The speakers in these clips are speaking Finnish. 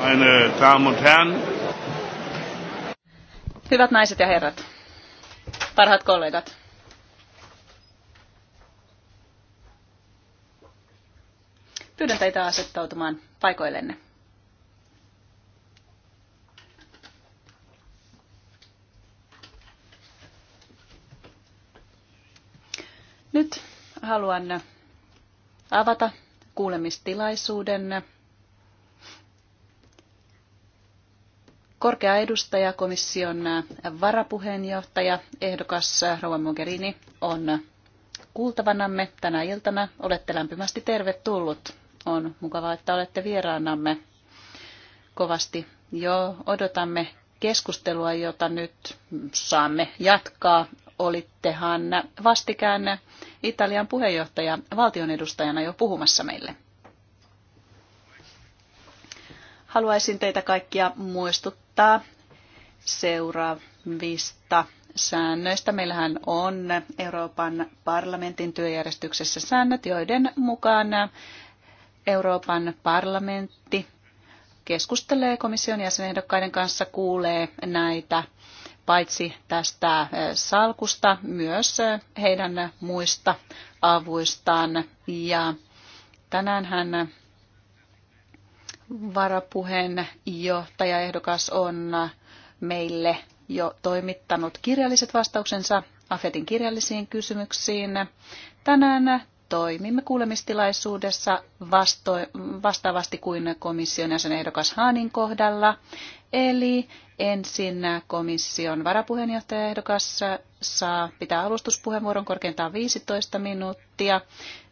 Meine Damen und Herren. Hyvät naiset ja herrat, parhaat kollegat. Pyydän teitä asettautumaan paikoillenne. Nyt haluan avata kuulemistilaisuuden. Korkea edustaja, komission varapuheenjohtaja, ehdokas Rova Mogherini on kuultavanamme tänä iltana. Olette lämpimästi tervetullut. On mukavaa, että olette vieraanamme kovasti. Jo odotamme keskustelua, jota nyt saamme jatkaa. Olittehan vastikään Italian puheenjohtaja valtion edustajana jo puhumassa meille. Haluaisin teitä kaikkia muistuttaa seuraavista säännöistä. Meillähän on Euroopan parlamentin työjärjestyksessä säännöt, joiden mukaan Euroopan parlamentti keskustelee komission jäsenehdokkaiden kanssa, kuulee näitä paitsi tästä salkusta myös heidän muista avuistaan. Ja tänään hän varapuheenjohtaja ehdokas on meille jo toimittanut kirjalliset vastauksensa AFETin kirjallisiin kysymyksiin. Tänään toimimme kuulemistilaisuudessa vasto, vastaavasti kuin komission jäsenehdokas ehdokas Haanin kohdalla. Eli ensin komission varapuheenjohtajaehdokas saa pitää alustuspuheenvuoron korkeintaan 15 minuuttia.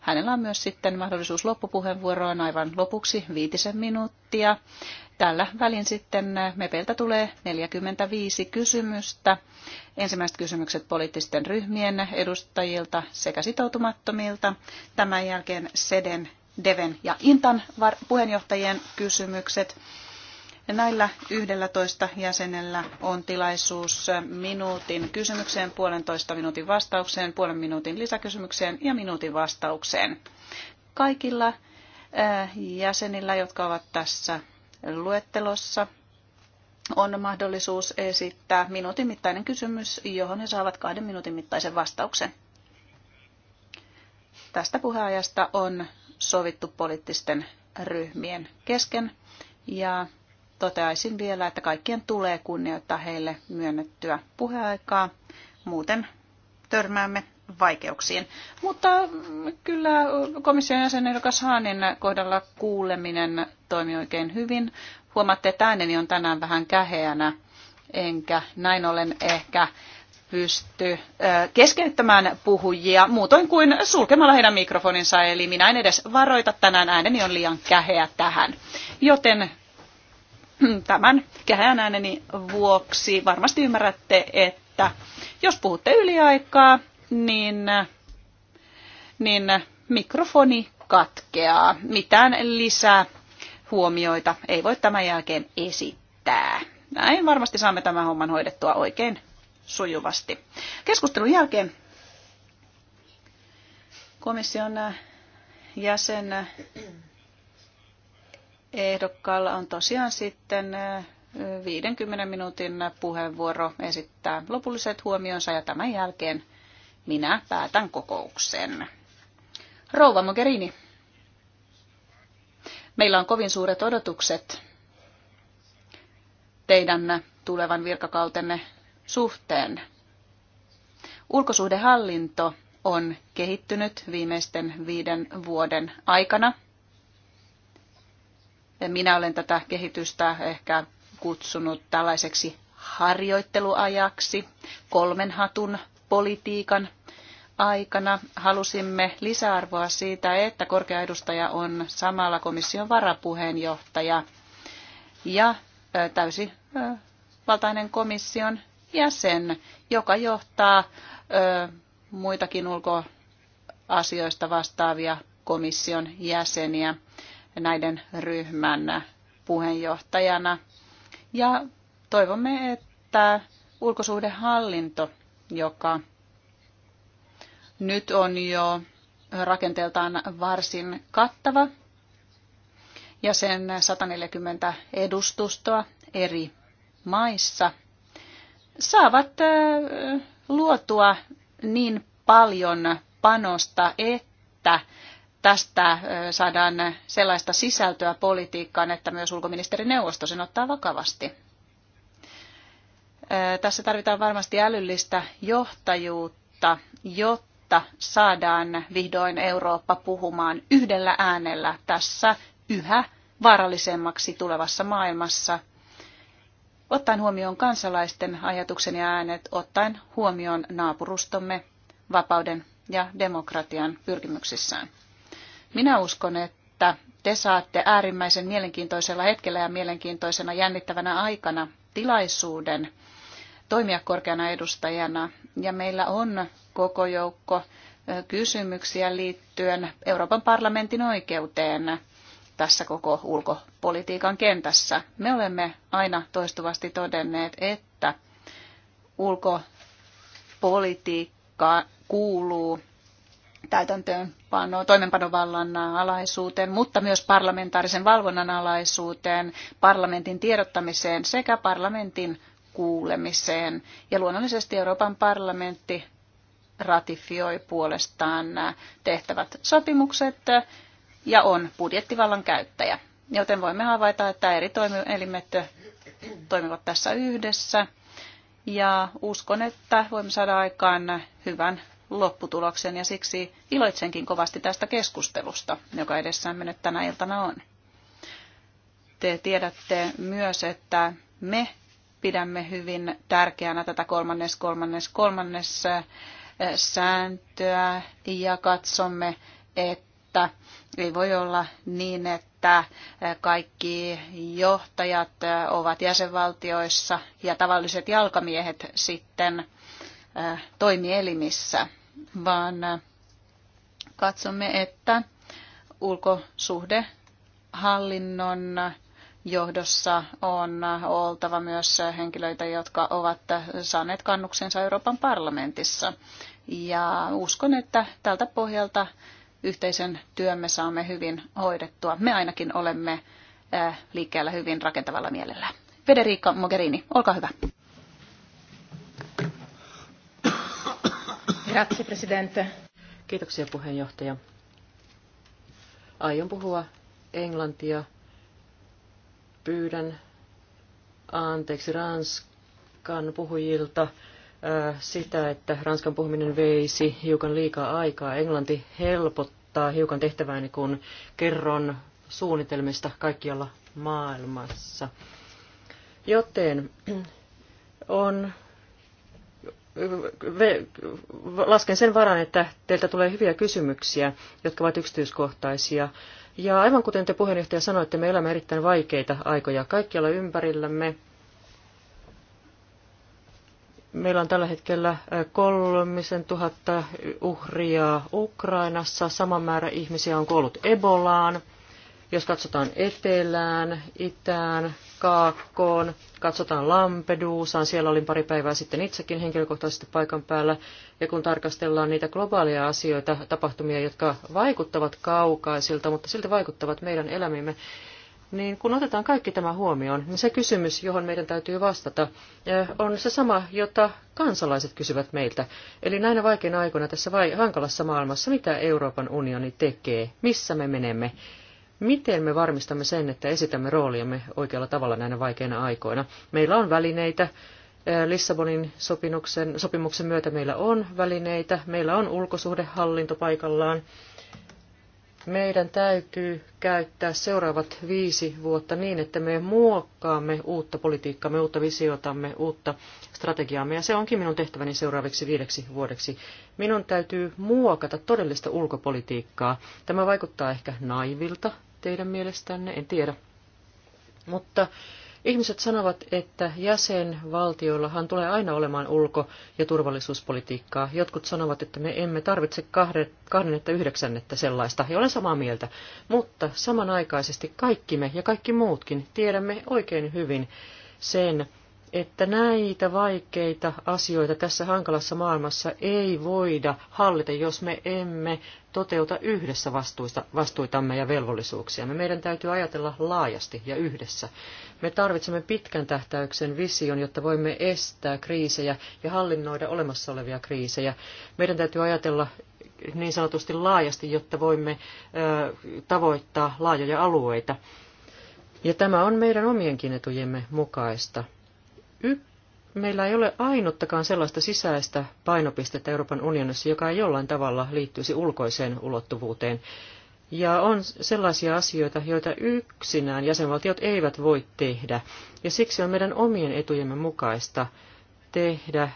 Hänellä on myös sitten mahdollisuus loppupuheenvuoroon aivan lopuksi viitisen minuuttia. Tällä välin sitten MEPeltä tulee 45 kysymystä. Ensimmäiset kysymykset poliittisten ryhmien edustajilta sekä sitoutumattomilta. Tämän jälkeen SEDEN, DEVEN ja INTAN puheenjohtajien kysymykset. Näillä 11 jäsenellä on tilaisuus minuutin kysymykseen, puolentoista minuutin vastaukseen, puolen minuutin lisäkysymykseen ja minuutin vastaukseen. Kaikilla eh, jäsenillä, jotka ovat tässä luettelossa, on mahdollisuus esittää minuutin mittainen kysymys, johon he saavat kahden minuutin mittaisen vastauksen. Tästä puheajasta on sovittu poliittisten ryhmien kesken ja toteaisin vielä, että kaikkien tulee kunnioittaa heille myönnettyä puheaikaa. Muuten törmäämme vaikeuksiin. Mutta kyllä komission jäsenehdokas Haanin kohdalla kuuleminen toimi oikein hyvin. Huomaatte, että ääneni on tänään vähän käheänä, enkä näin ollen ehkä pysty keskeyttämään puhujia muutoin kuin sulkemalla heidän mikrofoninsa, eli minä en edes varoita tänään, ääneni on liian käheä tähän. Joten tämän kähän ääneni vuoksi varmasti ymmärrätte, että jos puhutte yliaikaa, niin, niin mikrofoni katkeaa. Mitään lisää huomioita ei voi tämän jälkeen esittää. Näin varmasti saamme tämän homman hoidettua oikein sujuvasti. Keskustelun jälkeen komission jäsen ehdokkaalla on tosiaan sitten 50 minuutin puheenvuoro esittää lopulliset huomionsa ja tämän jälkeen minä päätän kokouksen. Rouva Mogherini, meillä on kovin suuret odotukset teidän tulevan virkakautenne suhteen. Ulkosuhdehallinto on kehittynyt viimeisten viiden vuoden aikana – minä olen tätä kehitystä ehkä kutsunut tällaiseksi harjoitteluajaksi kolmen hatun politiikan aikana halusimme lisäarvoa siitä, että korkea edustaja on samalla komission varapuheenjohtaja ja täysi valtainen komission jäsen, joka johtaa muitakin ulkoasioista vastaavia komission jäseniä näiden ryhmän puheenjohtajana. Ja toivomme, että ulkosuhdehallinto, joka nyt on jo rakenteeltaan varsin kattava ja sen 140 edustustoa eri maissa saavat luotua niin paljon panosta, että tästä saadaan sellaista sisältöä politiikkaan, että myös ulkoministerineuvosto sen ottaa vakavasti. Tässä tarvitaan varmasti älyllistä johtajuutta, jotta saadaan vihdoin Eurooppa puhumaan yhdellä äänellä tässä yhä vaarallisemmaksi tulevassa maailmassa. Ottaen huomioon kansalaisten ajatuksen ja äänet, ottaen huomioon naapurustomme vapauden ja demokratian pyrkimyksissään. Minä uskon, että te saatte äärimmäisen mielenkiintoisella hetkellä ja mielenkiintoisena jännittävänä aikana tilaisuuden toimia korkeana edustajana. Ja meillä on koko joukko kysymyksiä liittyen Euroopan parlamentin oikeuteen tässä koko ulkopolitiikan kentässä. Me olemme aina toistuvasti todenneet, että ulkopolitiikka kuuluu täytäntöönpano, toimenpanovallan alaisuuteen, mutta myös parlamentaarisen valvonnan alaisuuteen, parlamentin tiedottamiseen sekä parlamentin kuulemiseen. Ja luonnollisesti Euroopan parlamentti ratifioi puolestaan tehtävät sopimukset ja on budjettivallan käyttäjä. Joten voimme havaita, että eri toimielimet toimivat tässä yhdessä. Ja uskon, että voimme saada aikaan hyvän lopputuloksen ja siksi iloitsenkin kovasti tästä keskustelusta, joka edessämme nyt tänä iltana on. Te tiedätte myös, että me pidämme hyvin tärkeänä tätä kolmannes, kolmannes, kolmannes eh, sääntöä ja katsomme, että ei voi olla niin, että eh, kaikki johtajat eh, ovat jäsenvaltioissa ja tavalliset jalkamiehet sitten – toimielimissä, vaan katsomme, että ulkosuhdehallinnon johdossa on oltava myös henkilöitä, jotka ovat saaneet kannuksensa Euroopan parlamentissa. Ja uskon, että tältä pohjalta yhteisen työmme saamme hyvin hoidettua. Me ainakin olemme liikkeellä hyvin rakentavalla mielellä. Federica Mogherini, olkaa hyvä. Kiitoksia puheenjohtaja. Aion puhua englantia. Pyydän anteeksi Ranskan puhujilta äh, sitä, että Ranskan puhuminen veisi hiukan liikaa aikaa. Englanti helpottaa hiukan tehtävääni, kun kerron suunnitelmista kaikkialla maailmassa. Joten on lasken sen varan, että teiltä tulee hyviä kysymyksiä, jotka ovat yksityiskohtaisia. Ja aivan kuten te puheenjohtaja sanoitte, me elämme erittäin vaikeita aikoja kaikkialla ympärillämme. Meillä on tällä hetkellä kolmisen tuhatta uhria Ukrainassa, sama määrä ihmisiä on kuollut Ebolaan. Jos katsotaan etelään, itään, Kaakkoon, katsotaan Lampedusaan, siellä olin pari päivää sitten itsekin henkilökohtaisesti paikan päällä, ja kun tarkastellaan niitä globaaleja asioita, tapahtumia, jotka vaikuttavat kaukaisilta, mutta silti vaikuttavat meidän elämimme, niin kun otetaan kaikki tämä huomioon, niin se kysymys, johon meidän täytyy vastata, eh, on se sama, jota kansalaiset kysyvät meiltä. Eli näinä vaikeina aikoina tässä vai hankalassa maailmassa, mitä Euroopan unioni tekee, missä me menemme, Miten me varmistamme sen, että esitämme rooliamme oikealla tavalla näinä vaikeina aikoina? Meillä on välineitä. Lissabonin sopimuksen, sopimuksen myötä meillä on välineitä. Meillä on ulkosuhdehallinto paikallaan. Meidän täytyy käyttää seuraavat viisi vuotta niin, että me muokkaamme uutta me uutta visiotamme, uutta strategiaamme. Ja se onkin minun tehtäväni seuraaviksi viideksi vuodeksi. Minun täytyy muokata todellista ulkopolitiikkaa. Tämä vaikuttaa ehkä naivilta, teidän mielestänne, en tiedä. Mutta ihmiset sanovat, että jäsenvaltioillahan tulee aina olemaan ulko- ja turvallisuuspolitiikkaa. Jotkut sanovat, että me emme tarvitse kahdennetta yhdeksännettä sellaista, ja olen samaa mieltä. Mutta samanaikaisesti kaikki me ja kaikki muutkin tiedämme oikein hyvin sen, että näitä vaikeita asioita tässä hankalassa maailmassa ei voida hallita, jos me emme toteuta yhdessä vastuista, vastuitamme ja velvollisuuksiamme. Meidän täytyy ajatella laajasti ja yhdessä. Me tarvitsemme pitkän tähtäyksen vision, jotta voimme estää kriisejä ja hallinnoida olemassa olevia kriisejä. Meidän täytyy ajatella niin sanotusti laajasti, jotta voimme ö, tavoittaa laajoja alueita. Ja tämä on meidän omienkin etujemme mukaista y- meillä ei ole ainuttakaan sellaista sisäistä painopistettä Euroopan unionissa, joka ei jollain tavalla liittyisi ulkoiseen ulottuvuuteen. Ja on sellaisia asioita, joita yksinään jäsenvaltiot eivät voi tehdä. Ja siksi on meidän omien etujemme mukaista tehdä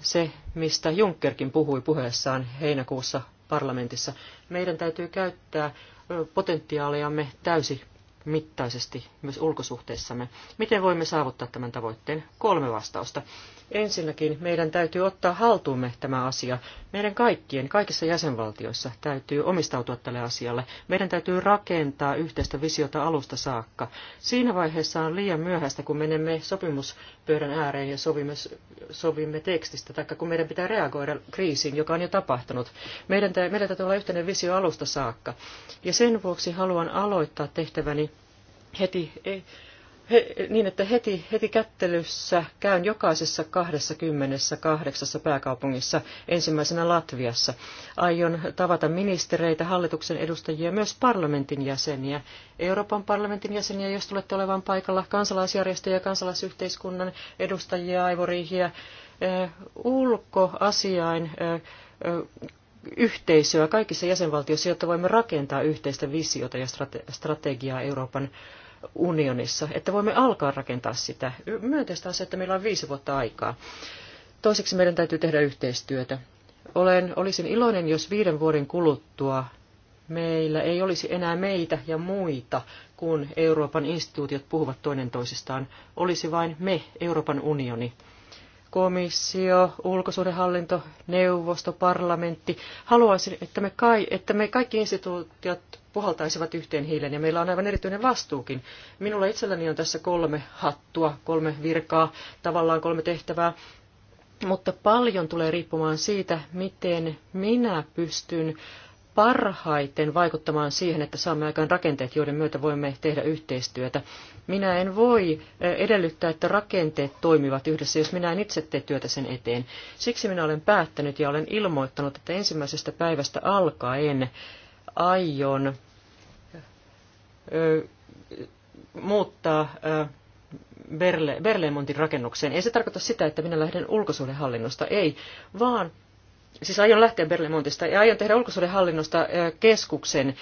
se, mistä Junckerkin puhui puheessaan heinäkuussa parlamentissa. Meidän täytyy käyttää potentiaaliamme täysi mittaisesti myös ulkosuhteissamme. Miten voimme saavuttaa tämän tavoitteen? Kolme vastausta. Ensinnäkin meidän täytyy ottaa haltuumme tämä asia. Meidän kaikkien, kaikissa jäsenvaltioissa täytyy omistautua tälle asialle. Meidän täytyy rakentaa yhteistä visiota alusta saakka. Siinä vaiheessa on liian myöhäistä, kun menemme sopimuspöydän ääreen ja sovimme, sovimme tekstistä, tai kun meidän pitää reagoida kriisiin, joka on jo tapahtunut. Meidän, meidän täytyy olla yhteinen visio alusta saakka. Ja sen vuoksi haluan aloittaa tehtäväni heti eh, he, niin, että heti, heti kättelyssä käyn jokaisessa 28 pääkaupungissa, ensimmäisenä Latviassa. Aion tavata ministereitä, hallituksen edustajia, myös parlamentin jäseniä, Euroopan parlamentin jäseniä, jos tulette olevan paikalla, kansalaisjärjestöjä, kansalaisyhteiskunnan edustajia, aivoriihiä, eh, ulkoasiain eh, eh, yhteisöä kaikissa jäsenvaltioissa, jotta voimme rakentaa yhteistä visiota ja strate- strategiaa Euroopan unionissa, että voimme alkaa rakentaa sitä. Myönteistä on se, että meillä on viisi vuotta aikaa. Toiseksi meidän täytyy tehdä yhteistyötä. Olen, olisin iloinen, jos viiden vuoden kuluttua meillä ei olisi enää meitä ja muita, kun Euroopan instituutiot puhuvat toinen toisistaan. Olisi vain me, Euroopan unioni. Komissio, ulkosuhdehallinto, neuvosto, parlamentti. Haluaisin, että me, kai, että me kaikki instituutiot puhaltaisivat yhteen hiilen ja meillä on aivan erityinen vastuukin. Minulla itselläni on tässä kolme hattua, kolme virkaa, tavallaan kolme tehtävää, mutta paljon tulee riippumaan siitä, miten minä pystyn parhaiten vaikuttamaan siihen, että saamme aikaan rakenteet, joiden myötä voimme tehdä yhteistyötä. Minä en voi eh, edellyttää, että rakenteet toimivat yhdessä, jos minä en itse tee työtä sen eteen. Siksi minä olen päättänyt ja olen ilmoittanut, että ensimmäisestä päivästä alkaen aion muuttaa Berle, Berlemontin rakennukseen. Ei se tarkoita sitä, että minä lähden ulkosuhdehallinnosta, ei, vaan siis aion lähteä Berlemontista ja aion tehdä ulkosuhdehallinnosta keskuksen,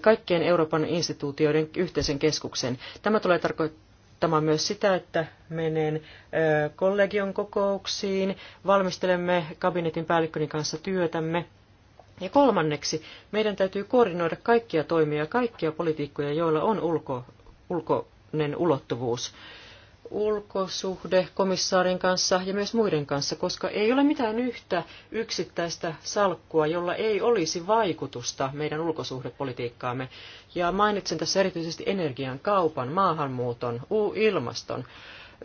kaikkien Euroopan instituutioiden yhteisen keskuksen. Tämä tulee tarkoittamaan myös sitä, että menen kollegion kokouksiin, valmistelemme kabinetin päällikköni kanssa työtämme ja kolmanneksi, meidän täytyy koordinoida kaikkia toimia, kaikkia politiikkoja, joilla on ulko, ulkoinen ulottuvuus ulkosuhde komissaarin kanssa ja myös muiden kanssa, koska ei ole mitään yhtä yksittäistä salkkua, jolla ei olisi vaikutusta meidän ulkosuhdepolitiikkaamme. Ja mainitsen tässä erityisesti energian, kaupan, maahanmuuton, ilmaston,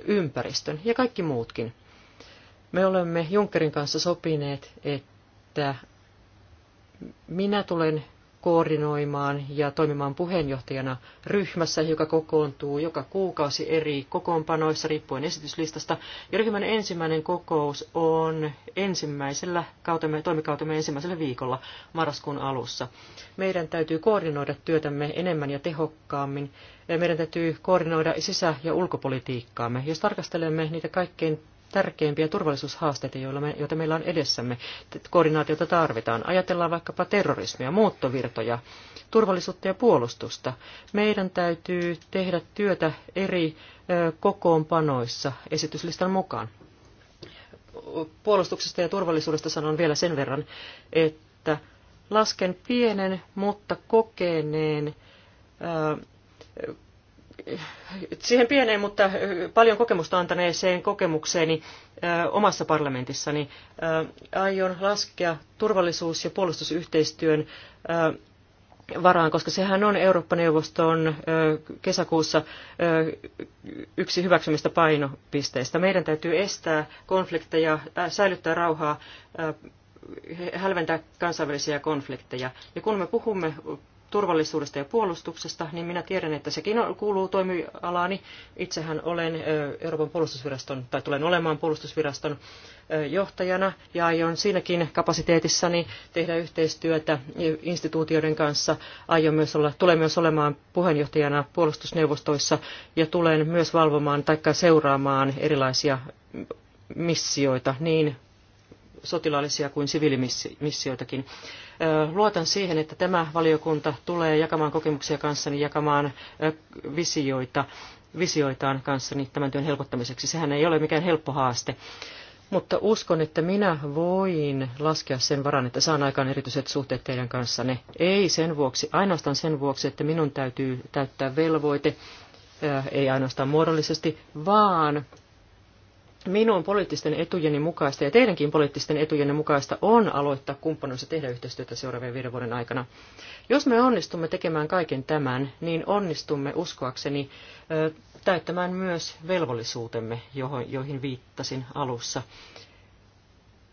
ympäristön ja kaikki muutkin. Me olemme Junckerin kanssa sopineet, että minä tulen koordinoimaan ja toimimaan puheenjohtajana ryhmässä, joka kokoontuu joka kuukausi eri kokoonpanoissa riippuen esityslistasta. Ja ryhmän ensimmäinen kokous on ensimmäisellä kautemme, toimikautemme ensimmäisellä viikolla marraskuun alussa. Meidän täytyy koordinoida työtämme enemmän ja tehokkaammin. Meidän täytyy koordinoida sisä- ja ulkopolitiikkaamme. Jos tarkastelemme niitä kaikkein tärkeimpiä turvallisuushaasteita, joita meillä on edessämme. Koordinaatiota tarvitaan. Ajatellaan vaikkapa terrorismia, muuttovirtoja, turvallisuutta ja puolustusta. Meidän täytyy tehdä työtä eri kokoonpanoissa esityslistan mukaan. Puolustuksesta ja turvallisuudesta sanon vielä sen verran, että lasken pienen, mutta kokeneen siihen pieneen, mutta paljon kokemusta antaneeseen kokemukseeni omassa parlamentissani aion laskea turvallisuus- ja puolustusyhteistyön varaan, koska sehän on Eurooppa-neuvoston kesäkuussa yksi hyväksymistä painopisteistä. Meidän täytyy estää konflikteja, säilyttää rauhaa, hälventää kansainvälisiä konflikteja. Ja kun me puhumme turvallisuudesta ja puolustuksesta, niin minä tiedän, että sekin kuuluu toimialaani. Itsehän olen Euroopan puolustusviraston, tai tulen olemaan puolustusviraston johtajana, ja aion siinäkin kapasiteetissani tehdä yhteistyötä instituutioiden kanssa. Aion myös olla, tulen myös olemaan puheenjohtajana puolustusneuvostoissa, ja tulen myös valvomaan tai seuraamaan erilaisia missioita niin sotilaallisia kuin siviilimissioitakin. Luotan siihen, että tämä valiokunta tulee jakamaan kokemuksia kanssani, jakamaan visioita, visioitaan kanssani tämän työn helpottamiseksi. Sehän ei ole mikään helppo haaste. Mutta uskon, että minä voin laskea sen varan, että saan aikaan erityiset suhteet teidän kanssanne. Ei sen vuoksi, ainoastaan sen vuoksi, että minun täytyy täyttää velvoite, ei ainoastaan muodollisesti, vaan minun poliittisten etujeni mukaista ja teidänkin poliittisten etujenne mukaista on aloittaa kumppanuus ja tehdä yhteistyötä seuraavien viiden vuoden aikana. Jos me onnistumme tekemään kaiken tämän, niin onnistumme uskoakseni täyttämään myös velvollisuutemme, joihin viittasin alussa.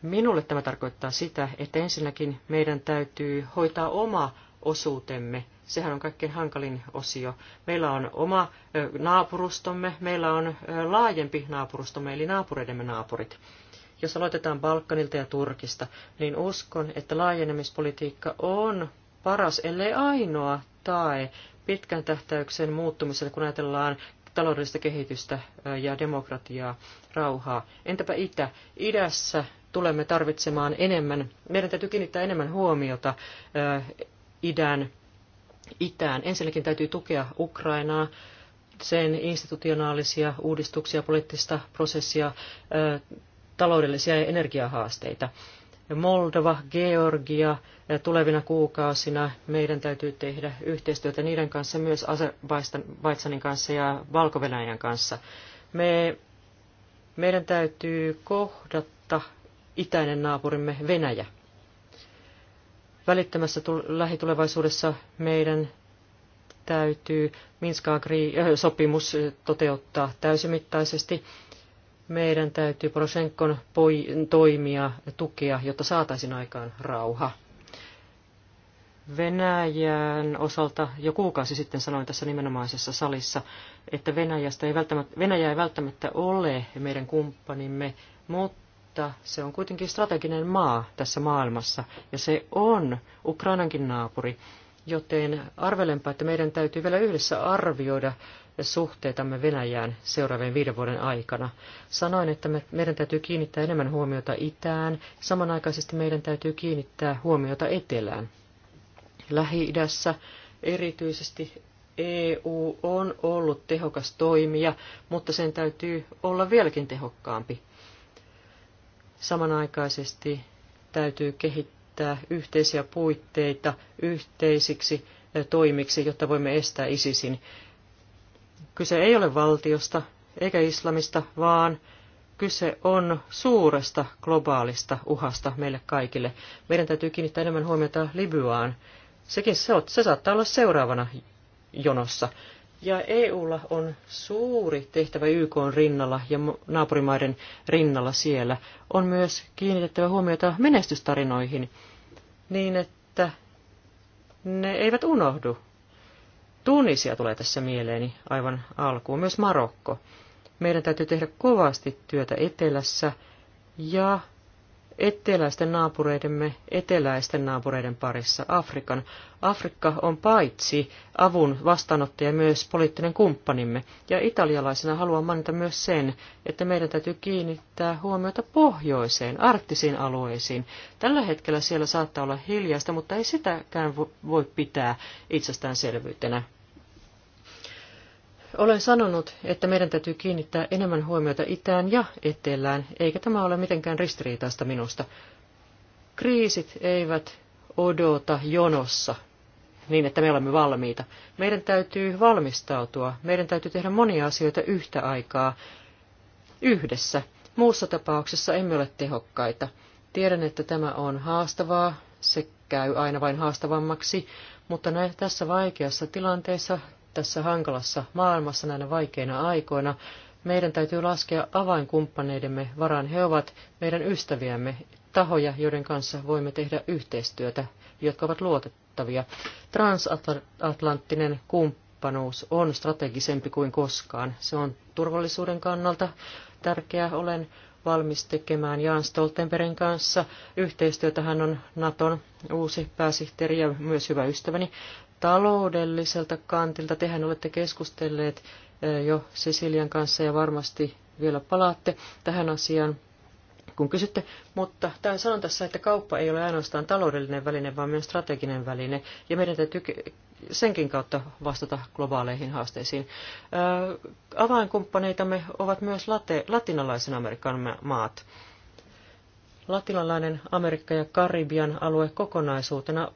Minulle tämä tarkoittaa sitä, että ensinnäkin meidän täytyy hoitaa oma osuutemme Sehän on kaikkein hankalin osio. Meillä on oma naapurustomme, meillä on laajempi naapurustomme, eli naapureidemme naapurit. Jos aloitetaan Balkanilta ja Turkista, niin uskon, että laajenemispolitiikka on paras, ellei ainoa tae pitkän tähtäyksen muuttumiselle, kun ajatellaan taloudellista kehitystä ja demokratiaa, rauhaa. Entäpä itä? Idässä tulemme tarvitsemaan enemmän, meidän täytyy kiinnittää enemmän huomiota idän itään. Ensinnäkin täytyy tukea Ukrainaa, sen institutionaalisia uudistuksia, poliittista prosessia, taloudellisia ja energiahaasteita. Moldova, Georgia tulevina kuukausina meidän täytyy tehdä yhteistyötä niiden kanssa, myös Azerbaidsanin kanssa ja valko kanssa. Me, meidän täytyy kohdata itäinen naapurimme Venäjä välittömässä lähitulevaisuudessa meidän täytyy Minsk-sopimus äh, äh, toteuttaa täysimittaisesti. Meidän täytyy Poroshenkon toimia tukea, jotta saataisiin aikaan rauha. Venäjän osalta jo kuukausi sitten sanoin tässä nimenomaisessa salissa, että Venäjästä ei välttämättä, Venäjä ei välttämättä ole meidän kumppanimme, mutta mutta se on kuitenkin strateginen maa tässä maailmassa ja se on Ukrainankin naapuri. Joten arvelenpa, että meidän täytyy vielä yhdessä arvioida suhteitamme Venäjään seuraavien viiden vuoden aikana. Sanoin, että me, meidän täytyy kiinnittää enemmän huomiota itään, samanaikaisesti meidän täytyy kiinnittää huomiota etelään. Lähi-idässä erityisesti EU on ollut tehokas toimija, mutta sen täytyy olla vieläkin tehokkaampi. Samanaikaisesti täytyy kehittää yhteisiä puitteita yhteisiksi toimiksi, jotta voimme estää ISISin. Kyse ei ole valtiosta eikä islamista, vaan kyse on suuresta globaalista uhasta meille kaikille. Meidän täytyy kiinnittää enemmän huomiota Libyaan. Sekin se, se saattaa olla seuraavana jonossa. Ja EUlla on suuri tehtävä YK rinnalla ja naapurimaiden rinnalla siellä. On myös kiinnitettävä huomiota menestystarinoihin niin, että ne eivät unohdu. Tunisia tulee tässä mieleeni aivan alkuun, myös Marokko. Meidän täytyy tehdä kovasti työtä etelässä ja eteläisten naapureidemme eteläisten naapureiden parissa, Afrikan. Afrikka on paitsi avun vastaanottaja myös poliittinen kumppanimme, ja italialaisena haluan mainita myös sen, että meidän täytyy kiinnittää huomiota pohjoiseen, arktisiin alueisiin. Tällä hetkellä siellä saattaa olla hiljaista, mutta ei sitäkään voi pitää itsestäänselvyytenä. Olen sanonut, että meidän täytyy kiinnittää enemmän huomiota itään ja etelään, eikä tämä ole mitenkään ristiriitaista minusta. Kriisit eivät odota jonossa niin, että me olemme valmiita. Meidän täytyy valmistautua, meidän täytyy tehdä monia asioita yhtä aikaa yhdessä. Muussa tapauksessa emme ole tehokkaita. Tiedän, että tämä on haastavaa, se käy aina vain haastavammaksi, mutta näin tässä vaikeassa tilanteessa tässä hankalassa maailmassa näinä vaikeina aikoina. Meidän täytyy laskea avainkumppaneidemme varaan. He ovat meidän ystäviämme, tahoja, joiden kanssa voimme tehdä yhteistyötä, jotka ovat luotettavia. Transatlanttinen kumppanuus on strategisempi kuin koskaan. Se on turvallisuuden kannalta tärkeää. Olen valmis tekemään Jan Stoltenbergin kanssa. Yhteistyötä hän on Naton uusi pääsihteeri ja myös hyvä ystäväni taloudelliselta kantilta. Tehän olette keskustelleet jo Cecilian kanssa ja varmasti vielä palaatte tähän asiaan, kun kysytte. Mutta tämän sanon tässä, että kauppa ei ole ainoastaan taloudellinen väline, vaan myös strateginen väline. Ja meidän täytyy senkin kautta vastata globaaleihin haasteisiin. Avainkumppaneitamme ovat myös late, latinalaisen Amerikan maat. Latinalainen Amerikka ja Karibian alue kokonaisuutena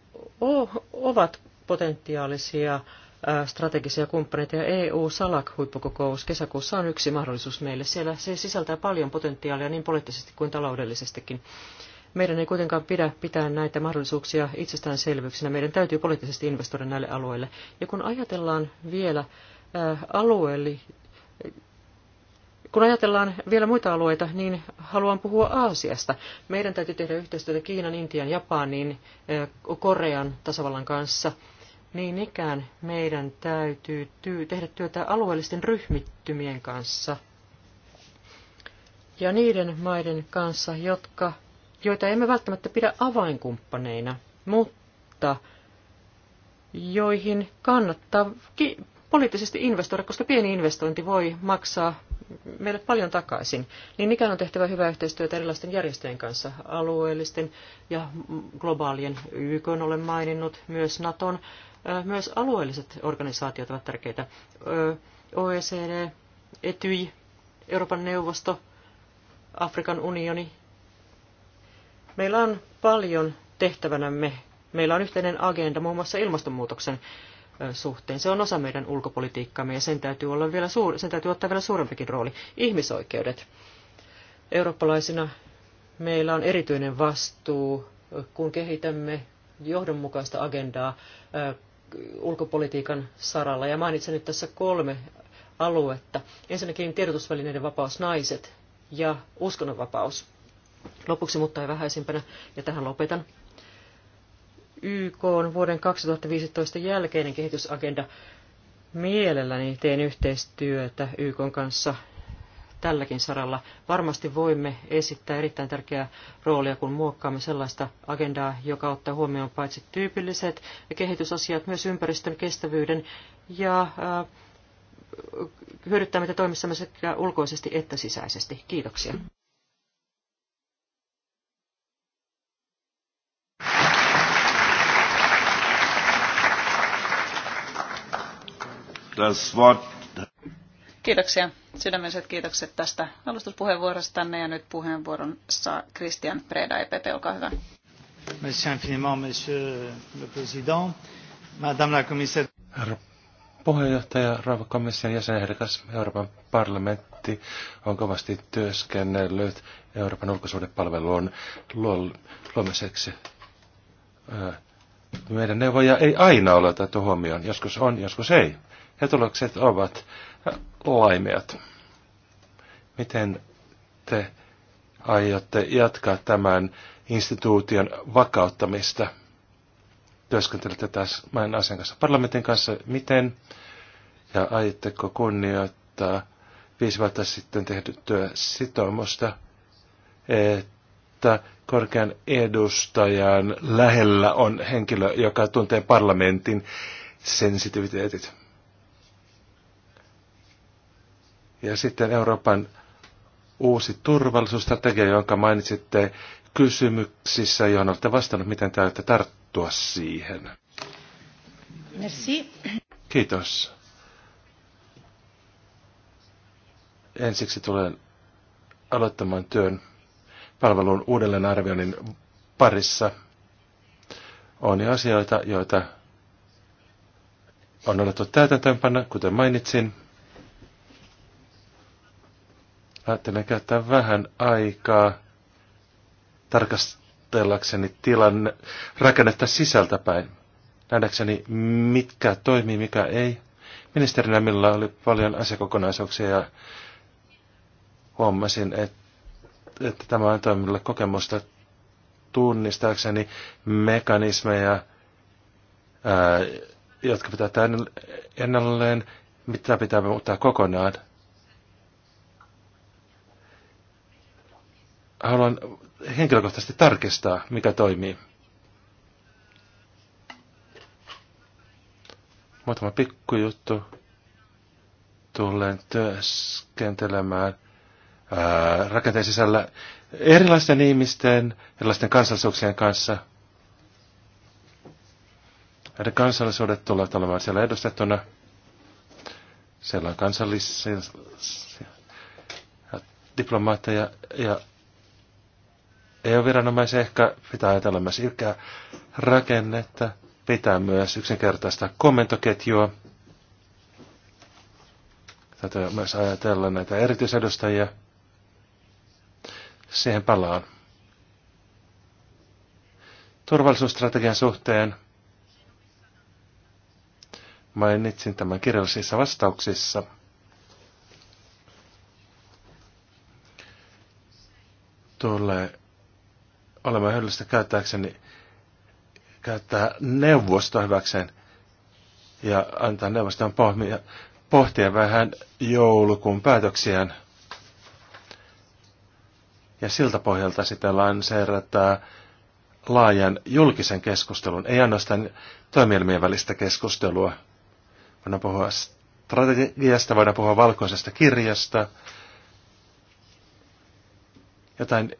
ovat potentiaalisia strategisia kumppaneita ja EU-SALAK-huippukokous kesäkuussa on yksi mahdollisuus meille. Siellä se sisältää paljon potentiaalia niin poliittisesti kuin taloudellisestikin. Meidän ei kuitenkaan pidä pitää näitä mahdollisuuksia itsestäänselvyyksinä. Meidän täytyy poliittisesti investoida näille alueille. Ja kun ajatellaan vielä alueelli, kun ajatellaan vielä muita alueita, niin haluan puhua Aasiasta. Meidän täytyy tehdä yhteistyötä Kiinan, Intian, Japanin, Korean tasavallan kanssa – niin ikään meidän täytyy tehdä työtä alueellisten ryhmittymien kanssa ja niiden maiden kanssa, jotka, joita emme välttämättä pidä avainkumppaneina, mutta joihin kannattaa poliittisesti investoida, koska pieni investointi voi maksaa meille paljon takaisin. Niin ikään on tehtävä hyvää yhteistyötä erilaisten järjestöjen kanssa, alueellisten ja globaalien. YK olen maininnut myös Naton myös alueelliset organisaatiot ovat tärkeitä. OECD, Etyj, Euroopan neuvosto, Afrikan unioni. Meillä on paljon tehtävänämme. Meillä on yhteinen agenda muun muassa ilmastonmuutoksen suhteen. Se on osa meidän ulkopolitiikkaamme ja sen täytyy, olla vielä suur, sen täytyy ottaa vielä suurempikin rooli. Ihmisoikeudet. Eurooppalaisina meillä on erityinen vastuu, kun kehitämme johdonmukaista agendaa ulkopolitiikan saralla. Ja mainitsen nyt tässä kolme aluetta. Ensinnäkin tiedotusvälineiden vapaus naiset ja uskonnonvapaus. Lopuksi, mutta ei vähäisimpänä, ja tähän lopetan. YK on vuoden 2015 jälkeinen kehitysagenda. Mielelläni teen yhteistyötä YK kanssa tälläkin saralla. Varmasti voimme esittää erittäin tärkeää roolia, kun muokkaamme sellaista agendaa, joka ottaa huomioon paitsi tyypilliset kehitysasiat, myös ympäristön kestävyyden ja äh, hyödyttää meitä toimissamme sekä ulkoisesti että sisäisesti. Kiitoksia. Das Wort. Kiitoksia. Sydämelliset kiitokset tästä tänne ja nyt puheenvuoron saa Christian Preda EPP, olkaa hyvä. Merci infiniment, monsieur le président. Madame la commissaire. Herra puheenjohtaja, rauha komission jäsenehdokas, Euroopan parlamentti on kovasti työskennellyt Euroopan ulkosuhdepalvelun luomiseksi. Meidän neuvoja ei aina ole otettu huomioon, joskus on, joskus ei. Ja tulokset ovat laimeat. Miten te aiotte jatkaa tämän instituution vakauttamista? Työskentelette tässä maan asian kanssa parlamentin kanssa. Miten? Ja aiotteko kunnioittaa viisi vuotta sitten tehdyttyä sitoumusta, että korkean edustajan lähellä on henkilö, joka tuntee parlamentin sensitiviteetit? Ja sitten Euroopan uusi turvallisuusstrategia, jonka mainitsitte kysymyksissä, johon olette vastannut, miten te olette tarttua siihen. Merci. Kiitos. Ensiksi tulen aloittamaan työn palvelun uudelleenarvioinnin parissa. On jo asioita, joita on alettu täytäntöönpanna, kuten mainitsin. Päättelen käyttää vähän aikaa tarkastellakseni tilanne, rakennetta sisältäpäin. Nähdäkseni, mitkä toimii, mikä ei. Ministerinä millä oli paljon asiakokonaisuuksia ja huomasin, että, että tämä on toimille kokemusta tunnistaakseni mekanismeja, ää, jotka pitää tämän ennalleen, mitä pitää muuttaa kokonaan. haluan henkilökohtaisesti tarkistaa, mikä toimii. Muutama pikkujuttu. Tulen työskentelemään ää, rakenteen sisällä erilaisten ihmisten, erilaisten kansallisuuksien kanssa. Näiden kansallisuudet tulevat olemaan siellä edustettuna. Siellä on kansallisia diplomaatteja ja EU-viranomaisen ehkä pitää ajatella myös ilkeä rakennetta, pitää myös yksinkertaista kommentoketjua. Tätä myös ajatella näitä erityisedustajia. Siihen palaan. Turvallisuusstrategian suhteen mainitsin tämän kirjallisissa vastauksissa. Tulee olemaan hyödyllistä käyttääkseni käyttää neuvosto hyväkseen ja antaa neuvoston pohmia, pohtia vähän joulukuun päätöksiään. Ja siltä pohjalta sitten lanseerataan laajan julkisen keskustelun, ei ainoastaan toimielmien välistä keskustelua. Voidaan puhua strategiasta, voidaan puhua valkoisesta kirjasta, jotain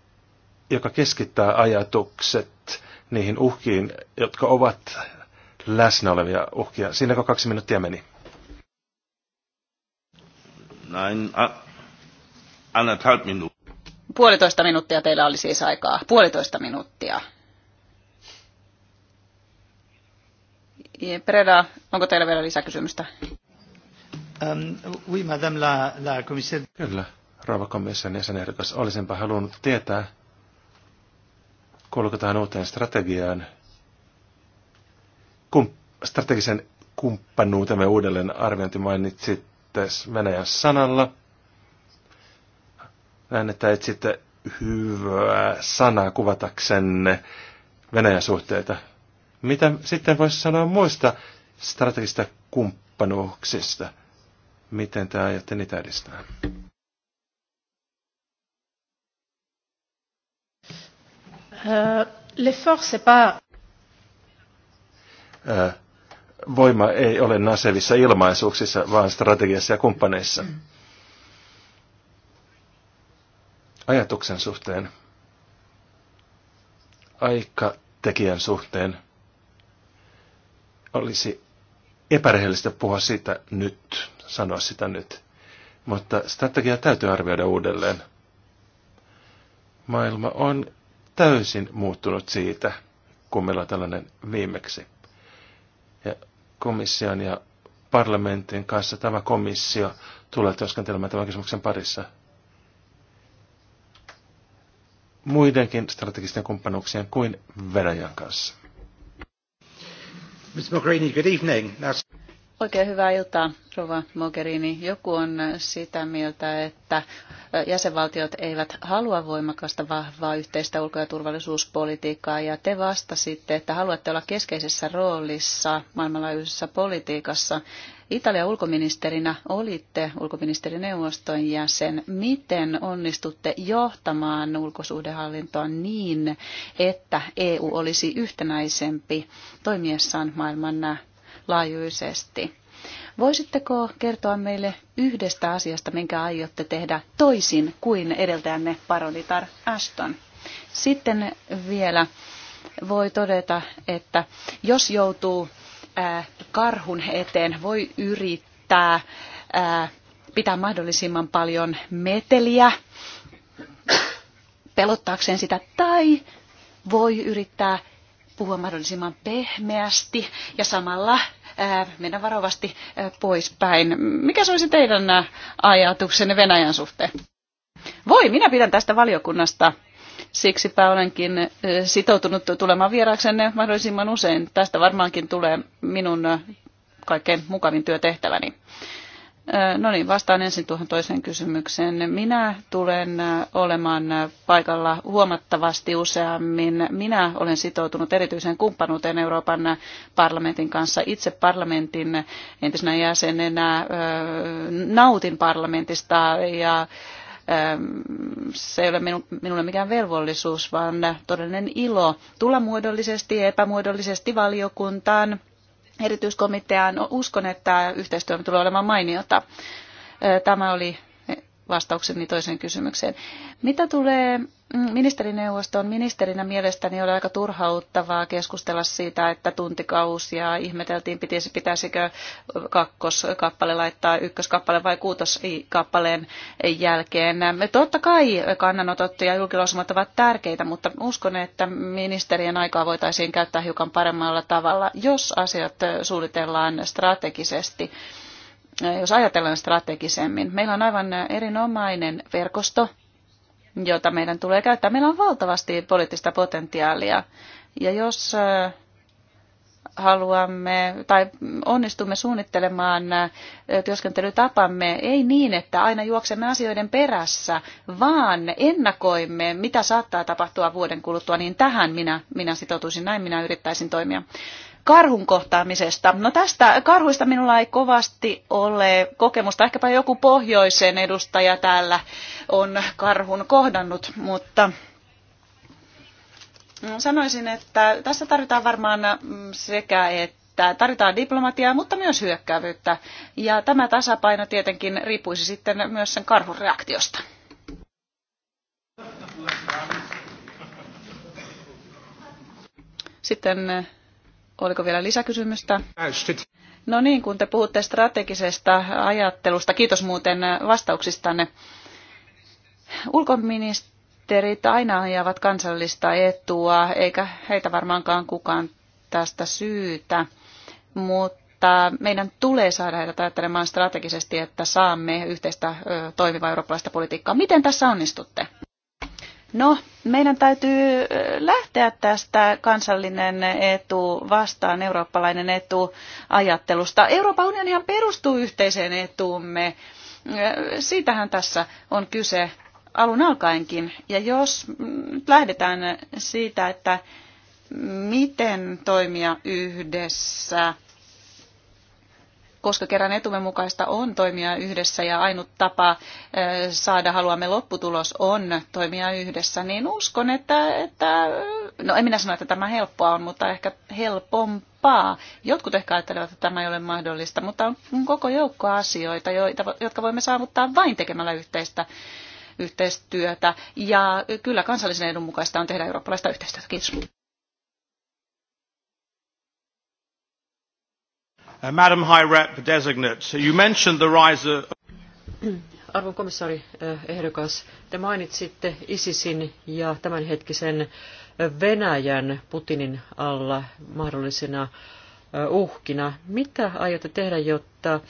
joka keskittää ajatukset niihin uhkiin, jotka ovat läsnä olevia uhkia. kun kaksi minuuttia meni? Näin, anderthalb minuuttia. Puolitoista minuuttia teillä oli siis aikaa. Puolitoista minuuttia. Preda, onko teillä vielä lisäkysymystä? Um, oui, madame la, la commissaire. Kyllä, rouva komission jäsenehdokas. Olisinpa halunnut tietää, Kuuluuko tähän uuteen strategiaan Kum, strategisen kumppanuutemme uudelleen arviointi mainitsitte Venäjän sanalla? Näin, että etsitte hyvää sanaa kuvataksenne Venäjän suhteita. Mitä sitten voisi sanoa muista strategista kumppanuuksista? Miten te aiotte niitä edistää? L'effort, c'est pas... voima ei ole nasevissa ilmaisuuksissa, vaan strategiassa ja kumppaneissa. Ajatuksen suhteen, aikatekijän suhteen, olisi epärehellistä puhua sitä nyt, sanoa sitä nyt. Mutta strategia täytyy arvioida uudelleen. Maailma on täysin muuttunut siitä, kun meillä on tällainen viimeksi. Ja komission ja parlamentin kanssa tämä komissio tulee työskentelemään tämän kysymyksen parissa. Muidenkin strategisten kumppanuuksien kuin Venäjän kanssa. Mr. Mogherini, good evening. That's... Oikein hyvää iltaa, Rova Mogherini. Joku on sitä mieltä, että jäsenvaltiot eivät halua voimakasta vahvaa yhteistä ulko- ja turvallisuuspolitiikkaa, ja te vastasitte, että haluatte olla keskeisessä roolissa maailmanlaajuisessa politiikassa. Italian ulkoministerinä olitte ulkoministerineuvoston jäsen. Miten onnistutte johtamaan ulkosuhdehallintoa niin, että EU olisi yhtenäisempi toimiessaan maailman laajuisesti. Voisitteko kertoa meille yhdestä asiasta, minkä aiotte tehdä toisin kuin edeltäjänne paronitar Aston? Sitten vielä voi todeta, että jos joutuu karhun eteen, voi yrittää pitää mahdollisimman paljon meteliä pelottaakseen sitä, tai voi yrittää puhua mahdollisimman pehmeästi ja samalla mennä varovasti poispäin. Mikä se olisi teidän ajatuksenne Venäjän suhteen? Voi, minä pidän tästä valiokunnasta. Siksipä olenkin sitoutunut tulemaan vieraaksenne mahdollisimman usein. Tästä varmaankin tulee minun kaikkein mukavin työtehtäväni. No niin, vastaan ensin tuohon toiseen kysymykseen. Minä tulen olemaan paikalla huomattavasti useammin. Minä olen sitoutunut erityiseen kumppanuuteen Euroopan parlamentin kanssa. Itse parlamentin entisenä jäsenenä nautin parlamentista ja se ei ole minulle mikään velvollisuus, vaan todellinen ilo tulla muodollisesti ja epämuodollisesti valiokuntaan – erityiskomiteaan. Uskon, että yhteistyö tulee olemaan mainiota. Tämä oli vastaukseni toiseen kysymykseen. Mitä tulee mm, ministerineuvostoon ministerinä mielestäni oli aika turhauttavaa keskustella siitä, että tuntikausia ihmeteltiin, pitäisi, pitäisikö kakkoskappale laittaa ykköskappale vai kuutoskappaleen jälkeen. Totta kai kannanotot ja julkilausumat ovat tärkeitä, mutta uskon, että ministerien aikaa voitaisiin käyttää hiukan paremmalla tavalla, jos asiat suunnitellaan strategisesti Äh, jos ajatellaan strategisemmin. Meillä on aivan äh, erinomainen verkosto, jota meidän tulee käyttää. Meillä on valtavasti poliittista potentiaalia. Ja jos äh, haluamme tai onnistumme suunnittelemaan työskentelytapamme ei niin, että aina juoksemme asioiden perässä, vaan ennakoimme, mitä saattaa tapahtua vuoden kuluttua, niin tähän minä, minä sitoutuisin, näin minä yrittäisin toimia karhun kohtaamisesta. No tästä karhuista minulla ei kovasti ole kokemusta. Ehkäpä joku pohjoisen edustaja täällä on karhun kohdannut, mutta mm, sanoisin, että tässä tarvitaan varmaan mm, sekä että tarvitaan diplomatiaa, mutta myös hyökkäävyyttä. Ja tämä tasapaino tietenkin riippuisi sitten myös sen karhun reaktiosta. Sitten Oliko vielä lisäkysymystä? No niin, kun te puhutte strategisesta ajattelusta, kiitos muuten vastauksistanne. Ulkoministerit aina ajavat kansallista etua, eikä heitä varmaankaan kukaan tästä syytä, mutta meidän tulee saada heidät ajattelemaan strategisesti, että saamme yhteistä toimivaa eurooppalaista politiikkaa. Miten tässä onnistutte? No, meidän täytyy lähteä tästä kansallinen etu vastaan eurooppalainen etu ajattelusta. Euroopan unionihan perustuu yhteiseen etuumme. Siitähän tässä on kyse alun alkaenkin. Ja jos mm, nyt lähdetään siitä, että miten toimia yhdessä – koska kerran etumme mukaista on toimia yhdessä ja ainut tapa saada haluamme lopputulos on toimia yhdessä, niin uskon, että, että no en minä sano, että tämä helppoa on, mutta ehkä helpompaa. Jotkut ehkä ajattelevat, että tämä ei ole mahdollista, mutta on koko joukko asioita, joita, jotka voimme saavuttaa vain tekemällä yhteistä yhteistyötä. Ja kyllä kansallisen edun mukaista on tehdä eurooppalaista yhteistyötä. Kiitos. Uh, Madam High Rep Designate, you mentioned the rise of... Arvon komissaari uh, ehdokas, te mainitsitte ISISin ja tämänhetkisen uh, Venäjän Putinin alla mahdollisena uhkina. Mitä aiotte tehdä, jotta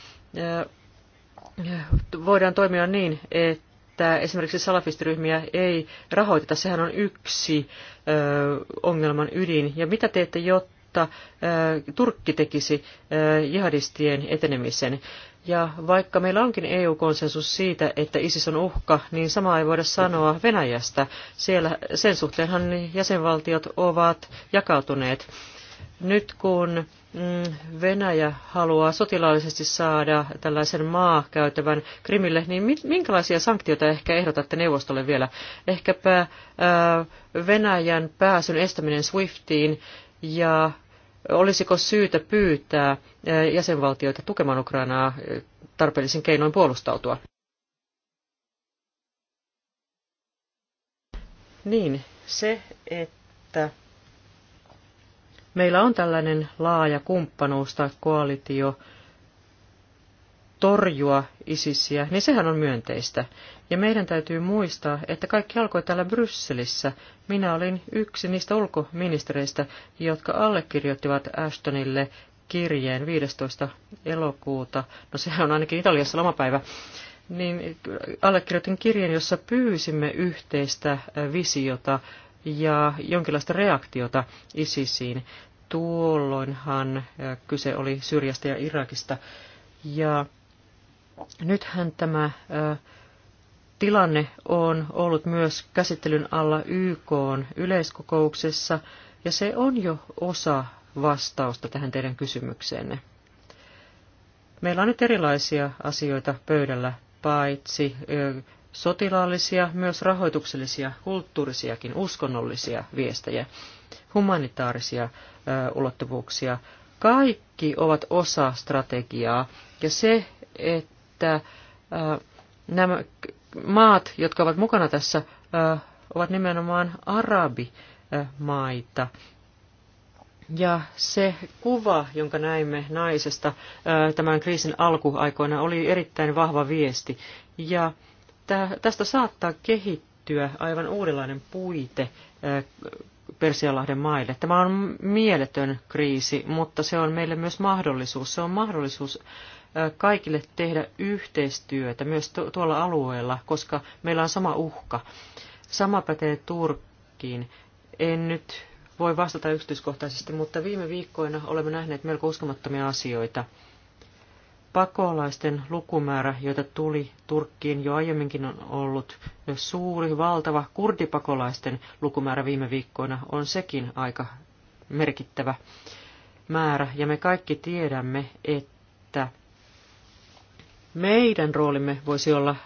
voidaan toimia niin, että esimerkiksi salafistiryhmiä ei rahoiteta? Sehän on yksi ongelman ydin. Ja mitä teette, jotta jotta Turkki tekisi jihadistien etenemisen. Ja vaikka meillä onkin EU-konsensus siitä, että ISIS on uhka, niin samaa ei voida sanoa Venäjästä. Siellä, sen suhteenhan jäsenvaltiot ovat jakautuneet. Nyt kun mm, Venäjä haluaa sotilaallisesti saada tällaisen maakäytävän Krimille, niin minkälaisia sanktioita ehkä ehdotatte neuvostolle vielä? Ehkäpä Venäjän pääsyn estäminen Swiftiin ja Olisiko syytä pyytää jäsenvaltioita tukemaan Ukrainaa tarpeellisin keinoin puolustautua? Niin, se, että meillä on tällainen laaja kumppanuus tai koalitio torjua ISISiä, niin sehän on myönteistä. Ja meidän täytyy muistaa, että kaikki alkoi täällä Brysselissä. Minä olin yksi niistä ulkoministereistä, jotka allekirjoittivat Ashtonille kirjeen 15. elokuuta. No sehän on ainakin Italiassa lomapäivä niin allekirjoitin kirjeen, jossa pyysimme yhteistä äh, visiota ja jonkinlaista reaktiota ISISiin. Tuolloinhan äh, kyse oli Syyriasta ja Irakista. Ja Nythän tämä tilanne on ollut myös käsittelyn alla YK yleiskokouksessa, ja se on jo osa vastausta tähän teidän kysymykseenne. Meillä on nyt erilaisia asioita pöydällä, paitsi sotilaallisia, myös rahoituksellisia, kulttuurisiakin, uskonnollisia viestejä, humanitaarisia ulottuvuuksia. Kaikki ovat osa strategiaa, ja se, että että nämä maat, jotka ovat mukana tässä, ovat nimenomaan arabimaita. Ja se kuva, jonka näimme naisesta tämän kriisin alkuaikoina, oli erittäin vahva viesti. Ja tästä saattaa kehittyä aivan uudenlainen puite Persialahden maille. Tämä on mieletön kriisi, mutta se on meille myös mahdollisuus. Se on mahdollisuus kaikille tehdä yhteistyötä myös tuolla alueella, koska meillä on sama uhka. Sama pätee Turkkiin. En nyt voi vastata yksityiskohtaisesti, mutta viime viikkoina olemme nähneet melko uskomattomia asioita. Pakolaisten lukumäärä, joita tuli Turkkiin jo aiemminkin on ollut suuri, valtava. Kurdipakolaisten lukumäärä viime viikkoina on sekin aika merkittävä määrä. Ja me kaikki tiedämme, että meidän roolimme voisi olla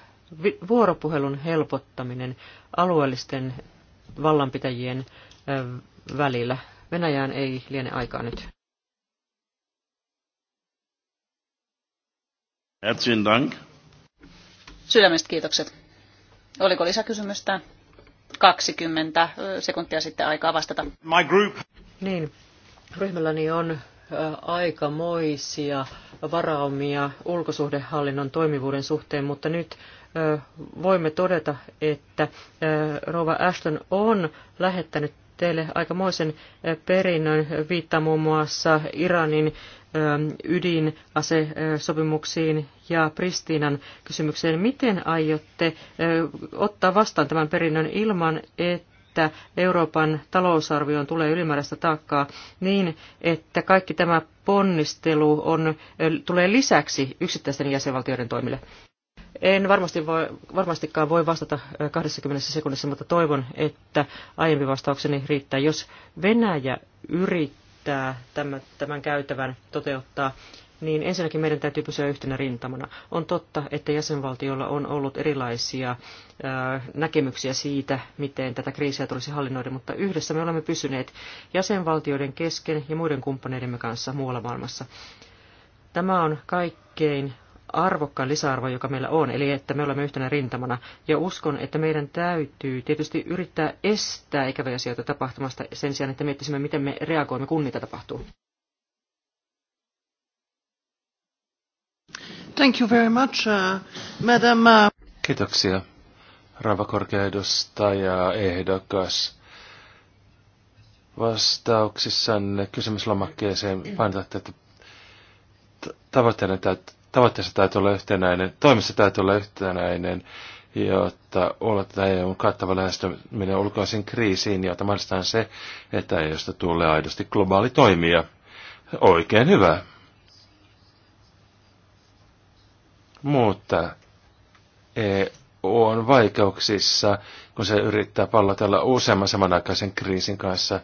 vuoropuhelun helpottaminen alueellisten vallanpitäjien välillä. Venäjään ei liene aikaa nyt. Herzlichen Dank. Sydämestä kiitokset. Oliko lisäkysymystä? 20 sekuntia sitten aikaa vastata. My group. Niin, ryhmälläni on aikamoisia varaumia ulkosuhdehallinnon toimivuuden suhteen, mutta nyt voimme todeta, että Rova Ashton on lähettänyt teille aikamoisen perinnön viittaa muun muassa Iranin ydinasesopimuksiin ja Pristiinan kysymykseen. Miten aiotte ottaa vastaan tämän perinnön ilman, että että Euroopan talousarvioon tulee ylimääräistä taakkaa niin, että kaikki tämä ponnistelu on, tulee lisäksi yksittäisten jäsenvaltioiden toimille. En varmasti voi, varmastikaan voi vastata 20 sekunnissa, mutta toivon, että aiempi vastaukseni riittää. Jos Venäjä yrittää tämän, tämän käytävän toteuttaa, niin ensinnäkin meidän täytyy pysyä yhtenä rintamana. On totta, että jäsenvaltioilla on ollut erilaisia näkemyksiä siitä, miten tätä kriisiä tulisi hallinnoida, mutta yhdessä me olemme pysyneet jäsenvaltioiden kesken ja muiden kumppaneidemme kanssa muualla maailmassa. Tämä on kaikkein arvokkain lisäarvo, joka meillä on, eli että me olemme yhtenä rintamana. Ja uskon, että meidän täytyy tietysti yrittää estää ikäviä asioita tapahtumasta sen sijaan, että miettisimme, miten me reagoimme, kun niitä tapahtuu. Thank you very much, uh, Madam. Uh, Kiitoksia, Rava korkeaedustaja ehdokas. Vastauksissanne kysymyslomakkeeseen painotatte, että tavoitteessa täytyy olla yhtenäinen, toimissa täytyy olla yhtenäinen, jotta ulotetaan EUn kattava lähestyminen ulkoisiin kriisiin, jota mahdollistetaan se, että EUsta tulee aidosti globaali toimija. Oikein hyvä. Mutta EU on vaikeuksissa, kun se yrittää pallotella useamman samanaikaisen kriisin kanssa.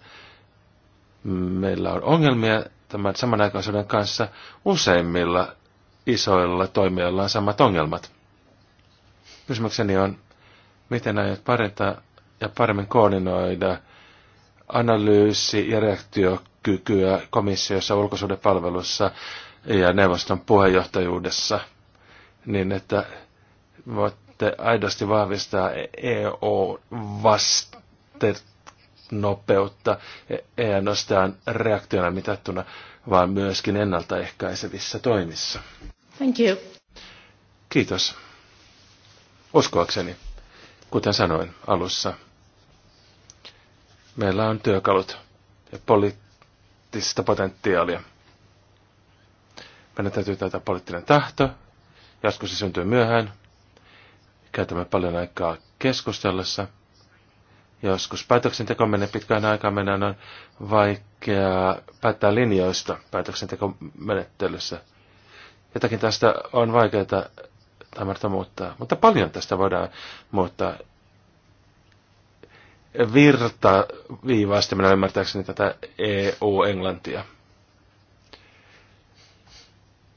Meillä on ongelmia tämän samanaikaisuuden kanssa. Useimmilla isoilla toimijoilla on samat ongelmat. Kysymykseni on, miten aiot parantaa ja paremmin koordinoida analyysi- ja reaktiokykyä komissiossa, ulkosuudepalvelussa ja neuvoston puheenjohtajuudessa – niin että voitte aidosti vahvistaa EO-vastenopeutta, ei ainoastaan reaktiona mitattuna, vaan myöskin ennaltaehkäisevissä toimissa. Thank you. Kiitos. Uskoakseni, kuten sanoin alussa, meillä on työkalut ja poliittista potentiaalia. Meidän täytyy tätä poliittinen tahto, Joskus se syntyy myöhään. Käytämme paljon aikaa keskustellessa. Joskus päätöksenteko menee pitkään aikaan, mennään on vaikea päättää linjoista päätöksentekomenettelyssä. Jotakin tästä on vaikeaa tämmöistä muuttaa, mutta paljon tästä voidaan muuttaa. Virta viivaasti minä ymmärtääkseni tätä EU-englantia.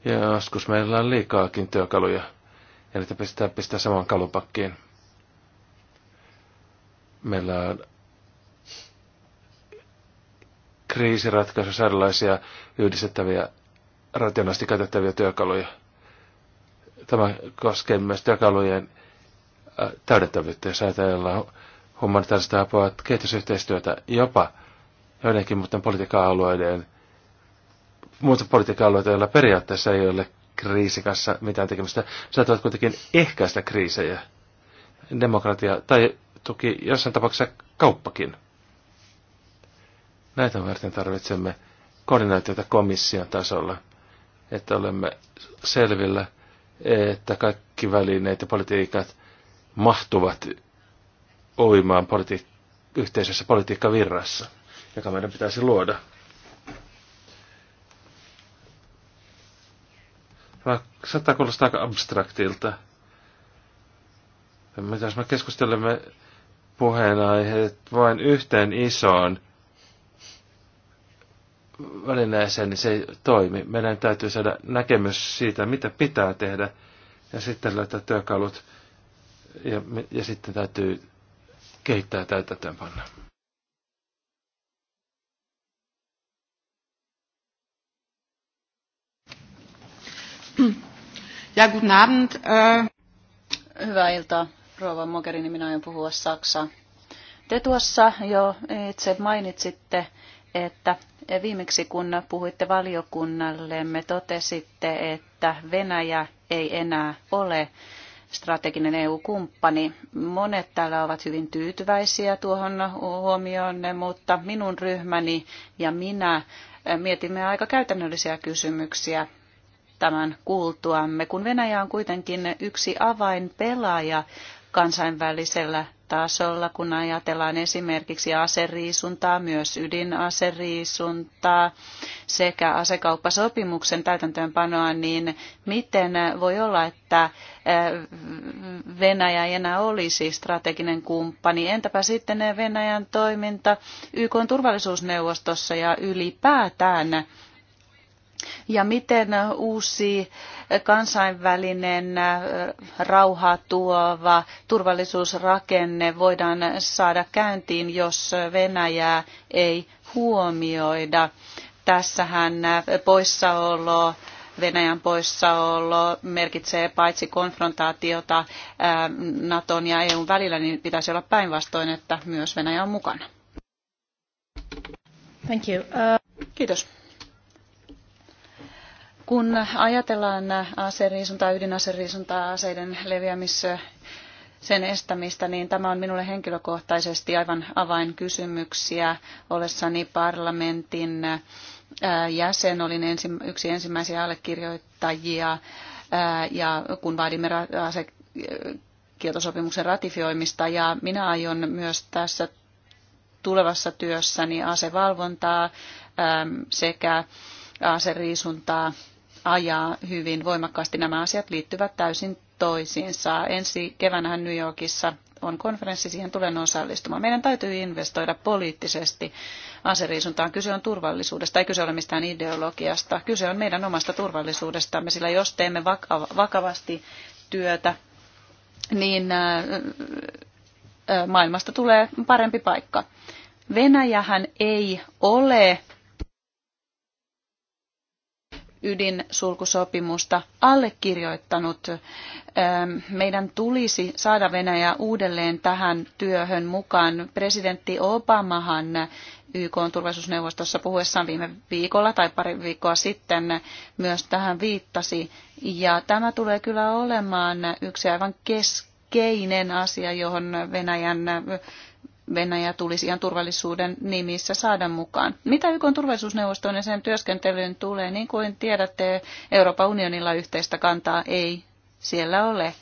Ja joskus meillä on liikaakin työkaluja, ja niitä pistää, pistää samaan kalupakkiin. Meillä on kriisiratkaisussa erilaisia yhdistettäviä, rationaalisesti käytettäviä työkaluja. Tämä koskee myös työkalujen täydentävyyttä, jos ajatellaan humanitaarista apua, kehitysyhteistyötä, jopa joidenkin muuten politiikka-alueiden – muuta politiikka-alueita, joilla periaatteessa ei ole kriisikassa mitään tekemistä, tulet kuitenkin ehkäistä kriisejä. Demokratia tai tuki jossain tapauksessa kauppakin. Näitä varten tarvitsemme koordinaatiota komission tasolla, että olemme selvillä, että kaikki välineet ja politiikat mahtuvat oimaan politi- yhteisessä politiikkavirrassa, joka meidän pitäisi luoda. Vaikka saattaa kuulostaa aika abstraktilta. Mitä jos me keskustelemme puheenaiheet vain yhteen isoon välineeseen, niin se ei toimi. Meidän täytyy saada näkemys siitä, mitä pitää tehdä, ja sitten löytää työkalut, ja, ja sitten täytyy kehittää ja täytäntöönpanna. Ja, guten Abend. Äh, Hyvää iltaa, rouva Mogherini. Minä aion puhua Saksaa. Te tuossa jo itse mainitsitte, että viimeksi kun puhuitte valiokunnalle, me totesitte, että Venäjä ei enää ole strateginen EU-kumppani. Monet täällä ovat hyvin tyytyväisiä tuohon huomioonne, mutta minun ryhmäni ja minä mietimme aika käytännöllisiä kysymyksiä tämän kuultuamme, kun Venäjä on kuitenkin yksi avainpelaaja kansainvälisellä tasolla, kun ajatellaan esimerkiksi aseriisuntaa, myös ydinaseriisuntaa sekä asekauppasopimuksen täytäntöönpanoa, niin miten voi olla, että Venäjä ei enää olisi strateginen kumppani? Entäpä sitten Venäjän toiminta YK turvallisuusneuvostossa ja ylipäätään ja miten uusi kansainvälinen rauhaa tuova turvallisuusrakenne voidaan saada käyntiin, jos Venäjää ei huomioida. Tässähän poissaolo Venäjän poissaolo merkitsee paitsi konfrontaatiota Naton ja EUn välillä, niin pitäisi olla päinvastoin, että myös Venäjä on mukana. Thank you. Uh... Kiitos. Kun ajatellaan aseriisuntaa, ydinaseriisuntaa, aseiden leviämistä, sen estämistä, niin tämä on minulle henkilökohtaisesti aivan avainkysymyksiä. Olessani parlamentin jäsen olin ensi, yksi ensimmäisiä allekirjoittajia ja kun vaadimme asekieltosopimuksen ratifioimista ja minä aion myös tässä tulevassa työssäni asevalvontaa sekä aseriisuntaa ajaa hyvin voimakkaasti. Nämä asiat liittyvät täysin toisiinsa. Ensi keväänä New Yorkissa on konferenssi, siihen tulen osallistumaan. Meidän täytyy investoida poliittisesti aseriisuntaan. Kyse on turvallisuudesta, ei kyse ole mistään ideologiasta. Kyse on meidän omasta turvallisuudestamme, sillä jos teemme vakavasti työtä, niin äh, äh, maailmasta tulee parempi paikka. Venäjähän ei ole ydinsulkusopimusta allekirjoittanut. Meidän tulisi saada Venäjä uudelleen tähän työhön mukaan. Presidentti Obamahan YK on turvallisuusneuvostossa puhuessaan viime viikolla tai pari viikkoa sitten myös tähän viittasi. Ja tämä tulee kyllä olemaan yksi aivan keskeinen asia, johon Venäjän Venäjä tulisi ihan turvallisuuden nimissä saada mukaan. Mitä YK turvallisuusneuvostoon ja sen työskentelyyn tulee, niin kuin tiedätte, Euroopan unionilla yhteistä kantaa ei siellä ole.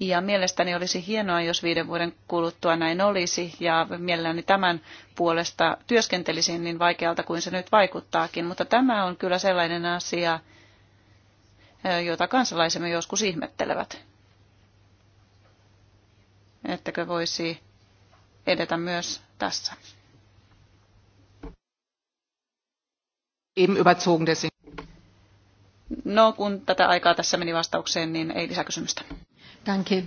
Ja mielestäni olisi hienoa, jos viiden vuoden kuluttua näin olisi, ja mielelläni tämän puolesta työskentelisin niin vaikealta kuin se nyt vaikuttaakin. Mutta tämä on kyllä sellainen asia, jota kansalaisemme joskus ihmettelevät. Ettäkö voisi edetä myös tässä. No, kun tätä aikaa tässä meni vastaukseen, niin ei lisäkysymystä. Danke.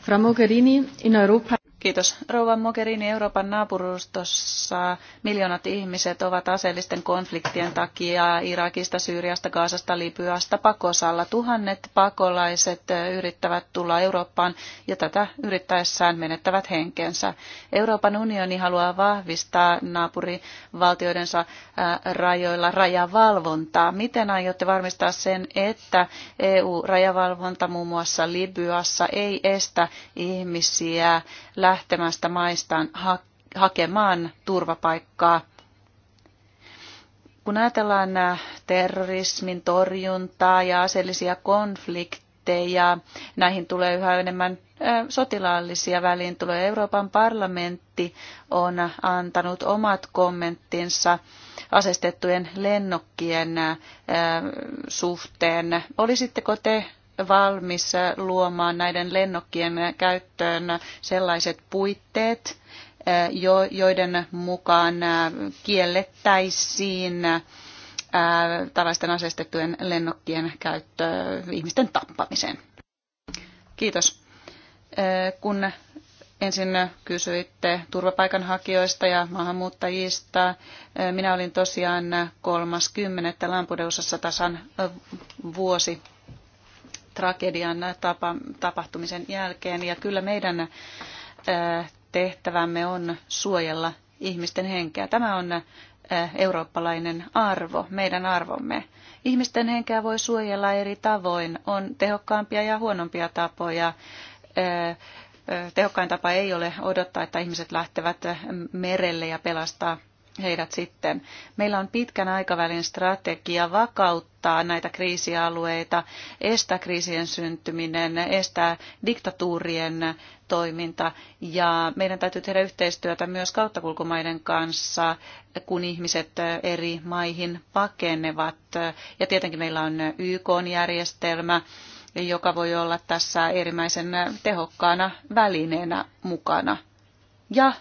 Frau Mogherini, in Europa... Kiitos. Rouva Mogherini, Euroopan naapurustossa miljoonat ihmiset ovat aseellisten konfliktien takia Irakista, Syyriasta, Kaasasta, Libyasta pakosalla. Tuhannet pakolaiset yrittävät tulla Eurooppaan ja tätä yrittäessään menettävät henkensä. Euroopan unioni haluaa vahvistaa naapurivaltioidensa äh, rajoilla rajavalvontaa. Miten aiotte varmistaa sen, että EU-rajavalvonta muun muassa Libyassa ei estä ihmisiä lä- lähtemästä maistaan ha- hakemaan turvapaikkaa. Kun ajatellaan äh, terrorismin torjuntaa ja aseellisia konflikteja, näihin tulee yhä enemmän äh, sotilaallisia tulee Euroopan parlamentti on antanut omat kommenttinsa asestettujen lennokkien äh, suhteen. Olisitteko te valmis luomaan näiden lennokkien käyttöön sellaiset puitteet, eh, joiden mukaan eh, kiellettäisiin eh, tällaisten asestettujen lennokkien käyttö ihmisten tappamiseen. Kiitos. Kun ensin kysyitte turvapaikanhakijoista ja maahanmuuttajista, minä olin tosiaan 30. Lampudeusassa tasan vuosi tragedian tapa, tapahtumisen jälkeen. Ja kyllä meidän tehtävämme on suojella ihmisten henkeä. Tämä on eurooppalainen arvo, meidän arvomme. Ihmisten henkeä voi suojella eri tavoin. On tehokkaampia ja huonompia tapoja. Tehokkain tapa ei ole odottaa, että ihmiset lähtevät merelle ja pelastaa heidät sitten. Meillä on pitkän aikavälin strategia vakauttaa näitä kriisialueita, estää kriisien syntyminen, estää diktatuurien toiminta ja meidän täytyy tehdä yhteistyötä myös kauttakulkumaiden kanssa, kun ihmiset eri maihin pakenevat. Ja tietenkin meillä on YK-järjestelmä, joka voi olla tässä erimäisen tehokkaana välineenä mukana. Ja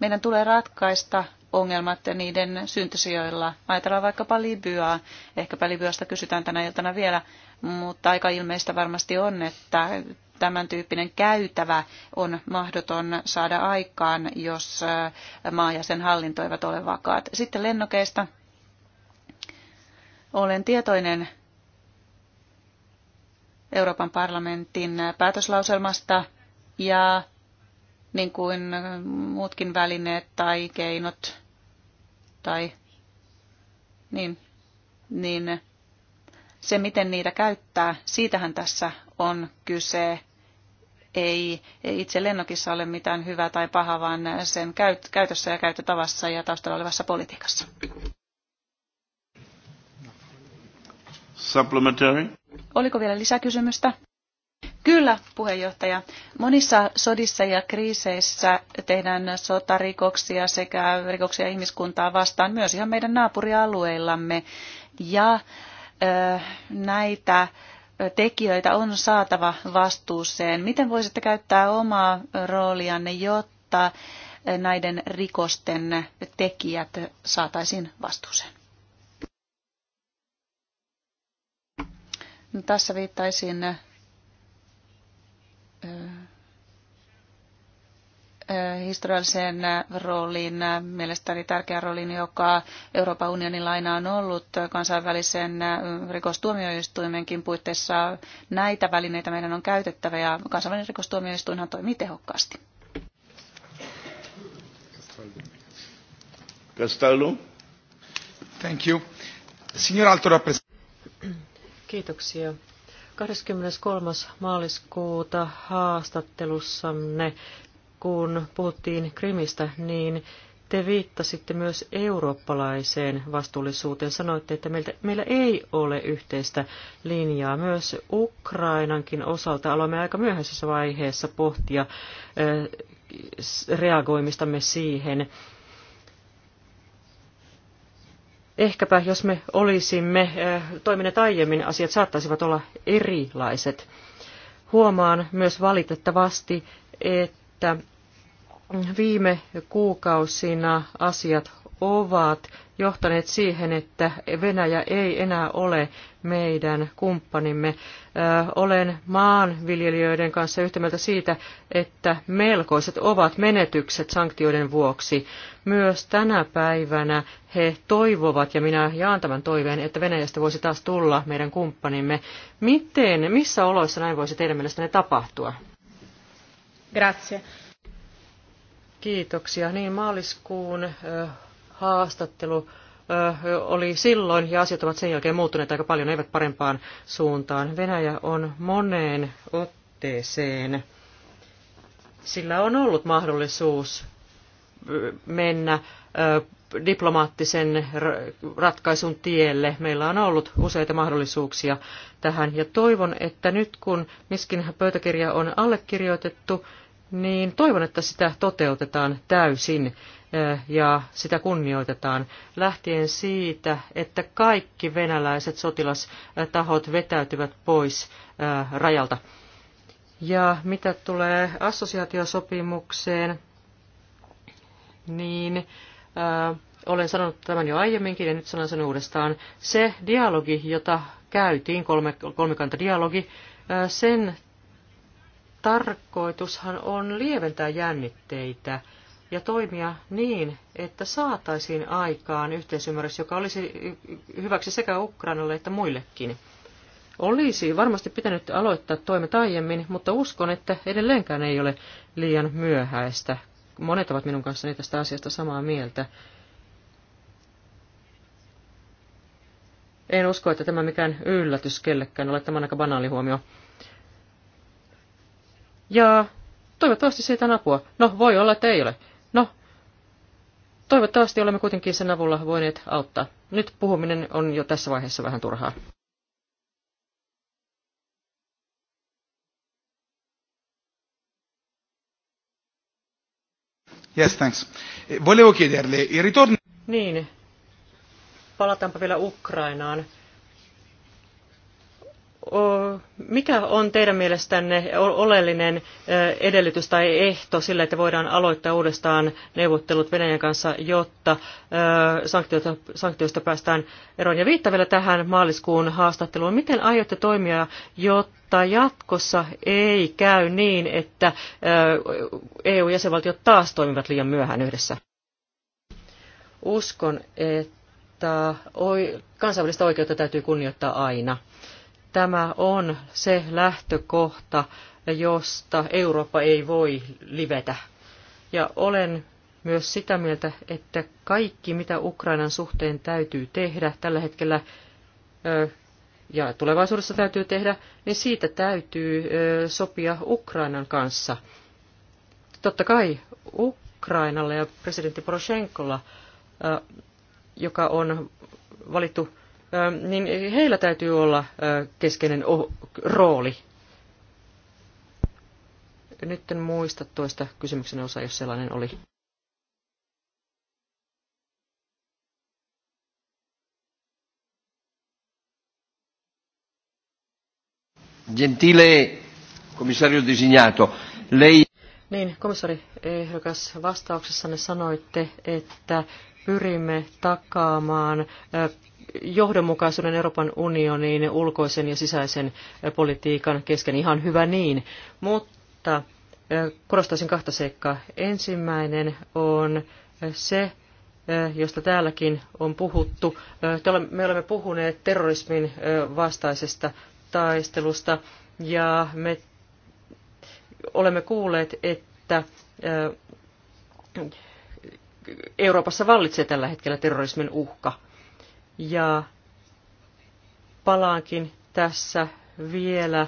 meidän tulee ratkaista ongelmat niiden syntysijoilla. Ajatellaan vaikkapa Libyaa. Ehkäpä Libyasta kysytään tänä iltana vielä, mutta aika ilmeistä varmasti on, että tämän tyyppinen käytävä on mahdoton saada aikaan, jos äh, maa ja sen hallinto eivät ole vakaat. Sitten lennokeista. Olen tietoinen Euroopan parlamentin päätöslauselmasta ja niin kuin muutkin välineet tai keinot tai niin, niin se, miten niitä käyttää, siitähän tässä on kyse. Ei, ei itse lennokissa ole mitään hyvää tai pahaa, vaan sen käyt, käytössä ja käytötavassa ja taustalla olevassa politiikassa. Supplementary. Oliko vielä lisäkysymystä? Kyllä, puheenjohtaja. Monissa sodissa ja kriiseissä tehdään sotarikoksia sekä rikoksia ihmiskuntaa vastaan myös ihan meidän naapurialueillamme. Ja ö, näitä tekijöitä on saatava vastuuseen. Miten voisitte käyttää omaa roolianne, jotta näiden rikosten tekijät saataisiin vastuuseen? No, tässä viittaisin historialliseen rooliin, mielestäni tärkeä rooliin, joka Euroopan unionin laina on ollut kansainvälisen rikostuomioistuimenkin puitteissa. Näitä välineitä meidän on käytettävä ja kansainvälinen rikostuomioistuinhan toimii tehokkaasti. Castello. Thank you. Signor Alto Kiitoksia 23. maaliskuuta haastattelussanne, kun puhuttiin Krimistä, niin te viittasitte myös eurooppalaiseen vastuullisuuteen. Sanoitte, että meiltä, meillä ei ole yhteistä linjaa. Myös Ukrainankin osalta aloimme aika myöhäisessä vaiheessa pohtia äh, reagoimistamme siihen ehkäpä jos me olisimme eh, toimineet aiemmin, asiat saattaisivat olla erilaiset. Huomaan myös valitettavasti, että viime kuukausina asiat ovat johtaneet siihen, että Venäjä ei enää ole meidän kumppanimme. Olen maanviljelijöiden kanssa yhtä mieltä siitä, että melkoiset ovat menetykset sanktioiden vuoksi. Myös tänä päivänä he toivovat, ja minä jaan tämän toiveen, että Venäjästä voisi taas tulla meidän kumppanimme. Miten, missä oloissa näin voisi teidän mielestänne tapahtua? Grazie. Kiitoksia. Niin maaliskuun haastattelu oli silloin ja asiat ovat sen jälkeen muuttuneet aika paljon, eivät parempaan suuntaan. Venäjä on moneen otteeseen. Sillä on ollut mahdollisuus mennä diplomaattisen ratkaisun tielle. Meillä on ollut useita mahdollisuuksia tähän ja toivon, että nyt kun Miskin pöytäkirja on allekirjoitettu, niin toivon, että sitä toteutetaan täysin ja sitä kunnioitetaan lähtien siitä, että kaikki venäläiset sotilastahot vetäytyvät pois rajalta. Ja mitä tulee assosiaatiosopimukseen, niin äh, olen sanonut tämän jo aiemminkin ja nyt sanon sen uudestaan. Se dialogi, jota käytiin, kolme, kolmikantadialogi, äh, sen tarkoitushan on lieventää jännitteitä ja toimia niin, että saataisiin aikaan yhteisymmärrys, joka olisi hyväksi sekä Ukrainalle että muillekin. Olisi varmasti pitänyt aloittaa toimet aiemmin, mutta uskon, että edelleenkään ei ole liian myöhäistä. Monet ovat minun kanssani tästä asiasta samaa mieltä. En usko, että tämä mikään yllätys kellekään ole, tämä on aika banaali huomio. Ja toivottavasti siitä on apua. No, voi olla, että ei ole. No, toivottavasti olemme kuitenkin sen avulla voineet auttaa. Nyt puhuminen on jo tässä vaiheessa vähän turhaa. Yes, thanks. Volevo chiederle, il ritorno... Niin, palataanpa vielä Ukrainaan mikä on teidän mielestänne oleellinen edellytys tai ehto sille, että voidaan aloittaa uudestaan neuvottelut Venäjän kanssa, jotta sanktioista, sanktioista päästään eroon? Ja viitta vielä tähän maaliskuun haastatteluun. Miten aiotte toimia, jotta jatkossa ei käy niin, että EU-jäsenvaltiot taas toimivat liian myöhään yhdessä? Uskon, että kansainvälistä oikeutta täytyy kunnioittaa aina Tämä on se lähtökohta, josta Eurooppa ei voi livetä. Ja olen myös sitä mieltä, että kaikki mitä Ukrainan suhteen täytyy tehdä tällä hetkellä ja tulevaisuudessa täytyy tehdä, niin siitä täytyy sopia Ukrainan kanssa. Totta kai Ukrainalla ja presidentti Poroshenkolla, joka on valittu niin heillä täytyy olla keskeinen rooli. Nyt en muista toista kysymyksen osa, jos sellainen oli. Gentile komissario designato, lei... Niin, komissari ehdokas, vastauksessanne sanoitte, että pyrimme takaamaan johdonmukaisuuden Euroopan unionin ulkoisen ja sisäisen politiikan kesken ihan hyvä niin, mutta korostaisin kahta seikkaa. Ensimmäinen on se, josta täälläkin on puhuttu. Me olemme puhuneet terrorismin vastaisesta taistelusta ja me olemme kuulleet, että Euroopassa vallitsee tällä hetkellä terrorismin uhka. Ja palaankin tässä vielä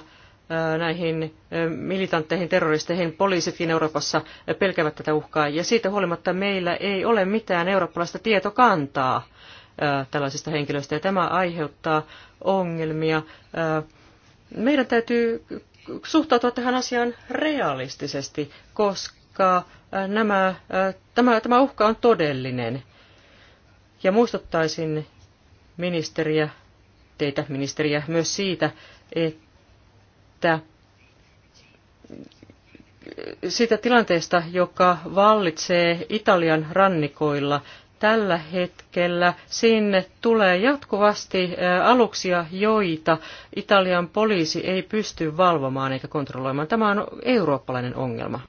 näihin militantteihin, terroristeihin, poliisitkin Euroopassa pelkävät tätä uhkaa. Ja siitä huolimatta meillä ei ole mitään eurooppalaista tietokantaa tällaisista henkilöistä, ja tämä aiheuttaa ongelmia. Meidän täytyy suhtautua tähän asiaan realistisesti, koska nämä, tämä, tämä uhka on todellinen. Ja muistuttaisin ministeriä, teitä ministeriä myös siitä, että siitä tilanteesta, joka vallitsee Italian rannikoilla tällä hetkellä. Sinne tulee jatkuvasti aluksia, joita Italian poliisi ei pysty valvomaan eikä kontrolloimaan. Tämä on eurooppalainen ongelma.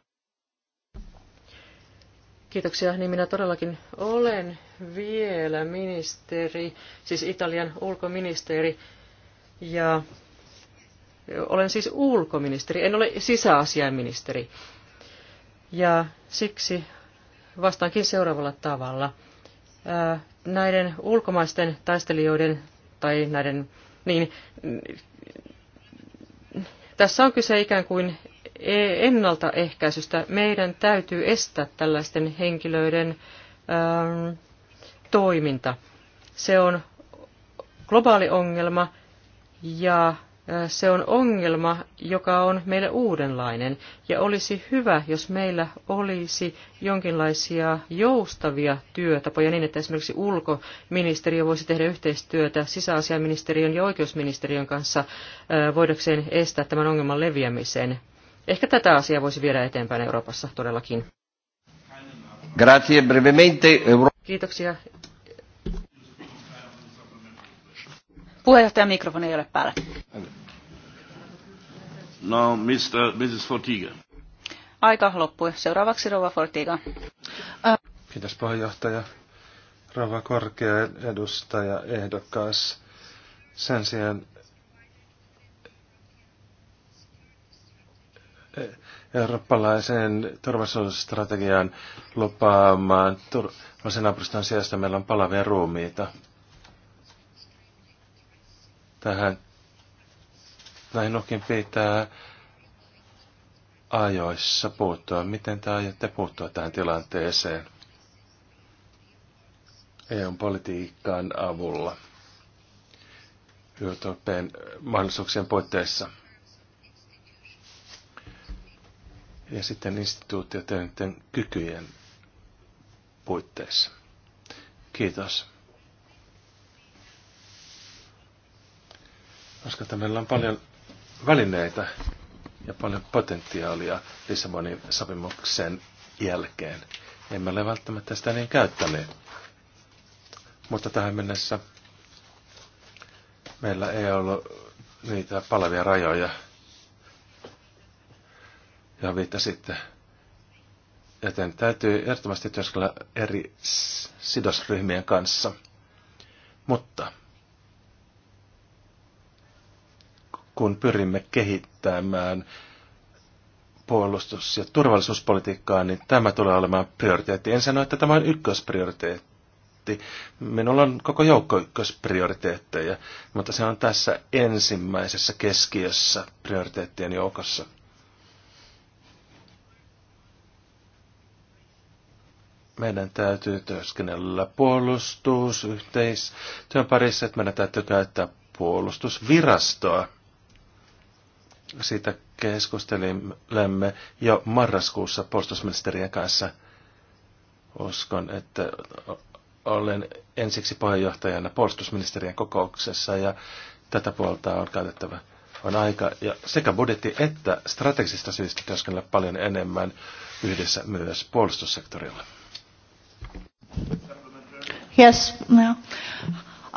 Kiitoksia. Niin minä todellakin olen vielä ministeri, siis Italian ulkoministeri. Ja olen siis ulkoministeri, en ole sisäasiainministeri. Ja siksi vastaankin seuraavalla tavalla. Näiden ulkomaisten taistelijoiden tai näiden, niin tässä on kyse ikään kuin ennaltaehkäisystä. Meidän täytyy estää tällaisten henkilöiden ähm, toiminta. Se on globaali ongelma ja äh, se on ongelma, joka on meille uudenlainen, ja olisi hyvä, jos meillä olisi jonkinlaisia joustavia työtapoja niin, että esimerkiksi ulkoministeriö voisi tehdä yhteistyötä sisäasiaministeriön ja oikeusministeriön kanssa äh, voidakseen estää tämän ongelman leviämisen. Ehkä tätä asiaa voisi viedä eteenpäin Euroopassa todellakin. Grazie brevemente. Kiitoksia. Puheenjohtaja, mikrofoni ei ole päällä. No, Mr. Mrs. Fortiga. Aika loppui. Seuraavaksi Rova Fortiga. Kiitos puheenjohtaja. Rova korkea edustaja ehdokas. Sen sijaan, eurooppalaiseen turvallisuusstrategiaan lupaamaan vasenapuriston sijasta meillä on palavia ruumiita. Tähän näihin uhkin pitää ajoissa puuttua. Miten te aiotte puuttua tähän tilanteeseen EU-politiikan avulla? YTPn e mahdollisuuksien puitteissa. ja sitten instituutioiden kykyjen puitteissa. Kiitos. Koska meillä on paljon välineitä ja paljon potentiaalia Lissabonin sopimuksen jälkeen. Emme ole välttämättä sitä niin käyttäneet. Mutta tähän mennessä meillä ei ollut niitä palavia rajoja ja että Joten täytyy ehdottomasti työskennellä eri sidosryhmien kanssa. Mutta kun pyrimme kehittämään puolustus- ja turvallisuuspolitiikkaa, niin tämä tulee olemaan prioriteetti. En sano, että tämä on ykkösprioriteetti. Minulla on koko joukko ykkösprioriteetteja, mutta se on tässä ensimmäisessä keskiössä prioriteettien joukossa. meidän täytyy työskennellä puolustusyhteistyön parissa, että meidän täytyy käyttää puolustusvirastoa. Siitä keskustelimme jo marraskuussa puolustusministerien kanssa. Uskon, että olen ensiksi puheenjohtajana puolustusministerien kokouksessa ja tätä puolta on käytettävä. On aika ja sekä budjetti että strategisista syistä työskennellä paljon enemmän yhdessä myös puolustussektorilla. Yes. No.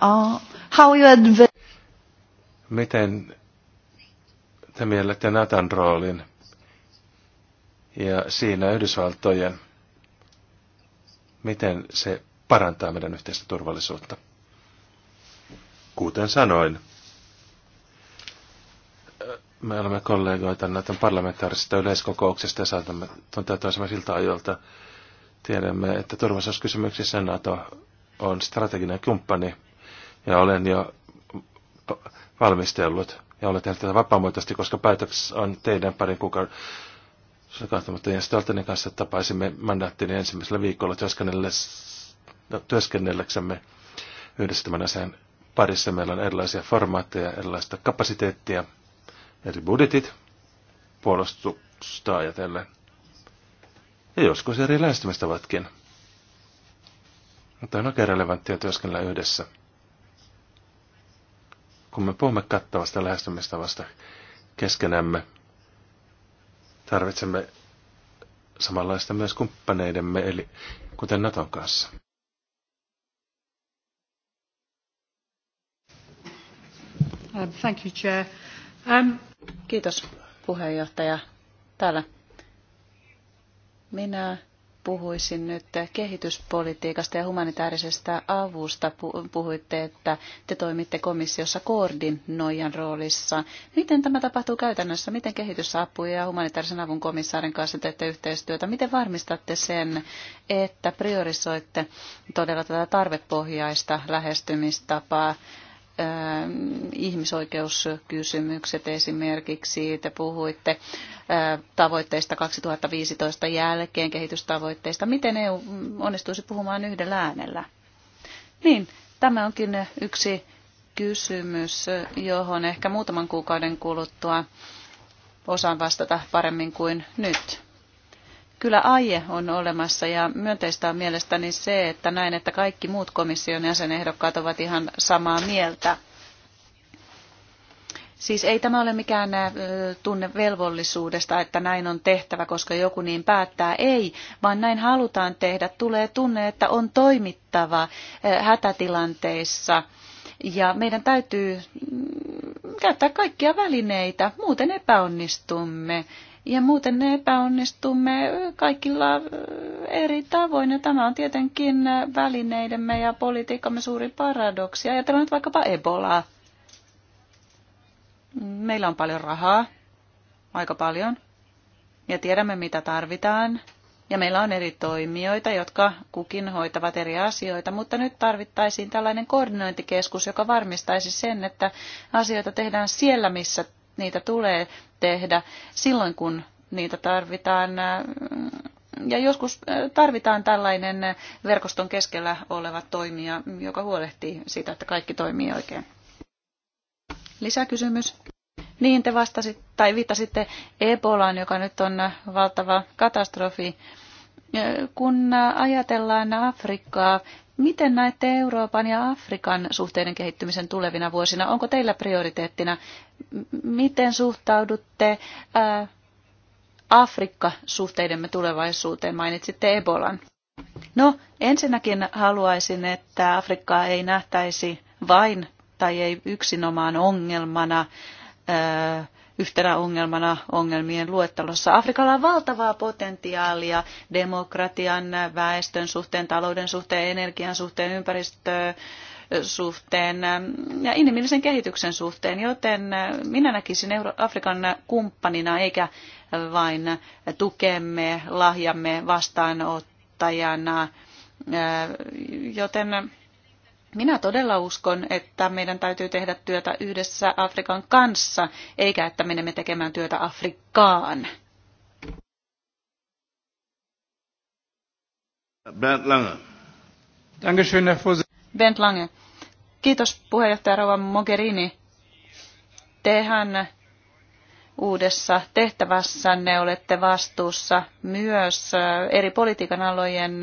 Uh, how you adv- Miten te miellätte Natan roolin ja siinä Yhdysvaltojen, miten se parantaa meidän yhteistä turvallisuutta? Kuten sanoin, me olemme kollegoita Naton parlamentaarisesta yleiskokouksesta ja saatamme tuntea toisemme siltä ajoilta Tiedämme, että turvallisuuskysymyksissä NATO on strateginen kumppani ja olen jo valmistellut ja olen tehnyt tätä vapaamuotoisesti, koska päätös on teidän parin kuukauden kautta, Jens Stoltenin kanssa tapaisimme mandaattini ensimmäisellä viikolla työskennelleksemme yhdessä tämän asian parissa. Meillä on erilaisia formaatteja, erilaista kapasiteettia, eri budjetit puolustusta ajatellen – ja joskus eri lähestymistavatkin. Mutta on oikein relevanttia työskennellä yhdessä. Kun me puhumme kattavasta lähestymistavasta keskenämme, tarvitsemme samanlaista myös kumppaneidemme, eli kuten Naton kanssa. Uh, thank you, Chair. Um, kiitos puheenjohtaja. Täällä minä puhuisin nyt kehityspolitiikasta ja humanitaarisesta avusta. Puhuitte, että te toimitte komissiossa koordinoijan roolissa. Miten tämä tapahtuu käytännössä? Miten kehitysapu ja humanitaarisen avun komissaarin kanssa teette yhteistyötä? Miten varmistatte sen, että priorisoitte todella tätä tarvepohjaista lähestymistapaa? Ähm, ihmisoikeuskysymykset esimerkiksi. Te puhuitte äh, tavoitteista 2015 jälkeen, kehitystavoitteista. Miten EU onnistuisi puhumaan yhdellä äänellä? Niin, tämä onkin yksi kysymys, johon ehkä muutaman kuukauden kuluttua osaan vastata paremmin kuin nyt kyllä aie on olemassa ja myönteistä on mielestäni se, että näin, että kaikki muut komission jäsenehdokkaat ovat ihan samaa mieltä. Siis ei tämä ole mikään tunne velvollisuudesta, että näin on tehtävä, koska joku niin päättää. Ei, vaan näin halutaan tehdä. Tulee tunne, että on toimittava hätätilanteissa. Ja meidän täytyy mm, käyttää kaikkia välineitä, muuten epäonnistumme. Ja muuten ne epäonnistumme kaikilla äh, eri tavoin, ja tämä on tietenkin äh, välineidemme ja politiikkamme suuri paradoksi. Ajatellaan nyt vaikkapa Ebolaa. Meillä on paljon rahaa, aika paljon, ja tiedämme mitä tarvitaan. Ja meillä on eri toimijoita, jotka kukin hoitavat eri asioita, mutta nyt tarvittaisiin tällainen koordinointikeskus, joka varmistaisi sen, että asioita tehdään siellä, missä niitä tulee tehdä silloin, kun niitä tarvitaan. Ja joskus äh, tarvitaan tällainen verkoston keskellä oleva toimija, joka huolehtii siitä, että kaikki toimii oikein. Lisäkysymys. Niin, te vastasitte tai viittasitte Ebolaan, joka nyt on valtava katastrofi. Äh, kun ajatellaan Afrikkaa, Miten näette Euroopan ja Afrikan suhteiden kehittymisen tulevina vuosina? Onko teillä prioriteettina? Miten suhtaudutte ää, äh, Afrikka-suhteidemme tulevaisuuteen? Mainitsitte Ebolan. No, ensinnäkin haluaisin, että Afrikkaa ei nähtäisi vain tai ei yksinomaan ongelmana ää, äh, yhtenä ongelmana ongelmien luettelossa. Afrikalla on valtavaa potentiaalia demokratian, väestön suhteen, talouden suhteen, energian suhteen, ympäristön suhteen ja inhimillisen kehityksen suhteen, joten minä näkisin Afrikan kumppanina eikä vain tukemme, lahjamme vastaanottajana, joten minä todella uskon, että meidän täytyy tehdä työtä yhdessä Afrikan kanssa, eikä että menemme tekemään työtä Afrikkaan. Bent Lange. Bent Lange. Kiitos puheenjohtaja Rova Mogherini. Tehän uudessa tehtävässänne olette vastuussa myös eri politiikan alojen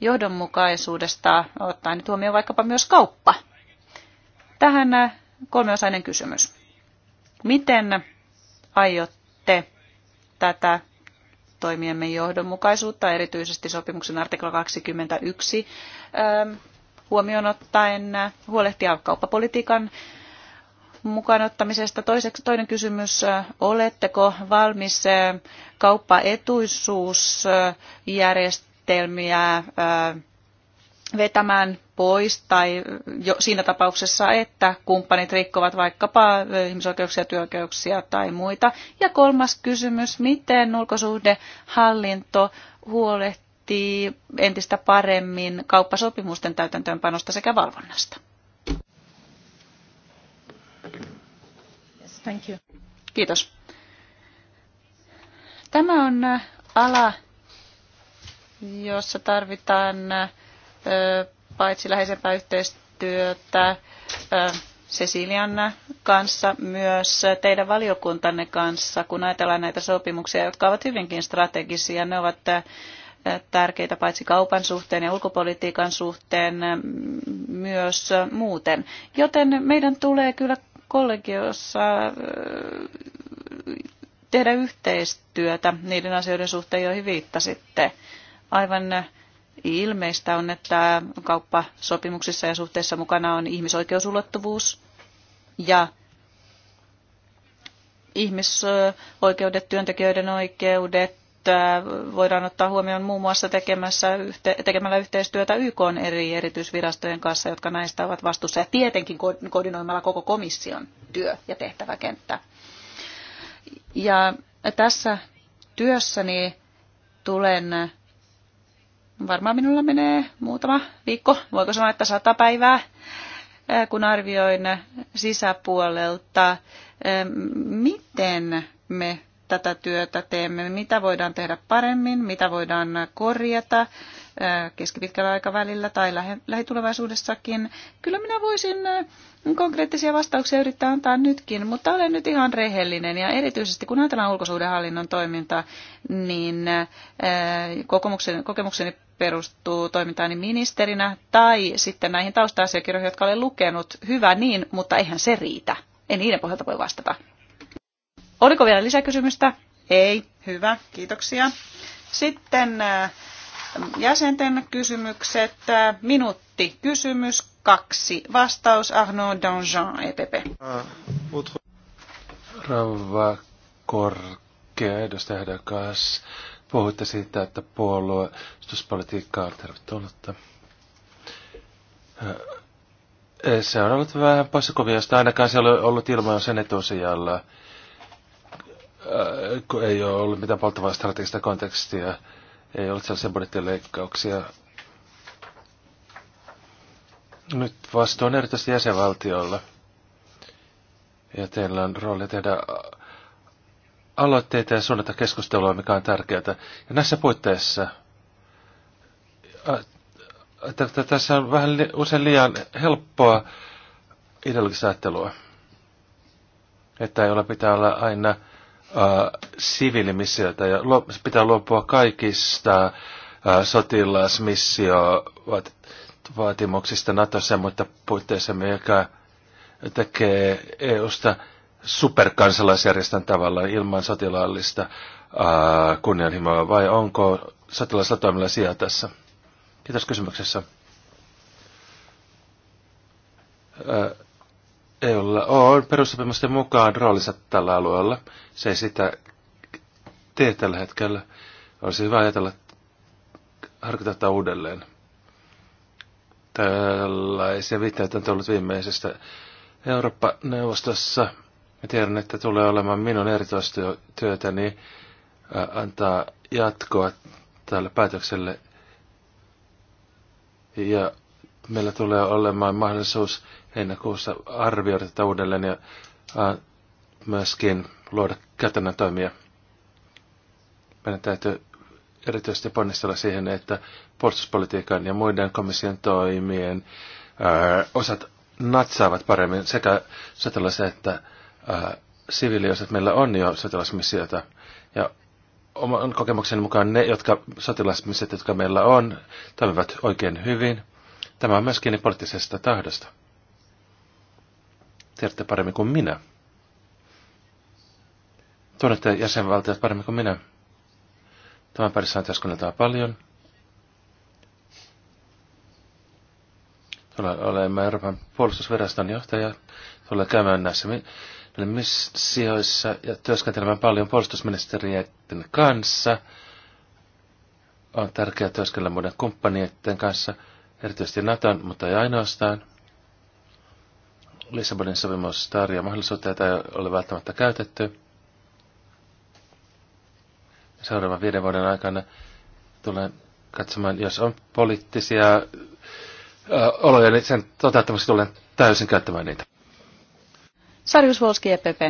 johdonmukaisuudesta ottaen niin huomioon vaikkapa myös kauppa. Tähän äh, kolmeosainen kysymys. Miten aiotte tätä toimiemme johdonmukaisuutta, erityisesti sopimuksen artikla 21 ähm, huomioon ottaen äh, huolehtia kauppapolitiikan mukaan ottamisesta. Toiseksi, toinen kysymys, äh, oletteko valmis kauppaetuisuusjärjestelmään menetelmiä vetämään pois tai jo siinä tapauksessa, että kumppanit rikkovat vaikkapa ihmisoikeuksia, työoikeuksia tai muita. Ja kolmas kysymys, miten ulkosuhdehallinto huolehtii entistä paremmin kauppasopimusten täytäntöönpanosta sekä valvonnasta? Yes, thank you. Kiitos. Tämä on ala jossa tarvitaan paitsi läheisempää yhteistyötä Cecilian kanssa, myös teidän valiokuntanne kanssa, kun ajatellaan näitä sopimuksia, jotka ovat hyvinkin strategisia. Ne ovat tärkeitä paitsi kaupan suhteen ja ulkopolitiikan suhteen myös muuten. Joten meidän tulee kyllä kollegiossa tehdä yhteistyötä niiden asioiden suhteen, joihin viittasitte aivan äh, ilmeistä on, että kauppasopimuksissa ja suhteessa mukana on ihmisoikeusulottuvuus ja ihmisoikeudet, työntekijöiden oikeudet äh, voidaan ottaa huomioon muun muassa tekemässä tekemällä yhteistyötä YK eri erityisvirastojen kanssa, jotka näistä ovat vastuussa, ja tietenkin koordinoimalla koko komission työ- ja tehtäväkenttä. Ja tässä työssäni tulen Varmaan minulla menee muutama viikko, voiko sanoa, että sata päivää, kun arvioin sisäpuolelta, miten me tätä työtä teemme, mitä voidaan tehdä paremmin, mitä voidaan korjata keskipitkällä aikavälillä tai lähitulevaisuudessakin. Kyllä minä voisin konkreettisia vastauksia yrittää antaa nytkin, mutta olen nyt ihan rehellinen ja erityisesti kun ajatellaan ulkosuhdehallinnon toimintaa, niin kokemukseni perustuu toimintaani ministerinä tai sitten näihin tausta jotka olen lukenut. Hyvä niin, mutta eihän se riitä. En niiden pohjalta voi vastata. Oliko vielä lisäkysymystä? Ei. Hyvä, kiitoksia. Sitten äh, jäsenten kysymykset. Äh, minuutti kysymys, kaksi vastaus. Arnaud Dangean, EPP. Äh, Rauva korkea edustaja Hedakas puhuitte siitä, että puolueistuspolitiikka on tervetullutta. Se on ollut vähän poissa kuviosta, ainakaan se on ollut ilman sen etusijalla, kun ei ole ollut mitään polttavaa strategista kontekstia, ei ollut sellaisia budjettileikkauksia. Nyt vastuu on erityisesti jäsenvaltiolla. Ja teillä on rooli tehdä aloitteita ja suunnata keskustelua, mikä on tärkeää. Ja näissä puitteissa tässä on vähän li, usein liian helppoa ideologista ajattelua. Että ei ole pitää olla aina äh, siviilimissioita ja lu, pitää luopua kaikista ää, sotilasmissio vaatimuksista Natossa, mutta puitteissa, mikä tekee EUsta superkansalaisjärjestön tavalla ilman sotilaallista ää, kunnianhimoa, vai onko sotilaallisella toimilla sijaa tässä? Kiitos kysymyksessä. EUlla on perussopimusten mukaan roolissa tällä alueella. Se ei sitä tee tällä hetkellä. Olisi hyvä ajatella, harkita tätä uudelleen. Tällaisia viitteitä on tullut viimeisestä Eurooppa-neuvostossa Mä tiedän, että tulee olemaan minun erityistyötäni äh, antaa jatkoa tälle päätökselle. Ja meillä tulee olemaan mahdollisuus heinäkuussa arvioida tätä uudelleen ja äh, myöskin luoda käytännön toimia. Meidän täytyy erityisesti ponnistella siihen, että puolustuspolitiikan ja muiden komission toimien ää, äh, osat natsaavat paremmin sekä sotilas- että että äh, meillä on jo sotilasmissioita. Ja oman kokemukseni mukaan ne, jotka sotilasmissiot, jotka meillä on, toimivat oikein hyvin. Tämä on myös kiinni poliittisesta tahdosta. Tiedätte paremmin kuin minä. Tunnette jäsenvaltiot paremmin kuin minä. Tämän parissa on työskenneltävä paljon. Tulee olemaan Euroopan puolustusviraston johtaja. Tulee käymään näissä Olin missioissa ja työskentelemään paljon puolustusministeriöiden kanssa. On tärkeää työskennellä muiden kumppanien kanssa, erityisesti Naton, mutta ei ainoastaan. Lissabonin sopimus tarjoaa mahdollisuutta, jota ei ole välttämättä käytetty. Seuraavan viiden vuoden aikana tulen katsomaan, jos on poliittisia oloja, niin sen toteuttamassa tulen täysin käyttämään niitä. Sarjus Volski, EPP.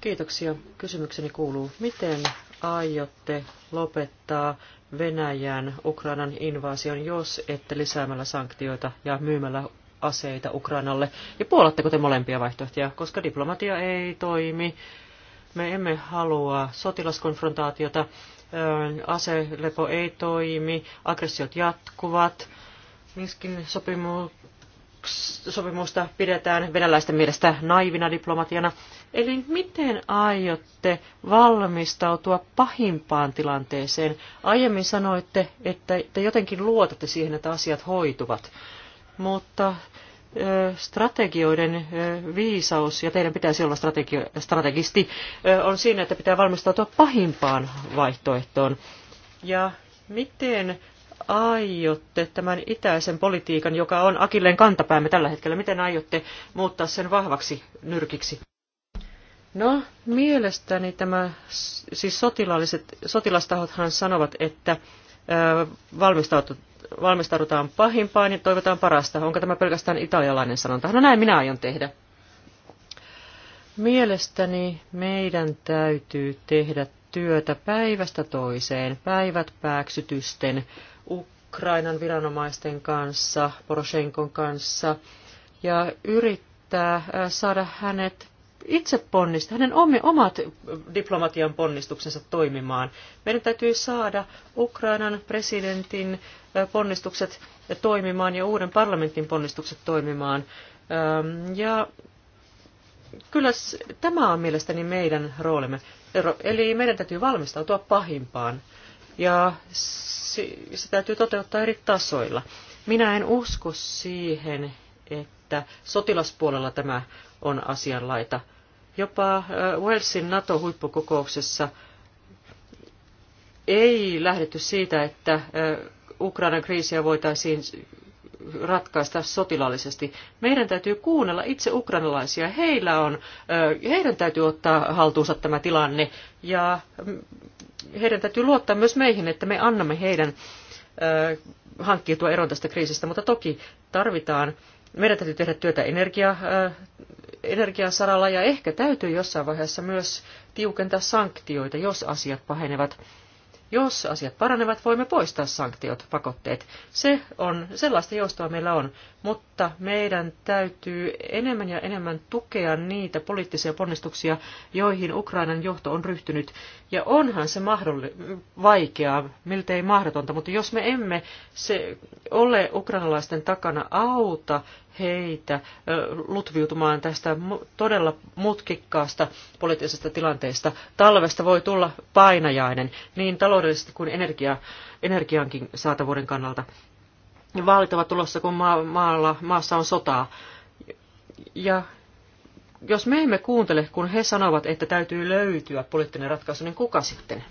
Kiitoksia. Kysymykseni kuuluu, miten aiotte lopettaa Venäjän Ukrainan invaasion, jos ette lisäämällä sanktioita ja myymällä aseita Ukrainalle? Ja puolatteko te molempia vaihtoehtoja, koska diplomatia ei toimi? Me emme halua sotilaskonfrontaatiota, aselepo ei toimi, aggressiot jatkuvat. Minskin sopimus sopimusta pidetään venäläisten mielestä naivina diplomatiana. Eli miten aiotte valmistautua pahimpaan tilanteeseen? Aiemmin sanoitte, että te jotenkin luotatte siihen, että asiat hoituvat, mutta strategioiden viisaus, ja teidän pitäisi olla strategisti, on siinä, että pitää valmistautua pahimpaan vaihtoehtoon. Ja miten aiotte tämän itäisen politiikan, joka on akilleen kantapäämme tällä hetkellä, miten aiotte muuttaa sen vahvaksi nyrkiksi? No, mielestäni tämä, siis sotilaalliset, sotilastahothan sanovat, että valmistaudutaan pahimpaan ja toivotaan parasta. Onko tämä pelkästään italialainen sanonta? No näin minä aion tehdä. Mielestäni meidän täytyy tehdä työtä päivästä toiseen, päivät pääksytysten Ukrainan viranomaisten kanssa, Poroshenkon kanssa, ja yrittää äh, saada hänet itse ponnista, hänen omat diplomatian ponnistuksensa toimimaan. Meidän täytyy saada Ukrainan presidentin äh, ponnistukset toimimaan ja uuden parlamentin ponnistukset toimimaan. Ähm, ja kyllä tämä on mielestäni meidän roolimme. Eli meidän täytyy valmistautua pahimpaan. Ja se täytyy toteuttaa eri tasoilla. Minä en usko siihen, että sotilaspuolella tämä on asianlaita. Jopa äh, Walesin NATO-huippukokouksessa ei lähdetty siitä, että äh, Ukrainan kriisiä voitaisiin ratkaista sotilaallisesti. Meidän täytyy kuunnella itse ukrainalaisia. Heillä on, heidän täytyy ottaa haltuunsa tämä tilanne ja mm, heidän täytyy luottaa myös meihin, että me annamme heidän hankkiutua eron tästä kriisistä, mutta toki tarvitaan, meidän täytyy tehdä työtä energia, energiasaralla ja ehkä täytyy jossain vaiheessa myös tiukentaa sanktioita, jos asiat pahenevat jos asiat paranevat, voimme poistaa sanktiot, pakotteet. Se on, sellaista joustoa meillä on, mutta meidän täytyy enemmän ja enemmän tukea niitä poliittisia ponnistuksia, joihin Ukrainan johto on ryhtynyt. Ja onhan se mahdolli- vaikeaa, miltei mahdotonta, mutta jos me emme se ole ukrainalaisten takana auta heitä lutviutumaan tästä todella mutkikkaasta poliittisesta tilanteesta. Talvesta voi tulla painajainen niin taloudellisesti kuin energia, energiankin saatavuuden kannalta. Vaalit ovat tulossa, kun maa, maalla, maassa on sotaa. Ja jos me emme kuuntele, kun he sanovat, että täytyy löytyä poliittinen ratkaisu, niin kuka sitten?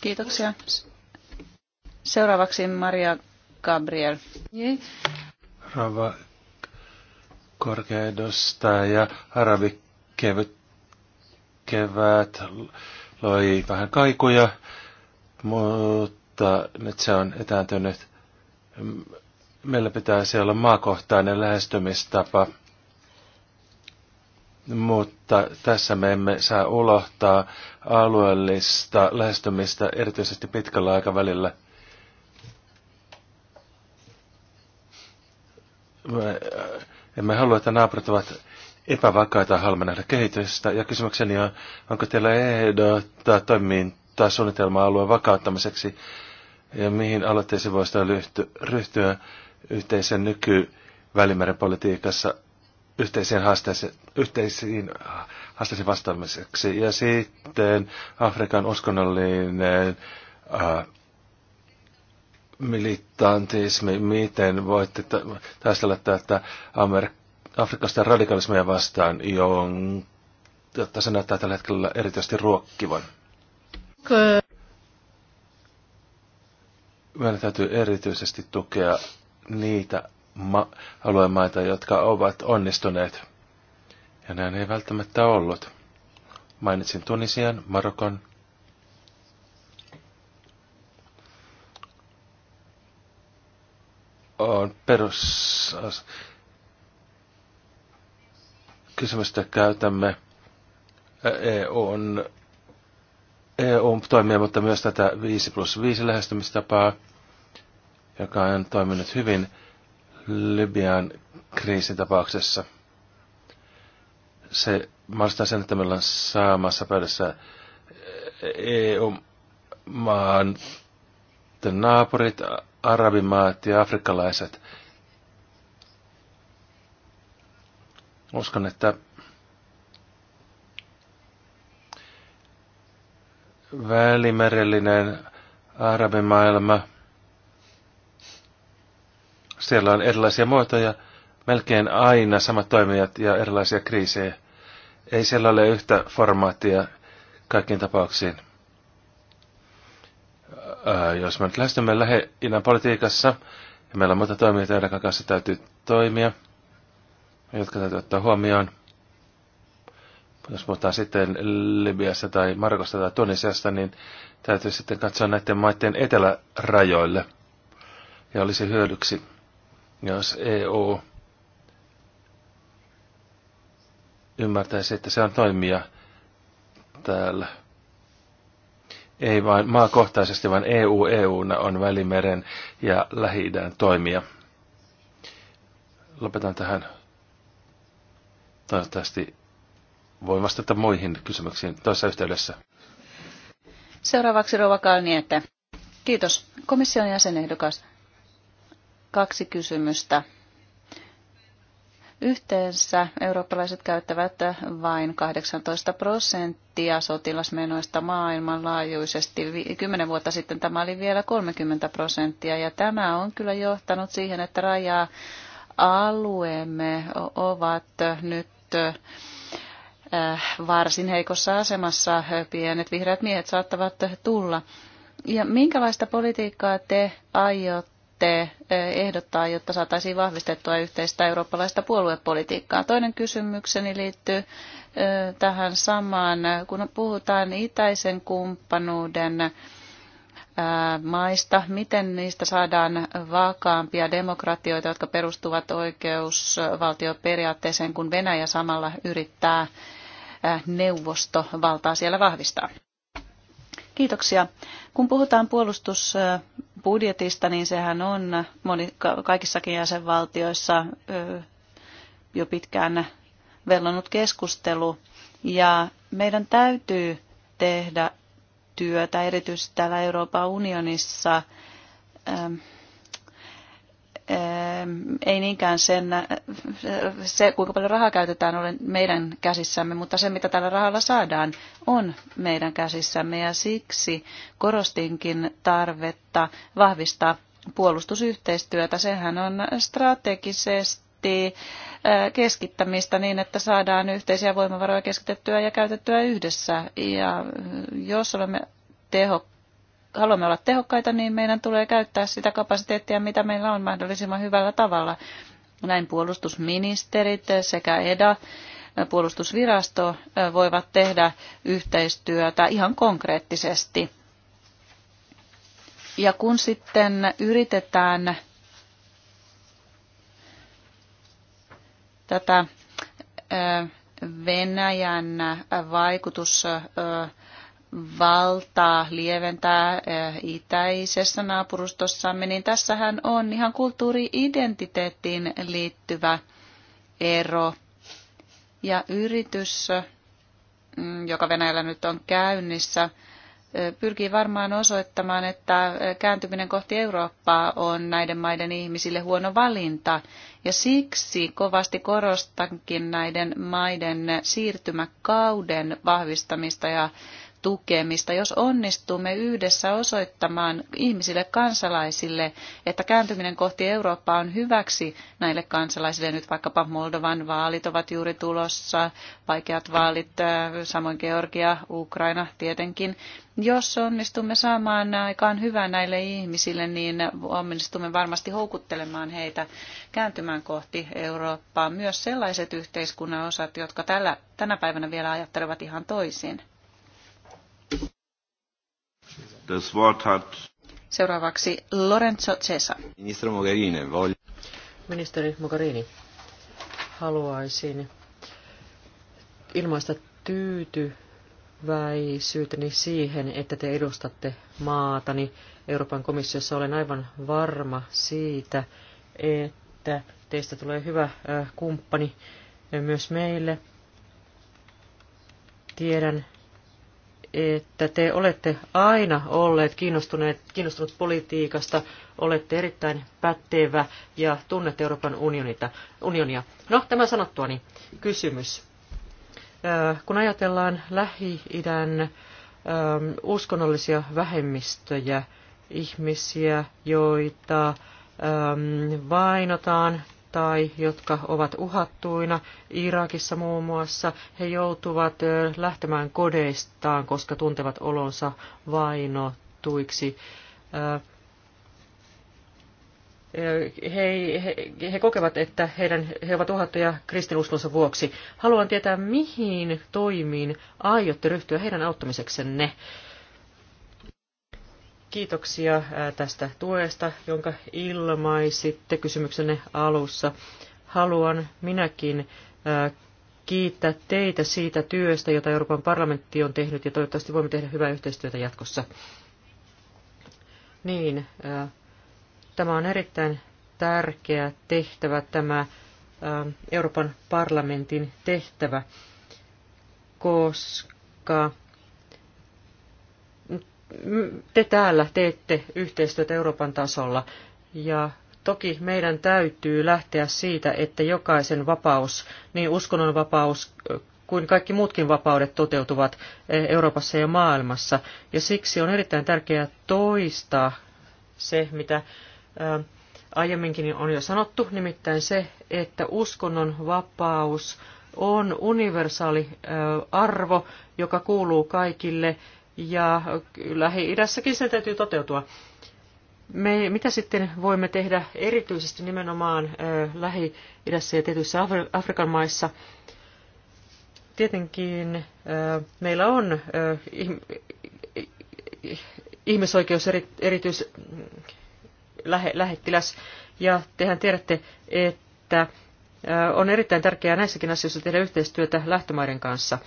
Kiitoksia. Seuraavaksi Maria Gabriel. Rava korkeudustaja arabi kevyt kevät loi vähän kaikuja, mutta nyt se on etääntynyt. Meillä pitäisi olla maakohtainen lähestymistapa, mutta tässä me emme saa ulohtaa alueellista lähestymistä erityisesti pitkällä aikavälillä – me äh, emme halua, että naapurit ovat epävakaita, haluamme nähdä kehitystä. Ja kysymykseni on, onko teillä ehdottaa toimintaa suunnitelmaa alueen vakauttamiseksi ja mihin aloitteisiin voisi ryhtyä yhteisen nyky välimeren politiikassa yhteisiin haasteisiin, yhteisiin haasteisiin vastaamiseksi. Ja sitten Afrikan uskonnollinen äh, militantismi, miten voitte taistella tätä Afrikasta radikalismia vastaan, jota se näyttää tällä hetkellä erityisesti ruokkivan? Meidän täytyy erityisesti tukea niitä ma- alueen maita, jotka ovat onnistuneet. Ja näin ei välttämättä ollut. Mainitsin Tunisian, Marokon, on perus kysymystä käytämme EUn, on e toimia, mutta myös tätä 5 plus 5 lähestymistapaa, joka on toiminut hyvin Libyan tapauksessa. Se mahdollistaa sen, että meillä on saamassa pöydässä EU-maan naapurit, arabimaat ja afrikkalaiset. Uskon, että välimerellinen arabimaailma, siellä on erilaisia muotoja, melkein aina samat toimijat ja erilaisia kriisejä. Ei siellä ole yhtä formaattia kaikkiin tapauksiin. Äh, jos me nyt lähestymme lähinnä politiikassa, ja meillä on muita toimijoita, joiden kanssa täytyy toimia, jotka täytyy ottaa huomioon. Jos puhutaan sitten Libiassa tai Marokosta tai Tunisiasta, niin täytyy sitten katsoa näiden maiden etelärajoille. Ja olisi hyödyksi, jos EU ymmärtäisi, että se on toimija täällä ei vain maakohtaisesti, vaan EU EUna on Välimeren ja lähi toimia. Lopetan tähän toivottavasti voin vastata muihin kysymyksiin toisessa yhteydessä. Seuraavaksi Rova Kalniete. Kiitos. Komission jäsenehdokas. Kaksi kysymystä Yhteensä eurooppalaiset käyttävät vain 18 prosenttia sotilasmenoista maailmanlaajuisesti. Kymmenen vuotta sitten tämä oli vielä 30 prosenttia ja tämä on kyllä johtanut siihen, että rajaa alueemme ovat nyt äh, varsin heikossa asemassa. Pienet vihreät miehet saattavat tulla. Ja minkälaista politiikkaa te aiot aiotte ehdottaa, jotta saataisiin vahvistettua yhteistä eurooppalaista puoluepolitiikkaa? Toinen kysymykseni liittyy tähän samaan, kun puhutaan itäisen kumppanuuden maista, miten niistä saadaan vakaampia demokratioita, jotka perustuvat oikeusvaltioperiaatteeseen, kun Venäjä samalla yrittää neuvostovaltaa siellä vahvistaa. Kiitoksia. Kun puhutaan puolustusbudjetista, niin sehän on moni, kaikissakin jäsenvaltioissa jo pitkään vellonut keskustelu. Ja meidän täytyy tehdä työtä, erityisesti täällä Euroopan unionissa, ei niinkään sen, äh, se, kuinka paljon rahaa käytetään, ole meidän käsissämme, mutta se, mitä tällä rahalla saadaan, on meidän käsissämme. Ja siksi korostinkin tarvetta vahvistaa puolustusyhteistyötä. Sehän on strategisesti äh, keskittämistä niin, että saadaan yhteisiä voimavaroja keskitettyä ja käytettyä yhdessä. Ja äh, jos olemme tehokkaita, haluamme olla tehokkaita, niin meidän tulee käyttää sitä kapasiteettia, mitä meillä on mahdollisimman hyvällä tavalla. Näin puolustusministerit sekä EDA puolustusvirasto voivat tehdä yhteistyötä ihan konkreettisesti. Ja kun sitten yritetään tätä Venäjän vaikutus valtaa lieventää eh, itäisessä naapurustossamme, niin tässähän on ihan kulttuuriidentiteettiin liittyvä ero. Ja yritys, mm, joka Venäjällä nyt on käynnissä, eh, pyrkii varmaan osoittamaan, että eh, kääntyminen kohti Eurooppaa on näiden maiden ihmisille huono valinta. Ja siksi kovasti korostankin näiden maiden siirtymäkauden vahvistamista ja tukemista, jos onnistumme yhdessä osoittamaan ihmisille, kansalaisille, että kääntyminen kohti Eurooppaa on hyväksi näille kansalaisille. Nyt vaikkapa Moldovan vaalit ovat juuri tulossa, vaikeat vaalit, äh, samoin Georgia, Ukraina tietenkin. Jos onnistumme saamaan aikaan hyvää näille ihmisille, niin onnistumme varmasti houkuttelemaan heitä kääntymään kohti Eurooppaa. Myös sellaiset yhteiskunnan osat, jotka tällä, tänä päivänä vielä ajattelevat ihan toisin. Das Wort hat Seuraavaksi Lorenzo Cesa. Ministeri Mogherini, voi... Ministeri Mogherini, haluaisin ilmaista tyytyväisyyteni siihen, että te edustatte maatani. Euroopan komissiossa olen aivan varma siitä, että teistä tulee hyvä äh, kumppani myös meille. Tiedän, että te olette aina olleet kiinnostuneet, kiinnostunut politiikasta, olette erittäin pätevä ja tunnette Euroopan unionita, unionia. No, tämä sanottuani kysymys. Kun ajatellaan Lähi-idän uskonnollisia vähemmistöjä, ihmisiä, joita vainotaan, tai jotka ovat uhattuina. Irakissa muun muassa he joutuvat lähtemään kodeistaan, koska tuntevat olonsa vainottuiksi. He, he, he kokevat, että heidän, he ovat uhattuja kristinuskonsa vuoksi. Haluan tietää, mihin toimiin aiotte ryhtyä heidän auttamiseksenne. ne Kiitoksia tästä tuesta, jonka ilmaisitte kysymyksenne alussa. Haluan minäkin kiittää teitä siitä työstä, jota Euroopan parlamentti on tehnyt, ja toivottavasti voimme tehdä hyvää yhteistyötä jatkossa. Niin, tämä on erittäin tärkeä tehtävä, tämä Euroopan parlamentin tehtävä, koska te täällä teette yhteistyötä Euroopan tasolla ja toki meidän täytyy lähteä siitä, että jokaisen vapaus, niin uskonnonvapaus kuin kaikki muutkin vapaudet toteutuvat Euroopassa ja maailmassa. Ja siksi on erittäin tärkeää toistaa se, mitä aiemminkin on jo sanottu, nimittäin se, että uskonnon vapaus on universaali arvo, joka kuuluu kaikille ja Lähi-idässäkin sen täytyy toteutua. Me, mitä sitten voimme tehdä erityisesti nimenomaan Lähi-idässä ja tietyissä Afrikan maissa? Tietenkin meillä on ihmisoikeus erityis lähettiläs, ja tehän tiedätte, että on erittäin tärkeää näissäkin asioissa tehdä yhteistyötä lähtömaiden kanssa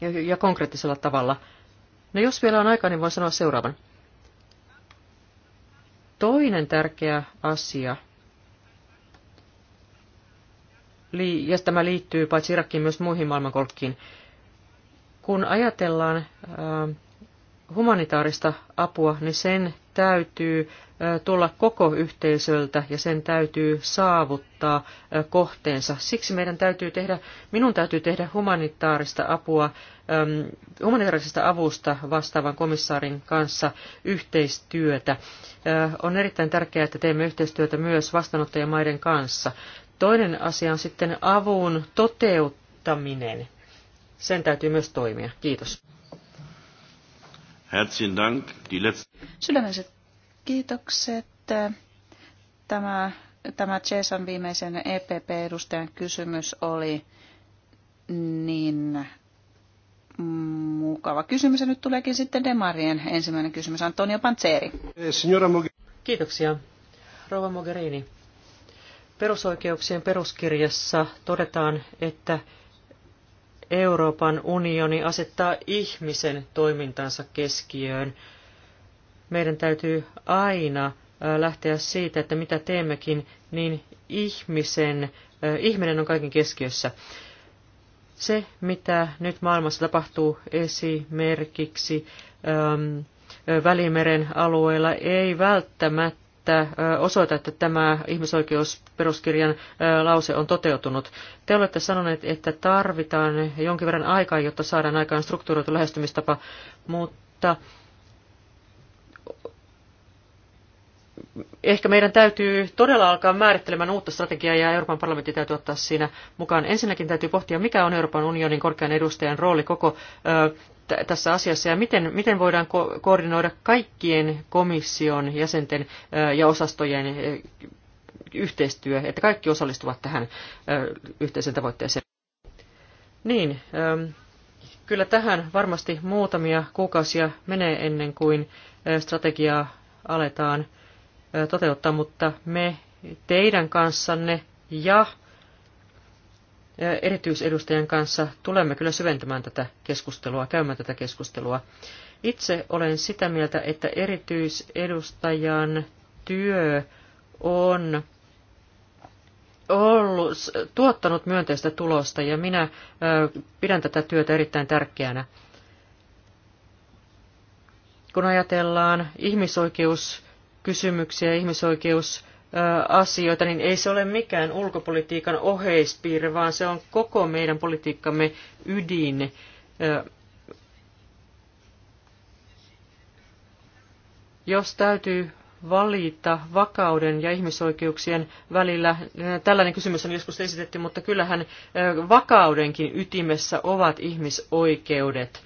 ja, ja konkreettisella tavalla. No jos vielä on aikaa, niin voin sanoa seuraavan. Toinen tärkeä asia, ja tämä liittyy paitsi Irakkiin myös muihin maailmankolkkiin, kun ajatellaan humanitaarista apua, niin sen täytyy tulla koko yhteisöltä ja sen täytyy saavuttaa kohteensa. Siksi meidän täytyy tehdä, minun täytyy tehdä humanitaarista apua, humanitaarisesta avusta vastaavan komissaarin kanssa yhteistyötä. On erittäin tärkeää, että teemme yhteistyötä myös vastaanottajamaiden kanssa. Toinen asia on sitten avun toteuttaminen. Sen täytyy myös toimia. Kiitos. Herzlichen Dank. Die Sydämiset kiitokset. Tämä, tämä Jason viimeisen EPP-edustajan kysymys oli niin mukava kysymys. Ja nyt tuleekin sitten Demarien ensimmäinen kysymys. Antonio Panzeri. Eh, signora Kiitoksia. Rova Mogherini. Perusoikeuksien peruskirjassa todetaan, että Euroopan unioni asettaa ihmisen toimintansa keskiöön. Meidän täytyy aina lähteä siitä, että mitä teemmekin, niin ihmisen, ihminen on kaiken keskiössä. Se, mitä nyt maailmassa tapahtuu esimerkiksi Välimeren alueella, ei välttämättä että osoita, että tämä ihmisoikeusperuskirjan lause on toteutunut. Te olette sanoneet, että tarvitaan jonkin verran aikaa, jotta saadaan aikaan strukturoitu lähestymistapa, mutta ehkä meidän täytyy todella alkaa määrittelemään uutta strategiaa ja Euroopan parlamentti täytyy ottaa siinä mukaan. Ensinnäkin täytyy pohtia, mikä on Euroopan unionin korkean edustajan rooli koko tässä asiassa ja miten, miten voidaan ko- koordinoida kaikkien komission jäsenten ja osastojen yhteistyö, että kaikki osallistuvat tähän yhteiseen tavoitteeseen. Niin, kyllä tähän varmasti muutamia kuukausia menee ennen kuin strategiaa aletaan toteuttaa, mutta me teidän kanssanne ja erityisedustajan kanssa tulemme kyllä syventämään tätä keskustelua, käymään tätä keskustelua. Itse olen sitä mieltä, että erityisedustajan työ on ollut, tuottanut myönteistä tulosta ja minä pidän tätä työtä erittäin tärkeänä. Kun ajatellaan ihmisoikeuskysymyksiä, ihmisoikeus asioita, niin ei se ole mikään ulkopolitiikan oheispiirre, vaan se on koko meidän politiikkamme ydin. Jos täytyy valita vakauden ja ihmisoikeuksien välillä. Tällainen kysymys on joskus esitetty, mutta kyllähän vakaudenkin ytimessä ovat ihmisoikeudet.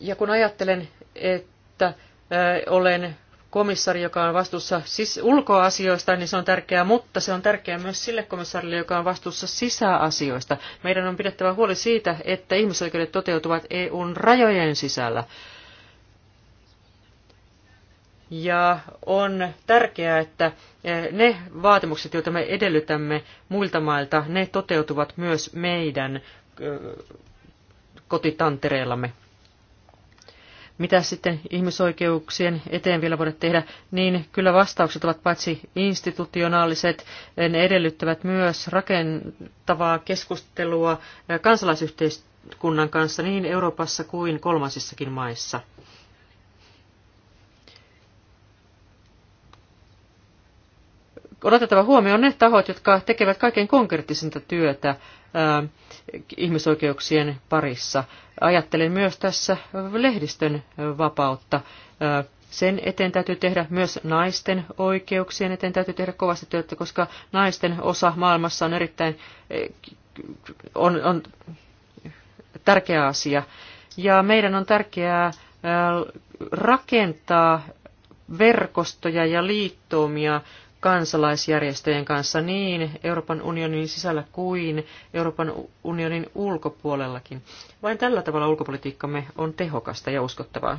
Ja kun ajattelen, että olen komissaari, joka on vastuussa ulkoasioista, niin se on tärkeää, mutta se on tärkeää myös sille komissaarille, joka on vastuussa sisäasioista. Meidän on pidettävä huoli siitä, että ihmisoikeudet toteutuvat EUn rajojen sisällä. Ja on tärkeää, että eh, ne vaatimukset, joita me edellytämme muilta mailta, ne toteutuvat myös meidän eh, kotitantereillamme mitä sitten ihmisoikeuksien eteen vielä voida tehdä, niin kyllä vastaukset ovat paitsi institutionaaliset, ne edellyttävät myös rakentavaa keskustelua kansalaisyhteiskunnan kanssa niin Euroopassa kuin kolmansissakin maissa. on otettava huomioon ne tahot, jotka tekevät kaiken konkreettisinta työtä ihmisoikeuksien parissa. Ajattelen myös tässä lehdistön vapautta. Sen eteen täytyy tehdä myös naisten oikeuksien eteen täytyy tehdä kovasti työtä, koska naisten osa maailmassa on erittäin on, on tärkeä asia. Ja meidän on tärkeää rakentaa verkostoja ja liittoumia kansalaisjärjestöjen kanssa niin Euroopan unionin sisällä kuin Euroopan unionin ulkopuolellakin. Vain tällä tavalla ulkopolitiikkamme on tehokasta ja uskottavaa.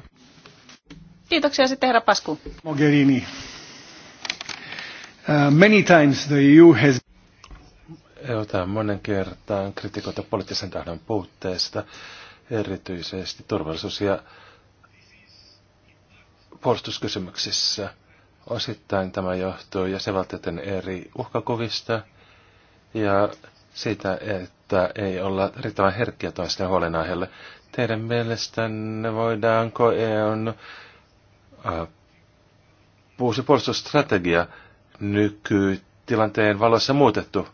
Kiitoksia sitten herra Pasku. Mogherini. Uh, many times the EU has... Jota monen kertaan kritikoita poliittisen tahdon puutteesta, erityisesti turvallisuus- ja puolustuskysymyksissä – Osittain tämä johtuu jäsenvaltioiden eri uhkakuvista ja siitä, että ei olla riittävän herkkiä toisten huolenaiheelle. Teidän mielestänne voidaanko EUn äh, uusi puolustusstrategia nykytilanteen valossa muutettu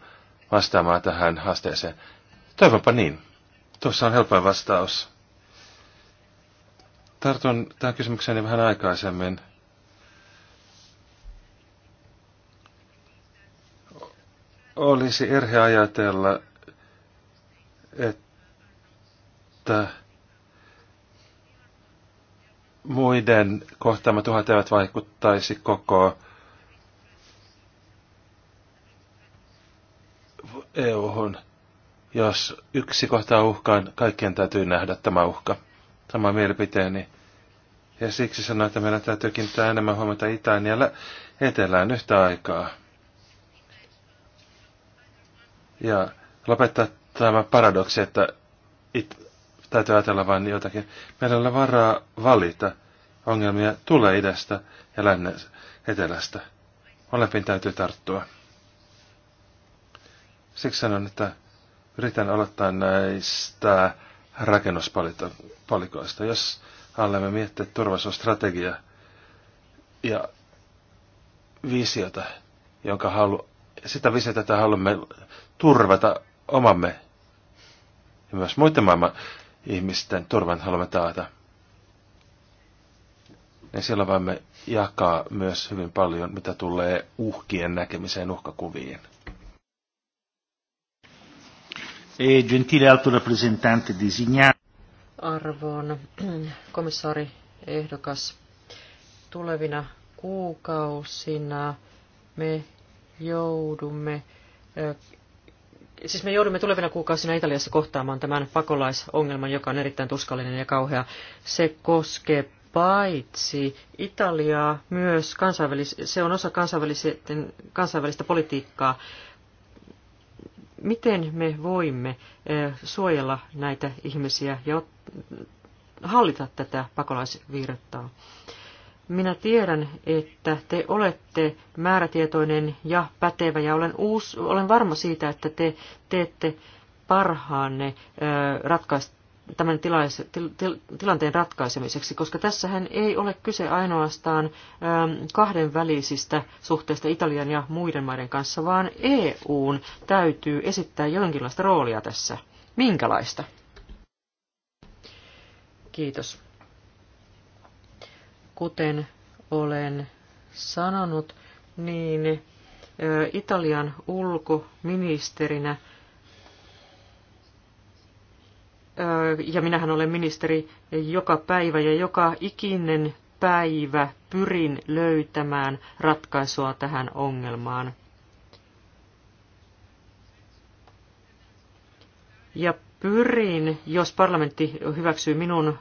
vastaamaan tähän haasteeseen? Toivonpa niin. Tuossa on helpoin vastaus. Tartun tähän kysymykseen vähän aikaisemmin. Olisi erhe ajatella, että muiden kohtaamat tuhat eivät vaikuttaisi koko EU-hun. Jos yksi kohtaa uhkaan, kaikkien täytyy nähdä tämä uhka. Tämä mielipiteeni. Ja siksi sanoin, että meidän täytyy kiinnittää enemmän huomiota itään ja etelään yhtä aikaa ja lopettaa tämä paradoksi, että it, täytyy ajatella vain jotakin. Meillä on varaa valita. Ongelmia tulee idästä ja lännen etelästä. Molempiin täytyy tarttua. Siksi sanon, että yritän aloittaa näistä rakennuspalikoista. Jos haluamme miettiä turvallisuusstrategiaa ja visiota, jonka halu, sitä visiota, että haluamme turvata omamme ja myös muiden maailman ihmisten turvan haluamme taata. Ja siellä voimme jakaa myös hyvin paljon, mitä tulee uhkien näkemiseen uhkakuviin. E gentile alto rappresentante designato. Arvon komissaari ehdokas, tulevina kuukausina me joudumme siis me joudumme tulevina kuukausina Italiassa kohtaamaan tämän pakolaisongelman, joka on erittäin tuskallinen ja kauhea. Se koskee paitsi Italiaa myös kansainvälis- se on osa kansainvälistä politiikkaa. Miten me voimme eh, suojella näitä ihmisiä ja hallita tätä pakolaisvirtaa? Minä tiedän, että te olette määrätietoinen ja pätevä ja olen, uus, olen varma siitä, että te teette parhaanne ratkaista tämän tilais, til, til, tilanteen ratkaisemiseksi, koska tässähän ei ole kyse ainoastaan äm, kahden välisistä suhteista Italian ja muiden maiden kanssa, vaan EUn täytyy esittää jonkinlaista roolia tässä. Minkälaista? Kiitos. Kuten olen sanonut, niin Italian ulkoministerinä, ja minähän olen ministeri joka päivä ja joka ikinen päivä pyrin löytämään ratkaisua tähän ongelmaan. Ja pyrin, jos parlamentti hyväksyy minun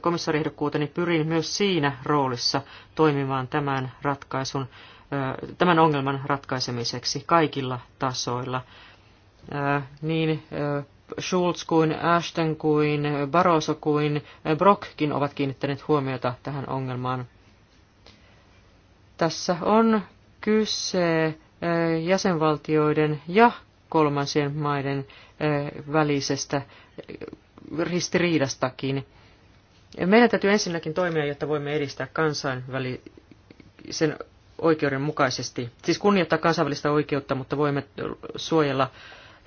komissaariehdokkuuteni, pyrin myös siinä roolissa toimimaan tämän ratkaisun, tämän ongelman ratkaisemiseksi kaikilla tasoilla. Niin Schulz kuin Ashton kuin Barroso kuin Brockkin ovat kiinnittäneet huomiota tähän ongelmaan. Tässä on kyse jäsenvaltioiden ja kolmansien maiden välisestä ristiriidastakin. Meidän täytyy ensinnäkin toimia, jotta voimme edistää kansainvälisen oikeuden mukaisesti, siis kunnioittaa kansainvälistä oikeutta, mutta voimme suojella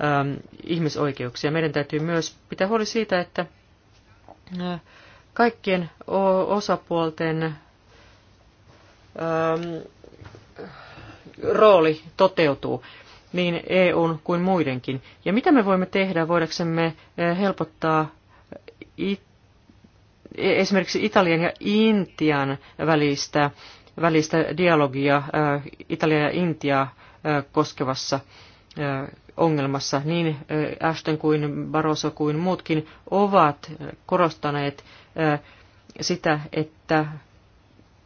ähm, ihmisoikeuksia. Meidän täytyy myös pitää huoli siitä, että kaikkien osapuolten ähm, rooli toteutuu niin EUn kuin muidenkin. Ja mitä me voimme tehdä, voidaksemme eh, helpottaa eh, it- e-, esimerkiksi Italian ja Intian välistä, välistä dialogia eh, Italia ja Intia koskevassa ongelmassa, niin Ashton kuin Barroso kuin muutkin ovat korostaneet sitä, että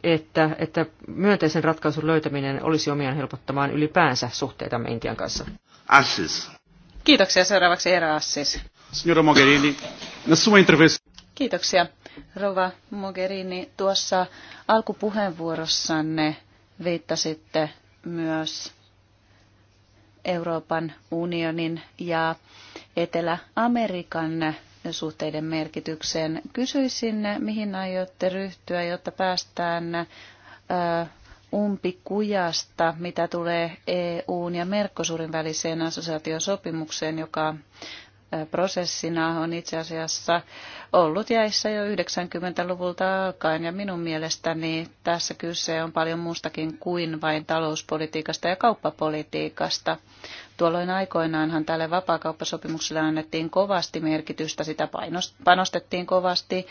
että, että myönteisen ratkaisun löytäminen olisi omiaan helpottamaan ylipäänsä suhteitamme Intian kanssa. Assis. Kiitoksia seuraavaksi Eera Assis. Signora Mogherini, na sua intervenção. Kiitoksia. Rova Mogherini, tuossa alkupuheenvuorossanne viittasitte myös Euroopan unionin ja Etelä-Amerikan suhteiden merkitykseen. Kysyisin, mihin aiotte ryhtyä, jotta päästään umpikujasta, mitä tulee EUn ja Merkosurin väliseen assosiaatiosopimukseen, joka prosessina on itse asiassa ollut jäissä jo 90-luvulta alkaen ja minun mielestäni tässä kyse on paljon muustakin kuin vain talouspolitiikasta ja kauppapolitiikasta. Tuolloin aikoinaanhan tälle vapaakauppasopimukselle annettiin kovasti merkitystä, sitä panostettiin kovasti.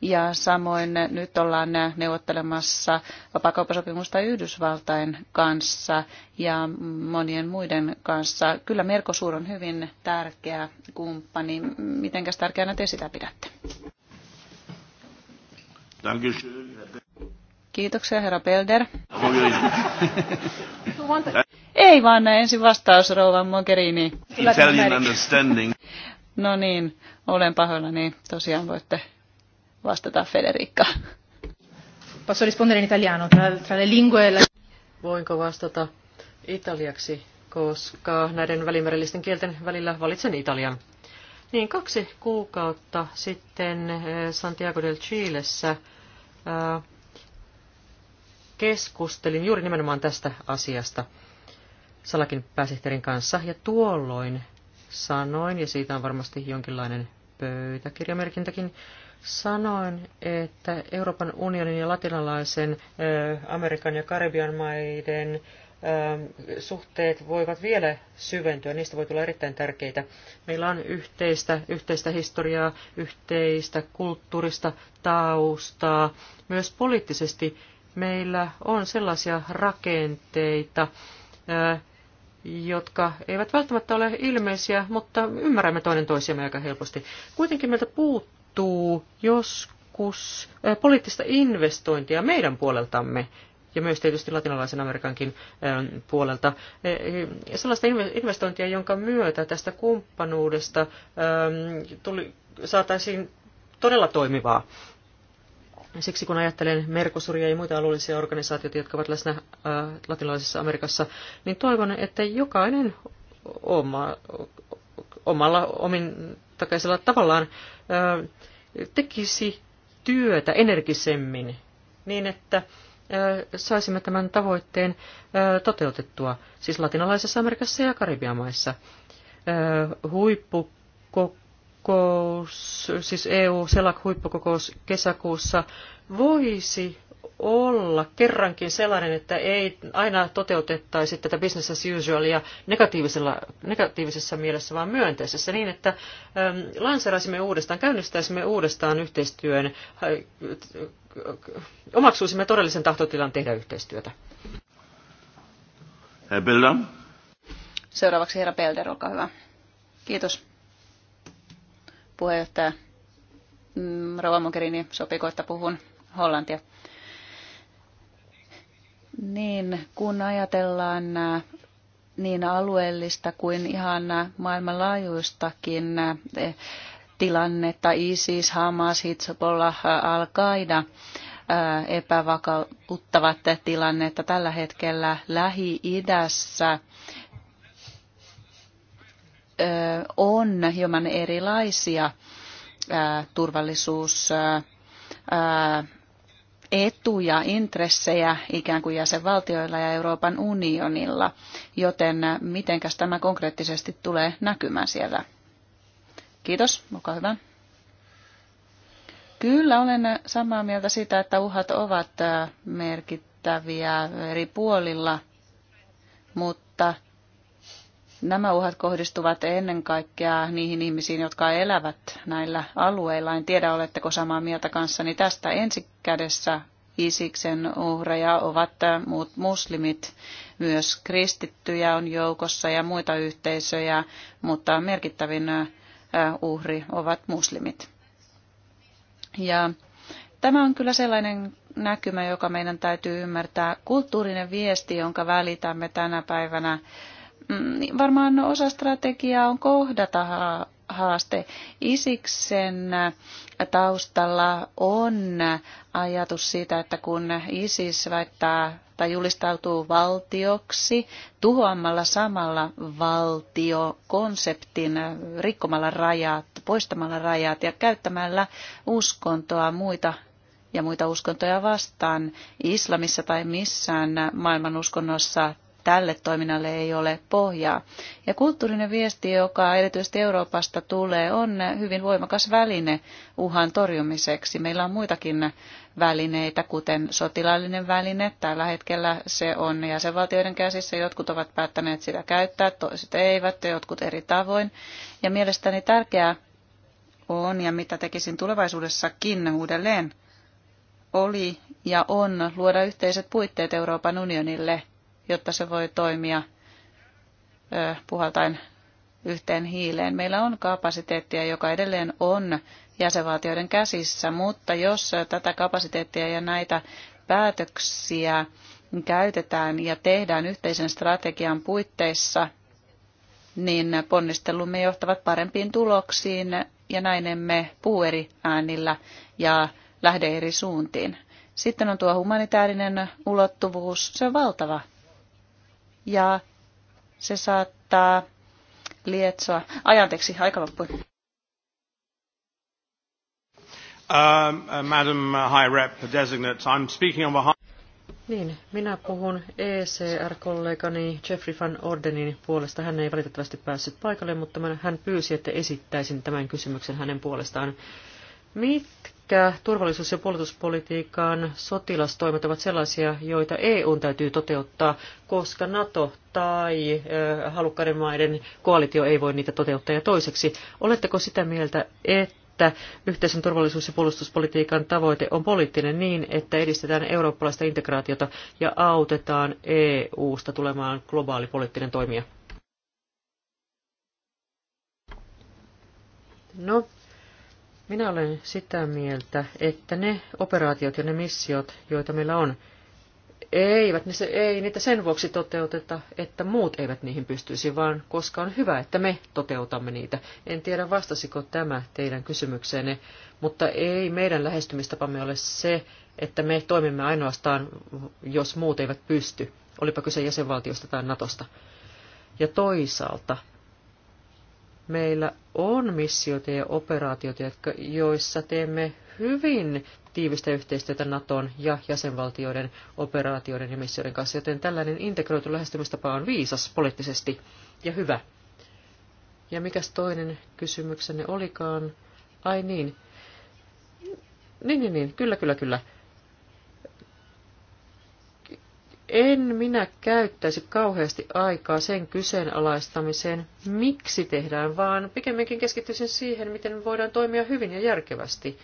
Ja samoin nyt ollaan neuvottelemassa vapaakauppasopimusta Yhdysvaltain kanssa ja monien muiden kanssa. Kyllä Merkosur on hyvin tärkeä kumppani. Mitenkäs tärkeänä te sitä pidätte? Kiitoksia, herra Pelder. Ei vaan ensin vastaus, rouva Mogherini. Italian understanding. No niin, olen niin Tosiaan voitte vastata Federica. Posso rispondere in italiano, tra, tra le lingue e la... Voinko vastata italiaksi, koska näiden välimerellisten kielten välillä valitsen italian. Niin kaksi kuukautta sitten eh, Santiago del Chilessä eh, keskustelin juuri nimenomaan tästä asiasta. Salakin pääsihteerin kanssa, ja tuolloin sanoin, ja siitä on varmasti jonkinlainen pöytäkirjamerkintäkin, sanoin, että Euroopan unionin ja latinalaisen Amerikan ja Karibian maiden suhteet voivat vielä syventyä, niistä voi tulla erittäin tärkeitä. Meillä on yhteistä, yhteistä historiaa, yhteistä kulttuurista taustaa. Myös poliittisesti meillä on sellaisia rakenteita, jotka eivät välttämättä ole ilmeisiä, mutta ymmärrämme toinen toisiamme aika helposti. Kuitenkin meiltä puuttuu joskus äh, poliittista investointia meidän puoleltamme ja myös tietysti latinalaisen Amerikankin ähm, puolelta, äh, sellaista investointia, jonka myötä tästä kumppanuudesta ähm, tuli, saataisiin todella toimivaa. Siksi kun ajattelen Mercosuria ja muita alueellisia organisaatioita, jotka ovat läsnä äh, latinalaisessa Amerikassa, niin toivon, että jokainen oma, omalla omin takaisella tavallaan äh, tekisi työtä energisemmin niin, että ää, äh, saisimme tämän tavoitteen toteutettua, siis latinalaisessa Amerikassa ja Karibiamaissa. maissa huippukokous, siis EU-SELAC-huippukokous kesäkuussa voisi olla kerrankin sellainen, että ei aina toteutettaisi tätä business as usualia negatiivisella, negatiivisessa mielessä, vaan myönteisessä niin, että äm, lanseeraisimme uudestaan, käynnistäisimme uudestaan yhteistyön, äh, omaksuisimme todellisen tahtotilan tehdä yhteistyötä. Herr Seuraavaksi herra Belder, olkaa hyvä. Kiitos puheenjohtaja mm, Rova Mogherini, sopiko, että puhun hollantia? Niin, kun ajatellaan äh, niin alueellista kuin ihan äh, maailmanlaajuistakin äh, eh, tilannetta, ISIS, Hamas, Hezbollah, Al-Qaida, epävakauttavat tilannetta tällä hetkellä Lähi-idässä on hieman erilaisia turvallisuus etuja, intressejä ikään kuin jäsenvaltioilla ja Euroopan unionilla, joten mitenkäs tämä konkreettisesti tulee näkymään siellä? Kiitos, olkaa hyvä. Kyllä, olen samaa mieltä siitä, että uhat ovat merkittäviä eri puolilla, mutta Nämä uhat kohdistuvat ennen kaikkea niihin ihmisiin, jotka elävät näillä alueilla. En tiedä, oletteko samaa mieltä kanssani tästä. Ensikädessä Isiksen uhreja ovat muut muslimit, myös kristittyjä on joukossa ja muita yhteisöjä, mutta merkittävin uhri ovat muslimit. Ja tämä on kyllä sellainen näkymä, joka meidän täytyy ymmärtää. Kulttuurinen viesti, jonka välitämme tänä päivänä Mm, varmaan osa strategiaa on kohdata haaste. Isiksen taustalla on ajatus siitä, että kun Isis väittää tai julistautuu valtioksi tuhoamalla samalla valtiokonseptin, rikkomalla rajat, poistamalla rajat ja käyttämällä uskontoa muita ja muita uskontoja vastaan islamissa tai missään maailman uskonnossa tälle toiminnalle ei ole pohjaa. Ja kulttuurinen viesti, joka erityisesti Euroopasta tulee, on hyvin voimakas väline uhan torjumiseksi. Meillä on muitakin välineitä, kuten sotilaallinen väline. Tällä hetkellä se on jäsenvaltioiden käsissä. Jotkut ovat päättäneet sitä käyttää, toiset eivät, jotkut eri tavoin. Ja mielestäni tärkeää on, ja mitä tekisin tulevaisuudessakin uudelleen, oli ja on luoda yhteiset puitteet Euroopan unionille – jotta se voi toimia puhaltain yhteen hiileen. Meillä on kapasiteettia, joka edelleen on jäsenvaltioiden käsissä, mutta jos tätä kapasiteettia ja näitä päätöksiä käytetään ja tehdään yhteisen strategian puitteissa, niin ponnistelumme johtavat parempiin tuloksiin ja näin emme puhu eri äänillä ja lähde eri suuntiin. Sitten on tuo humanitaarinen ulottuvuus, se on valtava ja se saattaa lietsoa. Ai anteeksi, aika loppui. Um, uh, Madam High Rep Designate, I'm speaking on behalf... Niin, minä puhun ECR-kollegani Jeffrey van Ordenin puolesta. Hän ei valitettavasti päässyt paikalle, mutta hän pyysi, että esittäisin tämän kysymyksen hänen puolestaan. Mitkä sekä turvallisuus- ja puolustuspolitiikan sotilastoimet ovat sellaisia, joita EU täytyy toteuttaa, koska NATO tai halukkaiden maiden koalitio ei voi niitä toteuttaa. Ja toiseksi, oletteko sitä mieltä, että yhteisen turvallisuus- ja puolustuspolitiikan tavoite on poliittinen niin, että edistetään eurooppalaista integraatiota ja autetaan EUsta tulemaan globaali poliittinen toimija? No, minä olen sitä mieltä, että ne operaatiot ja ne missiot, joita meillä on, eivät, ne se, ei niitä sen vuoksi toteuteta, että muut eivät niihin pystyisi, vaan koska on hyvä, että me toteutamme niitä. En tiedä, vastasiko tämä teidän kysymykseenne, mutta ei meidän lähestymistapamme ole se, että me toimimme ainoastaan, jos muut eivät pysty, olipa kyse jäsenvaltiosta tai Natosta. Ja toisaalta meillä on missioita ja operaatioita, jotka, joissa teemme hyvin tiivistä yhteistyötä Naton ja jäsenvaltioiden operaatioiden ja missioiden kanssa, joten tällainen integroitu lähestymistapa on viisas poliittisesti ja hyvä. Ja mikäs toinen kysymyksenne olikaan? Ai niin. Niin, niin, niin. Kyllä, kyllä, kyllä. en minä käyttäisi kauheasti aikaa sen kyseenalaistamiseen, miksi tehdään, vaan pikemminkin keskittyisin siihen, miten voidaan toimia hyvin ja järkevästi.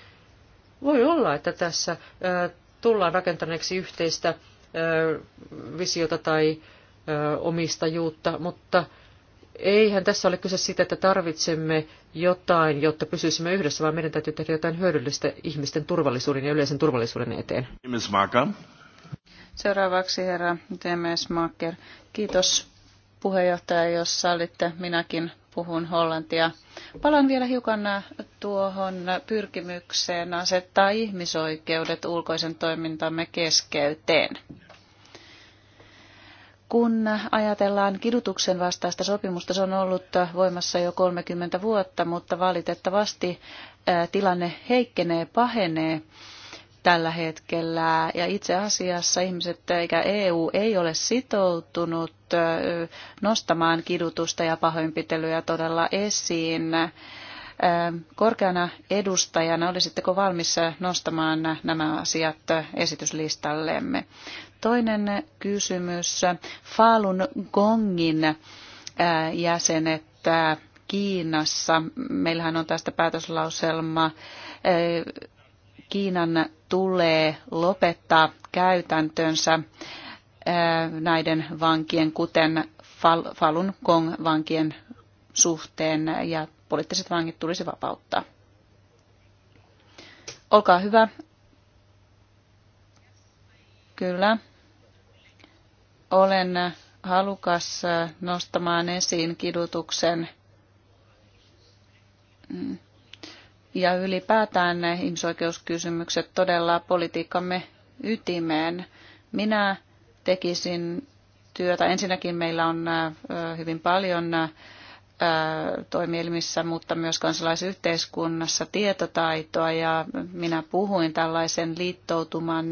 Voi olla, että tässä äh, tullaan rakentaneeksi yhteistä äh, visiota tai äh, omistajuutta, mutta eihän tässä ole kyse siitä, että tarvitsemme jotain, jotta pysyisimme yhdessä, vaan meidän täytyy tehdä jotain hyödyllistä ihmisten turvallisuuden ja yleisen turvallisuuden eteen. Seuraavaksi herra maker Kiitos puheenjohtaja, jos sallitte, minäkin puhun hollantia. Palaan vielä hiukan tuohon pyrkimykseen asettaa ihmisoikeudet ulkoisen toimintamme keskeyteen. Kun ajatellaan kidutuksen vastaista sopimusta, se on ollut voimassa jo 30 vuotta, mutta valitettavasti tilanne heikkenee, pahenee tällä hetkellä. Ja itse asiassa ihmiset eikä EU ei ole sitoutunut nostamaan kidutusta ja pahoinpitelyä todella esiin. Korkeana edustajana olisitteko valmis nostamaan nämä asiat esityslistallemme? Toinen kysymys. Falun Gongin jäsenet Kiinassa. Meillähän on tästä päätöslauselma Kiinan tulee lopettaa käytäntönsä näiden vankien, kuten Falun Gong-vankien suhteen, ja poliittiset vangit tulisi vapauttaa. Olkaa hyvä. Kyllä. Olen halukas nostamaan esiin kidutuksen mm ja ylipäätään ne ihmisoikeuskysymykset todella politiikkamme ytimeen. Minä tekisin työtä. Ensinnäkin meillä on hyvin paljon toimielimissä, mutta myös kansalaisyhteiskunnassa tietotaitoa ja minä puhuin tällaisen liittoutuman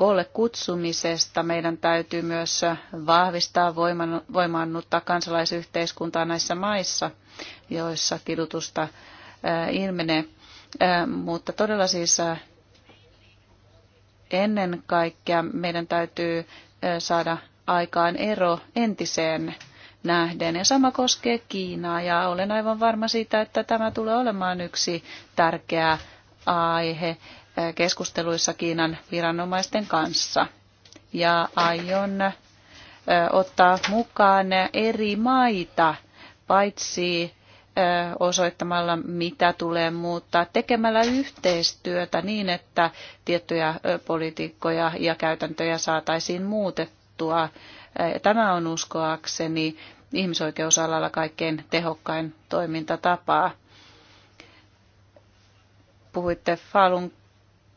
koolle kutsumisesta. Meidän täytyy myös vahvistaa voimannuttaa kansalaisyhteiskuntaa näissä maissa, joissa kidutusta ilmenee. Mutta todella siis ennen kaikkea meidän täytyy saada aikaan ero entiseen nähden. Ja sama koskee Kiinaa ja olen aivan varma siitä, että tämä tulee olemaan yksi tärkeä aihe keskusteluissa Kiinan viranomaisten kanssa. Ja aion ottaa mukaan eri maita, paitsi osoittamalla, mitä tulee muuttaa, tekemällä yhteistyötä niin, että tiettyjä politiikkoja ja käytäntöjä saataisiin muutettua. Tämä on uskoakseni ihmisoikeusalalla kaikkein tehokkain toimintatapaa. Puhuitte Falun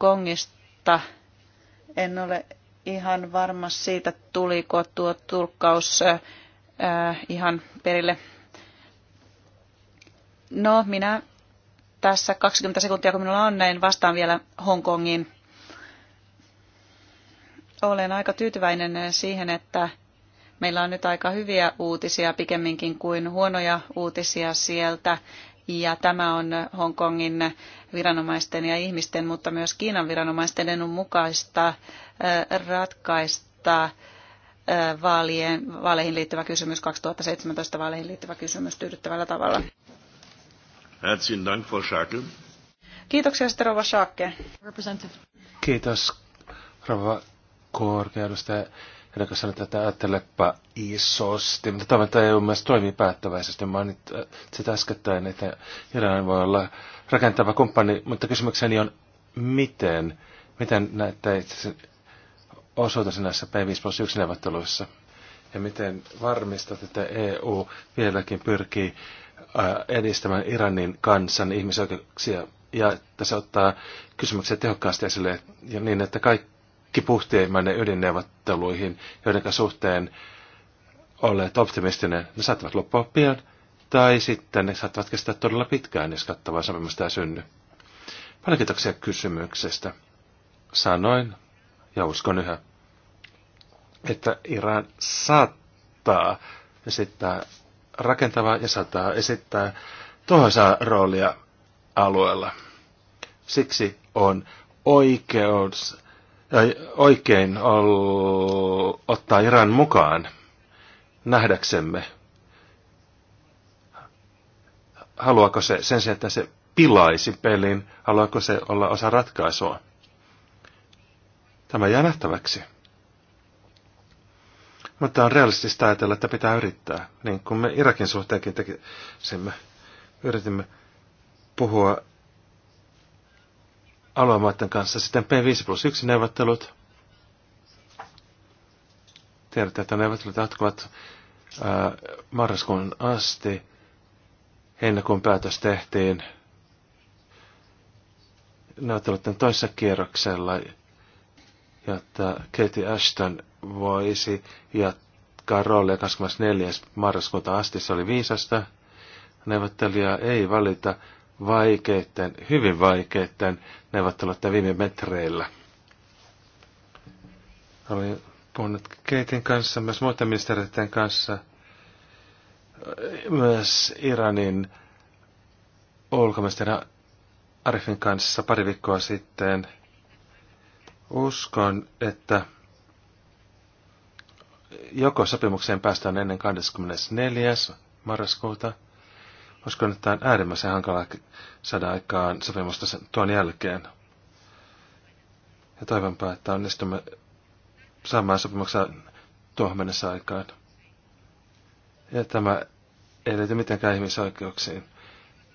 Kongista. En ole ihan varma siitä, tuliko tuo tulkkaus ää, ihan perille. No, minä tässä 20 sekuntia, kun minulla on näin, vastaan vielä Hongkongin. Olen aika tyytyväinen siihen, että meillä on nyt aika hyviä uutisia pikemminkin kuin huonoja uutisia sieltä. Ja tämä on Hongkongin viranomaisten ja ihmisten, mutta myös Kiinan viranomaisten edun mukaista ratkaista vaalien, vaaleihin liittyvä kysymys, 2017 vaaleihin liittyvä kysymys tyydyttävällä tavalla. Kiitoksia, sitten Rova Schake. Kiitos, Rova korkeudusta Ennen kuin sanotaan, että ajattelepa isosti, mutta tämä ei ole myös toimi päättäväisesti. Mä nyt äh, sitä äskettäin, että Iran voi olla rakentava kumppani, mutta kysymykseni on, miten, miten näitä itse osoitasi näissä P5 plus 1 neuvotteluissa? Ja miten varmistat, että EU vieläkin pyrkii äh, edistämään Iranin kansan ihmisoikeuksia ja että se ottaa kysymyksiä tehokkaasti esille ja niin, että kaikki kipuhteimmanne ydinneuvotteluihin, joiden suhteen olet optimistinen. Ne saattavat loppua pian, tai sitten ne saattavat kestää todella pitkään, jos kattavaa sopimusta ei synny. Paljon kiitoksia kysymyksestä. Sanoin, ja uskon yhä, että Iran saattaa esittää rakentavaa ja saattaa esittää tuhoisaa roolia alueella. Siksi on oikeus oikein ollut ottaa Iran mukaan nähdäksemme. Haluaako se sen sijaan, että se pilaisi pelin, haluaako se olla osa ratkaisua? Tämä jää nähtäväksi. Mutta on realistista ajatella, että pitää yrittää, niin kuin me Irakin suhteenkin tekisimme. Yritimme puhua aluemaiden kanssa. Sitten P5 plus 1 neuvottelut. Tiedätte, että neuvottelut jatkuvat ää, äh, marraskuun asti. Heinäkuun päätös tehtiin neuvotteluiden toisessa kierroksella, jotta Katie Ashton voisi jatkaa roolia 24. marraskuuta asti. Se oli viisasta. Neuvottelija ei valita vaikeiden, hyvin vaikeiden neuvotteluiden viime metreillä. Olin puhunut Keitin kanssa, myös muiden ministeriöiden kanssa, myös Iranin ulkoministeri Arifin kanssa pari viikkoa sitten. Uskon, että joko sopimukseen päästään ennen 24. marraskuuta – Uskon, että on äärimmäisen hankala saada aikaan sopimusta tuon jälkeen. Ja toivonpa, että onnistumme saamaan sopimuksen tuohon mennessä aikaan. Ja tämä ei liity mitenkään ihmisoikeuksiin.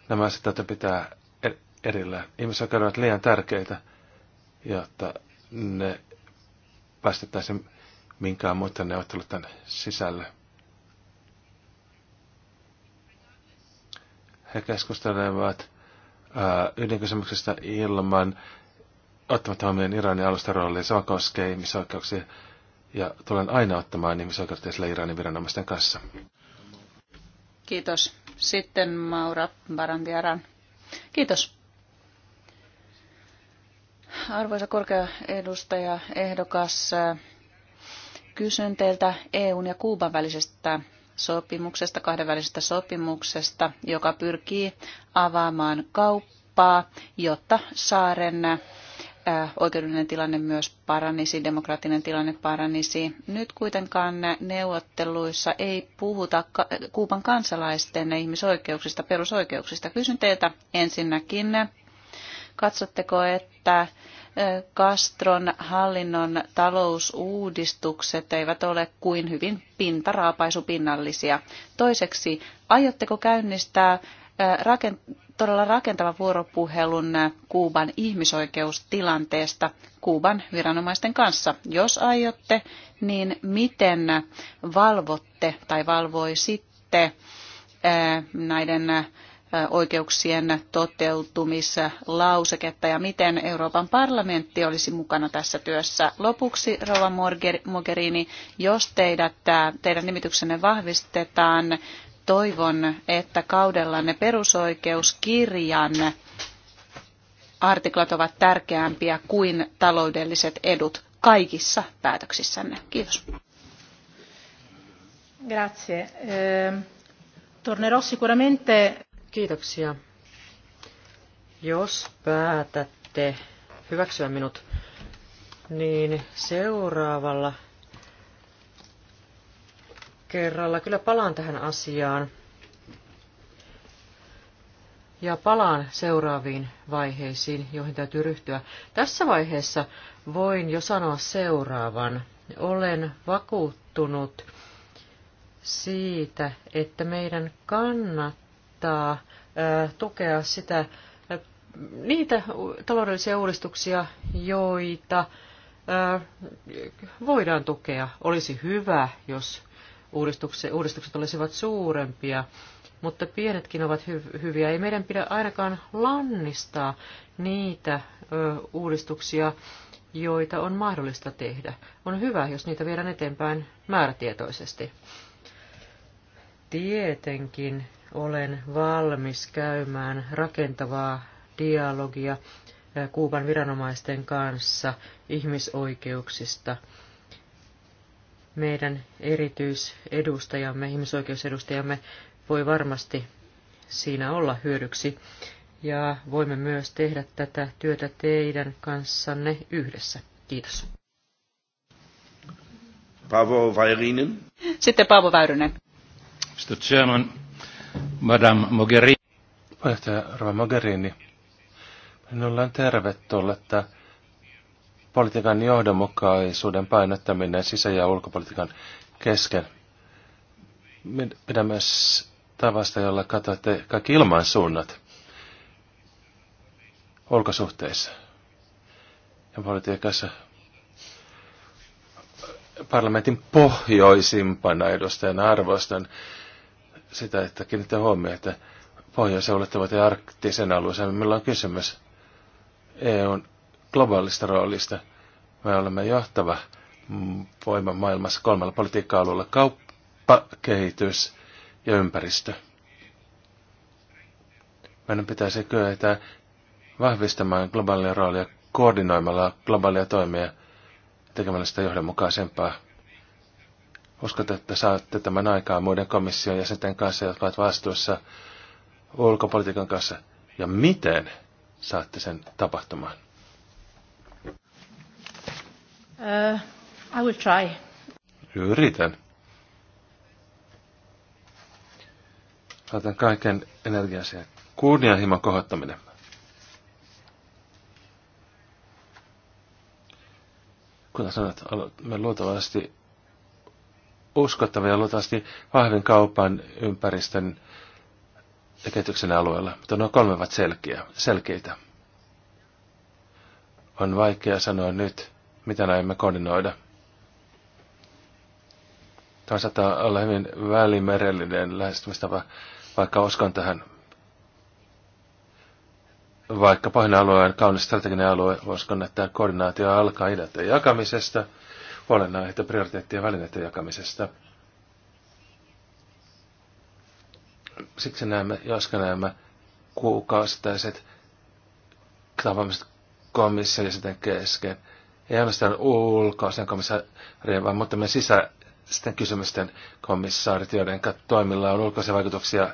Nämä asiat pitää er- erillään. Ihmisoikeudet ovat liian tärkeitä, jotta ne päästettäisiin minkään muuten neuvottelun sisälle. He keskustelevat äh, ydinkysymyksestä ilman ottamatta huomioon Iranin alusta roolia. Sama koskee ihmisoikeuksia ja tulen aina ottamaan ihmisoikeuksia sille Iranin viranomaisten kanssa. Kiitos. Sitten Maura Barandiaran. Kiitos. Arvoisa korkea edustaja ehdokas, äh, kysyn teiltä EUn ja Kuuban välisestä sopimuksesta, kahdenvälisestä sopimuksesta, joka pyrkii avaamaan kauppaa, jotta saaren äh, oikeudellinen tilanne myös paranisi, demokraattinen tilanne paranisi. Nyt kuitenkaan neuvotteluissa ei puhuta Kuuban kansalaisten ihmisoikeuksista, perusoikeuksista. Kysyn teiltä ensinnäkin, katsotteko, että Castron hallinnon talousuudistukset eivät ole kuin hyvin pintaraapaisupinnallisia. pinnallisia Toiseksi, aiotteko käynnistää todella rakentavan vuoropuhelun Kuuban ihmisoikeustilanteesta Kuuban viranomaisten kanssa? Jos aiotte, niin miten valvotte tai valvoisitte näiden oikeuksien toteutumislauseketta ja miten Euroopan parlamentti olisi mukana tässä työssä. Lopuksi, Rova Mogherini, jos teidät, teidän nimityksenne vahvistetaan, toivon, että kaudellanne perusoikeuskirjan artiklat ovat tärkeämpiä kuin taloudelliset edut kaikissa päätöksissänne. Kiitos. Grazie. Eh, tornerò sicuramente Kiitoksia. Jos päätätte hyväksyä minut, niin seuraavalla kerralla kyllä palaan tähän asiaan. Ja palaan seuraaviin vaiheisiin, joihin täytyy ryhtyä. Tässä vaiheessa voin jo sanoa seuraavan. Olen vakuuttunut siitä, että meidän kannattaa kannattaa tukea sitä, niitä taloudellisia uudistuksia, joita voidaan tukea. Olisi hyvä, jos uudistukset, uudistukset olisivat suurempia, mutta pienetkin ovat hy- hyviä. Ei meidän pidä ainakaan lannistaa niitä ö, uudistuksia, joita on mahdollista tehdä. On hyvä, jos niitä viedään eteenpäin määrätietoisesti. Tietenkin olen valmis käymään rakentavaa dialogia eh, Kuuban viranomaisten kanssa ihmisoikeuksista. Meidän erityisedustajamme, ihmisoikeusedustajamme voi varmasti siinä olla hyödyksi ja voimme myös tehdä tätä työtä teidän kanssanne yhdessä. Kiitos. Paavo Väyrynen. Sitten Paavo Väyrynen. Mr. Chairman, Madame Mogherini. Puheenjohtaja Rova Mogherini. Minulla on että politiikan johdonmukaisuuden painottaminen sisä- ja ulkopolitiikan kesken. Pidän myös tavasta, jolla katsotte kaikki ilmansuunnat ulkosuhteissa ja politiikassa. Parlamentin pohjoisimpana edustajan arvostan sitä, että kiinnittää huomioon, että pohjoisen olettavat ja arktisen alueen, meillä on kysymys EUn globaalista roolista. Me olemme johtava voima maailmassa kolmella politiikka-alueella, kauppa, kehitys ja ympäristö. Meidän pitäisi kyetä vahvistamaan globaalia roolia koordinoimalla globaalia toimia tekemällä sitä johdonmukaisempaa. Uskotte, että saatte tämän aikaa muiden komission jäsenten kanssa, jotka ovat vastuussa ulkopolitiikan kanssa. Ja miten saatte sen tapahtumaan? Uh, I will try. Yritän. Laitan kaiken energiaa siihen. Kunnianhimon kohottaminen. Kuten sanoit, me luultavasti uskottava ja luultavasti vahvin kaupan ympäristön ja kehityksen alueella, mutta nuo kolme ovat selkeä, selkeitä. On vaikea sanoa nyt, mitä näemme koordinoida. Tämä saattaa olla hyvin välimerellinen lähestymistapa, vaikka uskon tähän. Vaikka pohjoinen alue on kaunis strateginen alue, uskon, että koordinaatio alkaa idättä jakamisesta – huolenaiheita prioriteettien välineiden jakamisesta. Siksi näemme, joska näemme kuukausittaiset tapaamiset komission jäsenten kesken. Ei ainoastaan ulkoisen komissaarien, vaan mutta me sisäisten kysymysten komissaarit, joiden toimilla on ulkoisia vaikutuksia.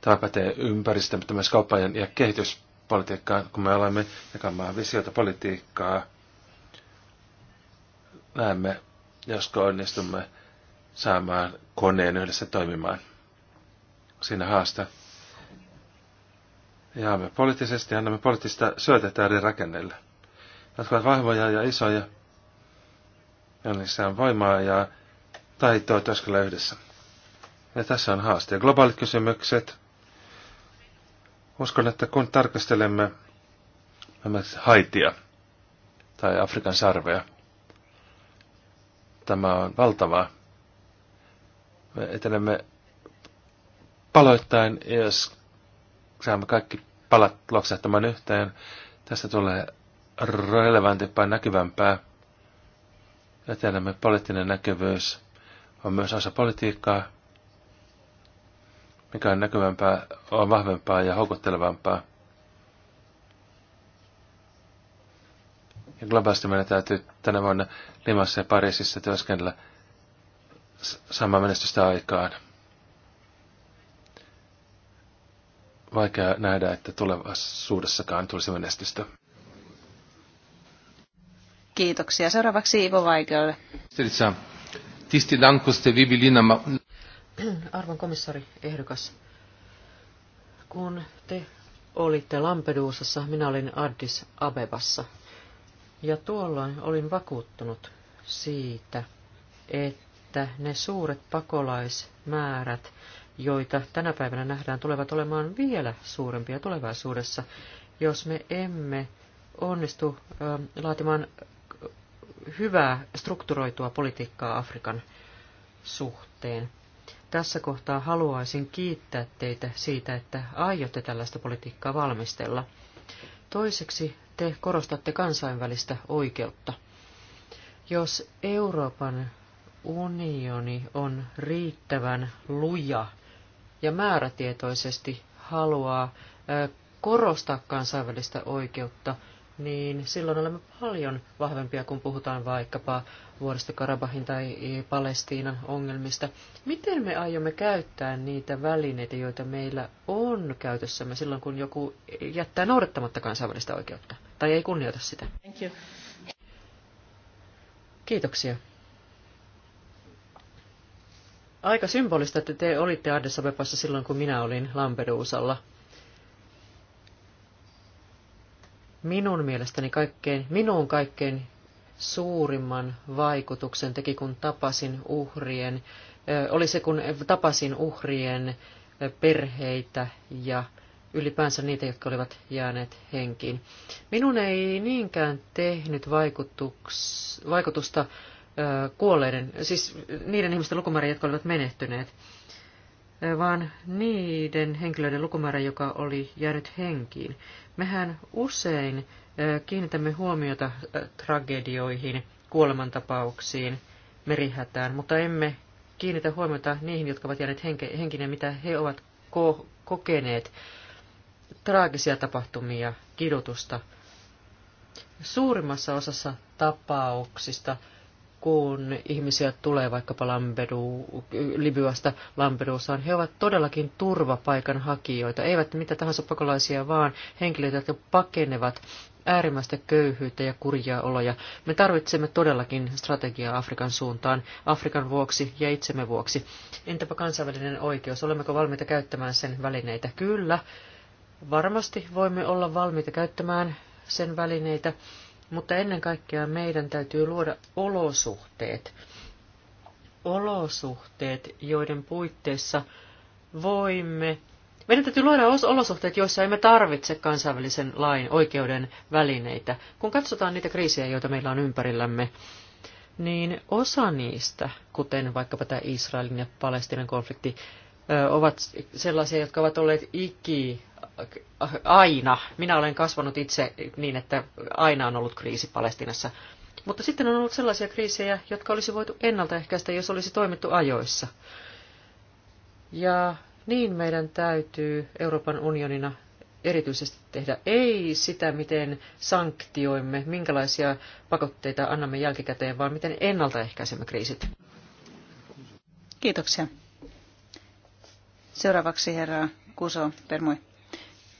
Tämä pätee ympäristöön, mutta myös kauppajan ja kehityspolitiikkaan, kun me olemme jakamaan visiota politiikkaa – näemme, josko onnistumme saamaan koneen yhdessä toimimaan. Siinä haasta. Ja me poliittisesti annamme poliittista syötettä eri rakenneille. Jotka ovat vahvoja ja isoja. Ja niissä on voimaa ja taitoa työskennellä yhdessä. Ja tässä on haaste. Globaalit kysymykset. Uskon, että kun tarkastelemme Haitia tai Afrikan sarvea, Tämä on valtavaa. Me etenemme paloittain, jos saamme kaikki palat loksahtamaan yhteen. Tästä tulee relevantimpaa, näkyvämpää. Etenemme poliittinen näkyvyys on myös osa politiikkaa, mikä on näkyvämpää, on vahvempaa ja houkuttelevampaa. globaalisti meidän täytyy tänä vuonna Limassa ja Pariisissa työskennellä samaa menestystä aikaan. Vaikea nähdä, että tulevaisuudessakaan tulisi menestystä. Kiitoksia. Seuraavaksi Ivo Vaikealle. Arvon komissari ehdokas, kun te olitte Lampedusassa, minä olin Addis Abebassa ja tuolloin olin vakuuttunut siitä, että ne suuret pakolaismäärät, joita tänä päivänä nähdään, tulevat olemaan vielä suurempia tulevaisuudessa, jos me emme onnistu laatimaan hyvää strukturoitua politiikkaa Afrikan suhteen. Tässä kohtaa haluaisin kiittää teitä siitä, että aiotte tällaista politiikkaa valmistella. Toiseksi te korostatte kansainvälistä oikeutta. Jos Euroopan unioni on riittävän luja ja määrätietoisesti haluaa korostaa kansainvälistä oikeutta, niin silloin olemme paljon vahvempia, kun puhutaan vaikkapa vuodesta Karabahin tai Palestiinan ongelmista. Miten me aiomme käyttää niitä välineitä, joita meillä on käytössämme silloin, kun joku jättää noudattamatta kansainvälistä oikeutta? tai ei kunnioita sitä. Thank you. Kiitoksia. Aika symbolista, että te olitte Addis Abebassa silloin, kun minä olin Lampedusalla. Minun mielestäni kaikkein, minun kaikkein suurimman vaikutuksen teki, kun tapasin uhrien, oli se, kun tapasin uhrien perheitä ja ylipäänsä niitä, jotka olivat jääneet henkiin. Minun ei niinkään tehnyt vaikutusta kuolleiden, siis niiden ihmisten lukumäärä, jotka olivat menehtyneet, vaan niiden henkilöiden lukumäärä, joka oli jäänyt henkiin. Mehän usein kiinnitämme huomiota tragedioihin, kuolemantapauksiin, merihätään, mutta emme kiinnitä huomiota niihin, jotka ovat jääneet henkineen, mitä he ovat ko- kokeneet traagisia tapahtumia, kidutusta. Suurimmassa osassa tapauksista, kun ihmisiä tulee vaikkapa Lampedu, Libyasta Lampedusaan, he ovat todellakin turvapaikan hakijoita, eivät mitä tahansa pakolaisia, vaan henkilöitä, jotka pakenevat äärimmäistä köyhyyttä ja kurjia oloja. Me tarvitsemme todellakin strategiaa Afrikan suuntaan, Afrikan vuoksi ja itsemme vuoksi. Entäpä kansainvälinen oikeus, olemmeko valmiita käyttämään sen välineitä? Kyllä, Varmasti voimme olla valmiita käyttämään sen välineitä, mutta ennen kaikkea meidän täytyy luoda olosuhteet. Olosuhteet, joiden puitteissa voimme. Meidän täytyy luoda olosuhteet, joissa emme tarvitse kansainvälisen lain oikeuden välineitä. Kun katsotaan niitä kriisejä, joita meillä on ympärillämme, niin osa niistä, kuten vaikkapa tämä Israelin ja Palestinan konflikti, ovat sellaisia, jotka ovat olleet iki aina. Minä olen kasvanut itse niin, että aina on ollut kriisi Palestinassa. Mutta sitten on ollut sellaisia kriisejä, jotka olisi voitu ennaltaehkäistä, jos olisi toimittu ajoissa. Ja niin meidän täytyy Euroopan unionina erityisesti tehdä. Ei sitä, miten sanktioimme, minkälaisia pakotteita annamme jälkikäteen, vaan miten ennaltaehkäisemme kriisit. Kiitoksia. Seuraavaksi herra Kuso Permui.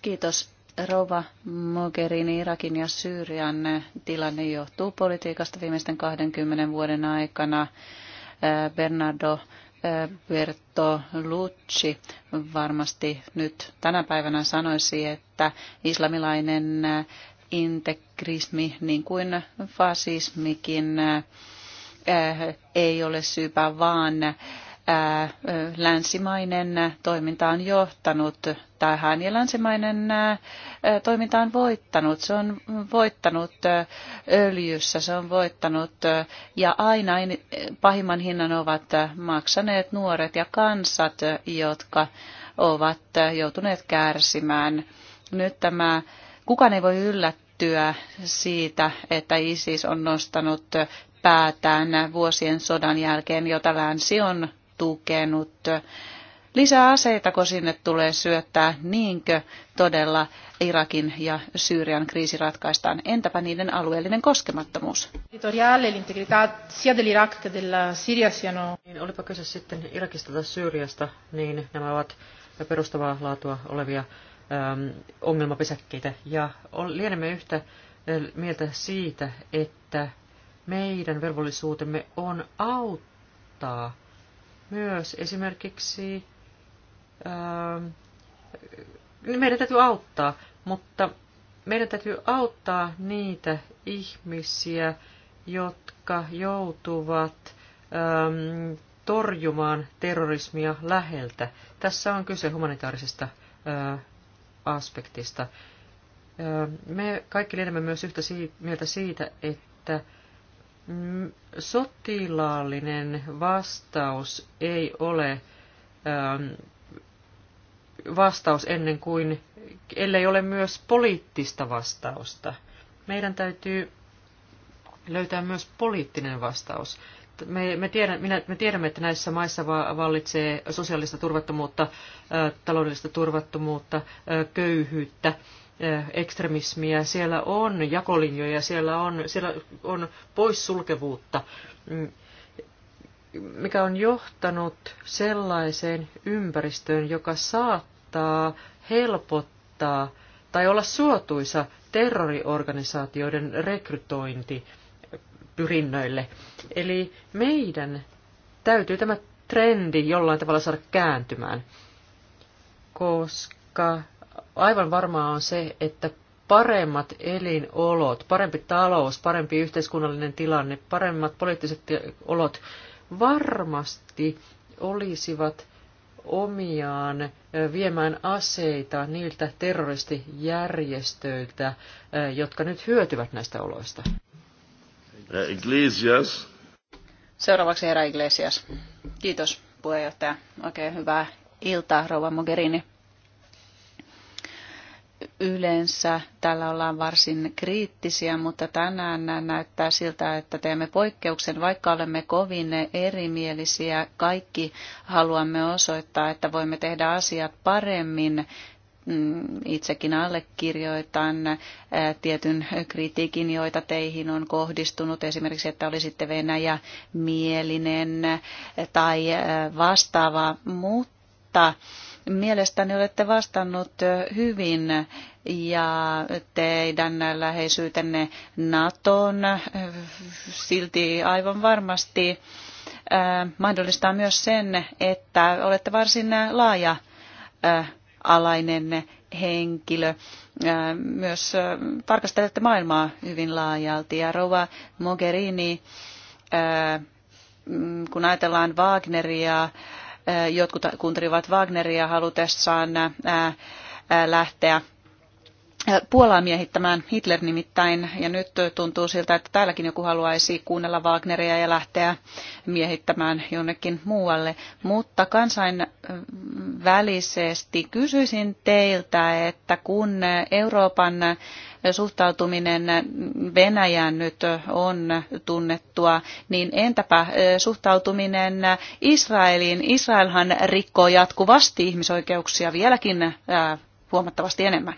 Kiitos. Rova Mogherini, Irakin ja Syyrian tilanne johtuu politiikasta viimeisten 20 vuoden aikana. Bernardo Berto Lucci varmasti nyt tänä päivänä sanoisi, että islamilainen integrismi, niin kuin fasismikin, ei ole syypä vaan länsimainen toiminta on johtanut tähän ja länsimainen toiminta on voittanut. Se on voittanut öljyssä, se on voittanut ja aina pahimman hinnan ovat maksaneet nuoret ja kansat, jotka ovat joutuneet kärsimään. Nyt tämä, kukaan ei voi yllättyä siitä, että ISIS on nostanut päätään vuosien sodan jälkeen, jota länsi on tukenut. Lisää aseitako sinne tulee syöttää, niinkö todella Irakin ja Syyrian kriisi ratkaistaan? Entäpä niiden alueellinen koskemattomuus? Niin, olipa kyse sitten Irakista tai Syyriasta, niin nämä ovat perustavaa laatua olevia äm, ongelmapesäkkeitä. Ja lienemme yhtä äh, mieltä siitä, että meidän velvollisuutemme on auttaa myös esimerkiksi ää, ähm, niin meidän täytyy auttaa, mutta meidän täytyy auttaa niitä ihmisiä, jotka joutuvat ää, ähm, torjumaan terrorismia läheltä. Tässä on kyse humanitaarisesta ää, äh, aspektista. Ää, äh, me kaikki lienemme myös yhtä si- mieltä siitä, että Mm, sotilaallinen vastaus ei ole ähm, vastaus ennen kuin, ellei ole myös poliittista vastausta. Meidän täytyy löytää myös poliittinen vastaus. Me, me, tiedän, minä, me tiedämme, että näissä maissa vallitsee sosiaalista turvattomuutta, äh, taloudellista turvattomuutta, äh, köyhyyttä. Eh, ekstremismiä, siellä on jakolinjoja, siellä on, siellä on poissulkevuutta, mm, mikä on johtanut sellaiseen ympäristöön, joka saattaa helpottaa tai olla suotuisa terroriorganisaatioiden rekrytointi pyrinnöille. Eli meidän täytyy tämä trendi jollain tavalla saada kääntymään, koska aivan varmaa on se, että paremmat elinolot, parempi talous, parempi yhteiskunnallinen tilanne, paremmat poliittiset olot varmasti olisivat omiaan viemään aseita niiltä terroristijärjestöiltä, jotka nyt hyötyvät näistä oloista. Iglesias. Seuraavaksi herra Iglesias. Kiitos puheenjohtaja. Oikein hyvää iltaa, rouva Mogherini yleensä tällä ollaan varsin kriittisiä, mutta tänään näyttää siltä, että teemme poikkeuksen, vaikka olemme kovin erimielisiä. Kaikki haluamme osoittaa, että voimme tehdä asiat paremmin. Mm, itsekin allekirjoitan tietyn kritiikin, joita teihin on kohdistunut, esimerkiksi, että olisitte Venäjä mielinen tai vastaava, mutta Mielestäni olette vastannut hyvin ja teidän läheisyytenne NATOon silti aivan varmasti mahdollistaa myös sen, että olette varsin laaja alainen henkilö. Myös tarkastelette maailmaa hyvin laajalti ja Rova Mogherini, mm, kun ajatellaan Wagneria, Äh, jotkut kuuntelivat Wagneria halutessaan äh, äh, lähteä Puolaa miehittämään Hitler nimittäin, ja nyt tuntuu siltä, että täälläkin joku haluaisi kuunnella Wagneria ja lähteä miehittämään jonnekin muualle. Mutta kansainvälisesti kysyisin teiltä, että kun Euroopan suhtautuminen Venäjään nyt on tunnettua, niin entäpä eh, suhtautuminen Israeliin? Israelhan rikkoo jatkuvasti ihmisoikeuksia vieläkin eh, huomattavasti enemmän.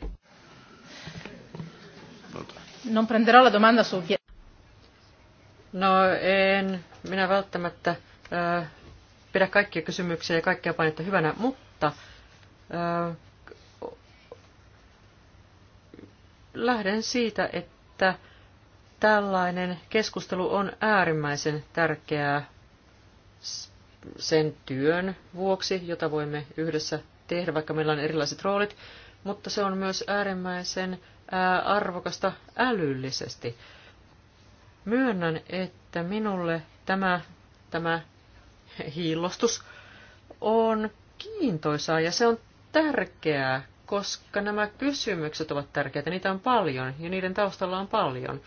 Non prenderò la domanda su No en minä välttämättä äh, pidä kaikkia kysymyksiä ja kaikkia painetta hyvänä, mutta äh, lähden siitä, että tällainen keskustelu on äärimmäisen tärkeää sen työn vuoksi, jota voimme yhdessä tehdä, vaikka meillä on erilaiset roolit, mutta se on myös äärimmäisen arvokasta älyllisesti. Myönnän, että minulle tämä, tämä hiillostus on kiintoisaa ja se on tärkeää, koska nämä kysymykset ovat tärkeitä. Niitä on paljon ja niiden taustalla on paljon.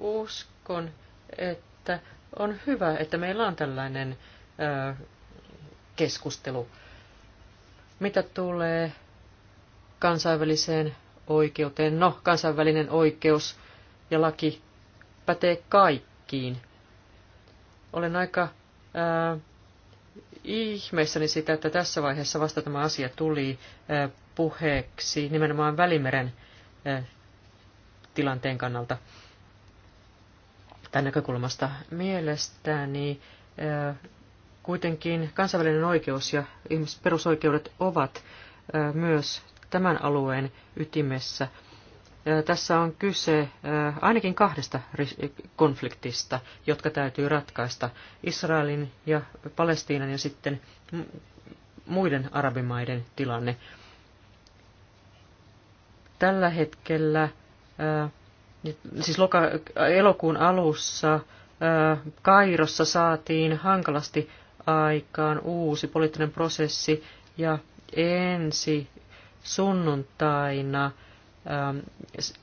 Uskon, että on hyvä, että meillä on tällainen ö, keskustelu. Mitä tulee kansainväliseen oikeuteen? No, kansainvälinen oikeus ja laki pätee kaikkiin. Olen aika ö, ihmeessäni sitä, että tässä vaiheessa vasta tämä asia tuli puheeksi nimenomaan Välimeren tilanteen kannalta tämän näkökulmasta. Mielestäni kuitenkin kansainvälinen oikeus ja ihmisperusoikeudet perusoikeudet ovat myös tämän alueen ytimessä. Tässä on kyse ainakin kahdesta konfliktista, jotka täytyy ratkaista Israelin ja Palestiinan ja sitten muiden arabimaiden tilanne. Tällä hetkellä, siis elokuun alussa, Kairossa saatiin hankalasti aikaan uusi poliittinen prosessi ja ensi sunnuntaina – Ähm,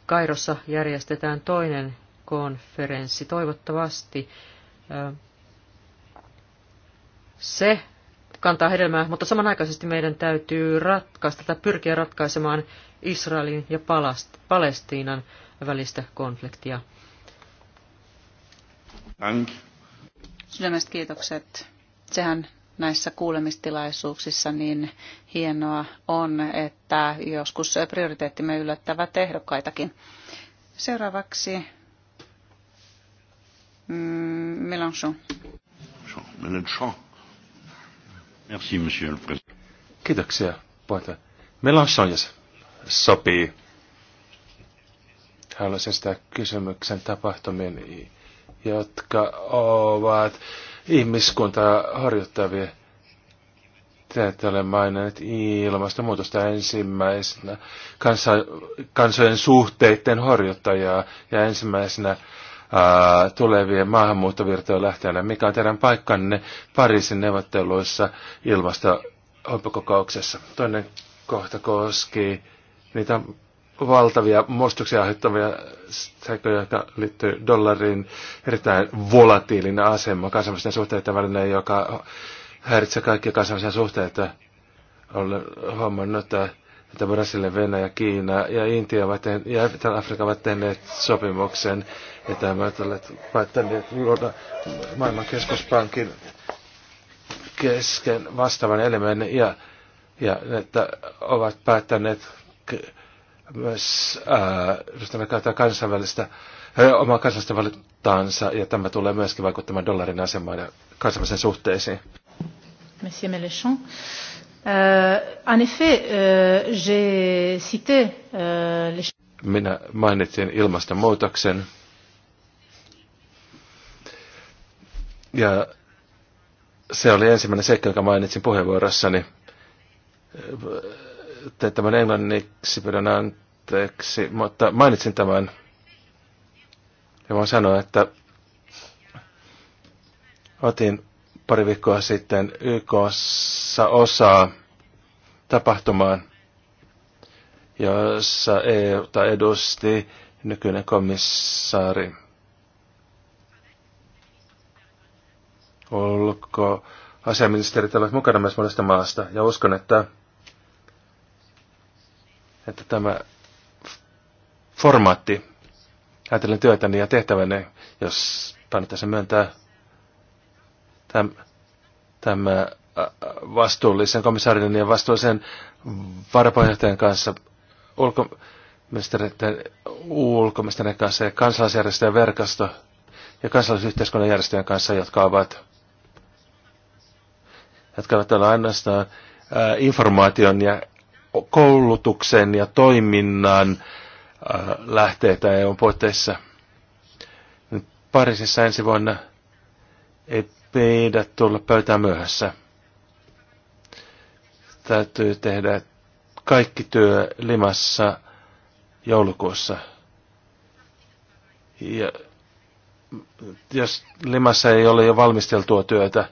Kairossa järjestetään toinen konferenssi. Toivottavasti ähm, se kantaa hedelmää, mutta samanaikaisesti meidän täytyy ratkaista tai pyrkiä ratkaisemaan Israelin ja Palestiinan välistä konfliktia. Dank. Sydämestä kiitokset. Sehän näissä kuulemistilaisuuksissa, niin hienoa on, että joskus prioriteettimme yllättävät tehdokkaitakin. Seuraavaksi mm, Mélenchon. Mélenchon. Merci, monsieur le président. Kiitoksia, puheenjohtaja. Mélenchon, jos sopii. Haluaisin sitä kysymyksen tapahtumien, jotka ovat ihmiskuntaa harjoittavia. Te olen maininnut ilmastonmuutosta ensimmäisenä kansa, kansojen suhteiden horjuttajaa ja ensimmäisenä ää, tulevien maahanmuuttovirtojen lähteenä. Mikä on teidän paikkanne Pariisin neuvotteluissa ilmastohuippukokouksessa? Toinen kohta koski niitä valtavia muistuksia aiheuttavia säköjä, jotka liittyy dollariin erittäin volatiilinen asema kansainvälisten suhteiden välinen, joka häiritsee kaikkia kansainvälisiä suhteita. Olen huomannut, että, että Brasilia, Venäjä, Kiina ja Intia ovat tehneet, ja Afrika ovat tehneet sopimuksen, ja tämä on päättäneet luoda maailman keskuspankin kesken vastaavan elementin, ja, ja että ovat päättäneet myös äh, ryhtyvät käyttää kansainvälistä, omaa kansallista valuuttaansa, ja tämä tulee myöskin vaikuttamaan dollarin asemaan ja kansainvälisen suhteisiin. Monsieur Mélenchon. Euh, en effet, euh, j'ai cité euh, les... Minä mainitsin ilmastonmuutoksen. Ja se oli ensimmäinen seikka, jonka mainitsin puheenvuorossani. tämän englanniksi pidän anteeksi, mutta mainitsin tämän. Ja voin sanoa, että otin pari viikkoa sitten YKssa osaa tapahtumaan, jossa EUta edusti nykyinen komissaari Olko asiaministerit ovat mukana myös monesta maasta, ja uskon, että, että tämä formaatti ajatellen työtäni ja tehtäväni, jos kannattaisi myöntää tämä vastuullisen komissaarin ja vastuullisen varapuheenjohtajan kanssa, ulkoministeriön, ulkoministeriön kanssa ja kansalaisjärjestöjen verkosto ja kansalaisyhteiskunnan järjestöjen kanssa, jotka ovat jotka ovat ole ainoastaan informaation ja koulutuksen ja toiminnan Äh, lähteitä EUn puitteissa. Nyt Pariisissa ensi vuonna ei pidä tulla pöytään myöhässä. Täytyy tehdä kaikki työ Limassa joulukuussa. Ja jos Limassa ei ole jo valmisteltua työtä,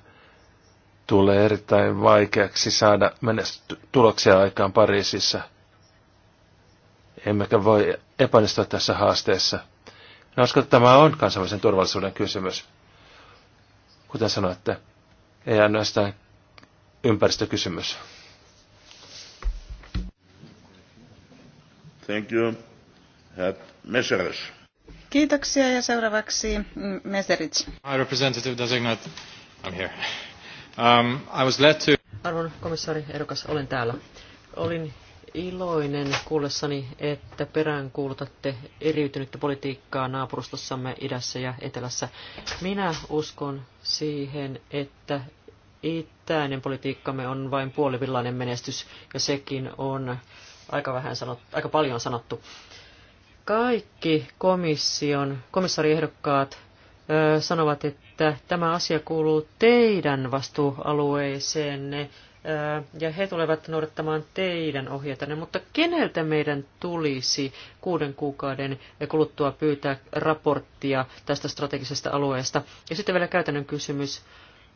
tulee erittäin vaikeaksi saada menesty- tuloksia aikaan Pariisissa – emmekä voi epäonnistua tässä haasteessa. Minä no, uskon, että tämä on kansainvälisen turvallisuuden kysymys. Kuten sanoitte, ei ainoastaan ympäristökysymys. Thank you. Kiitoksia ja seuraavaksi mm, Meseric. I representative designate. I'm here. Um, I was led to... Arvon komissaari ehdokas, olen täällä. Olin iloinen kuullessani, että peräänkuulutatte eriytynyttä politiikkaa naapurustossamme idässä ja etelässä. Minä uskon siihen, että itäinen politiikkamme on vain puolivillainen menestys, ja sekin on aika, vähän sanottu, aika paljon sanottu. Kaikki komission, komissariehdokkaat ö, sanovat, että tämä asia kuuluu teidän vastuualueeseenne, ja he tulevat noudattamaan teidän ohjeitanne, mutta keneltä meidän tulisi kuuden kuukauden kuluttua pyytää raporttia tästä strategisesta alueesta? Ja sitten vielä käytännön kysymys.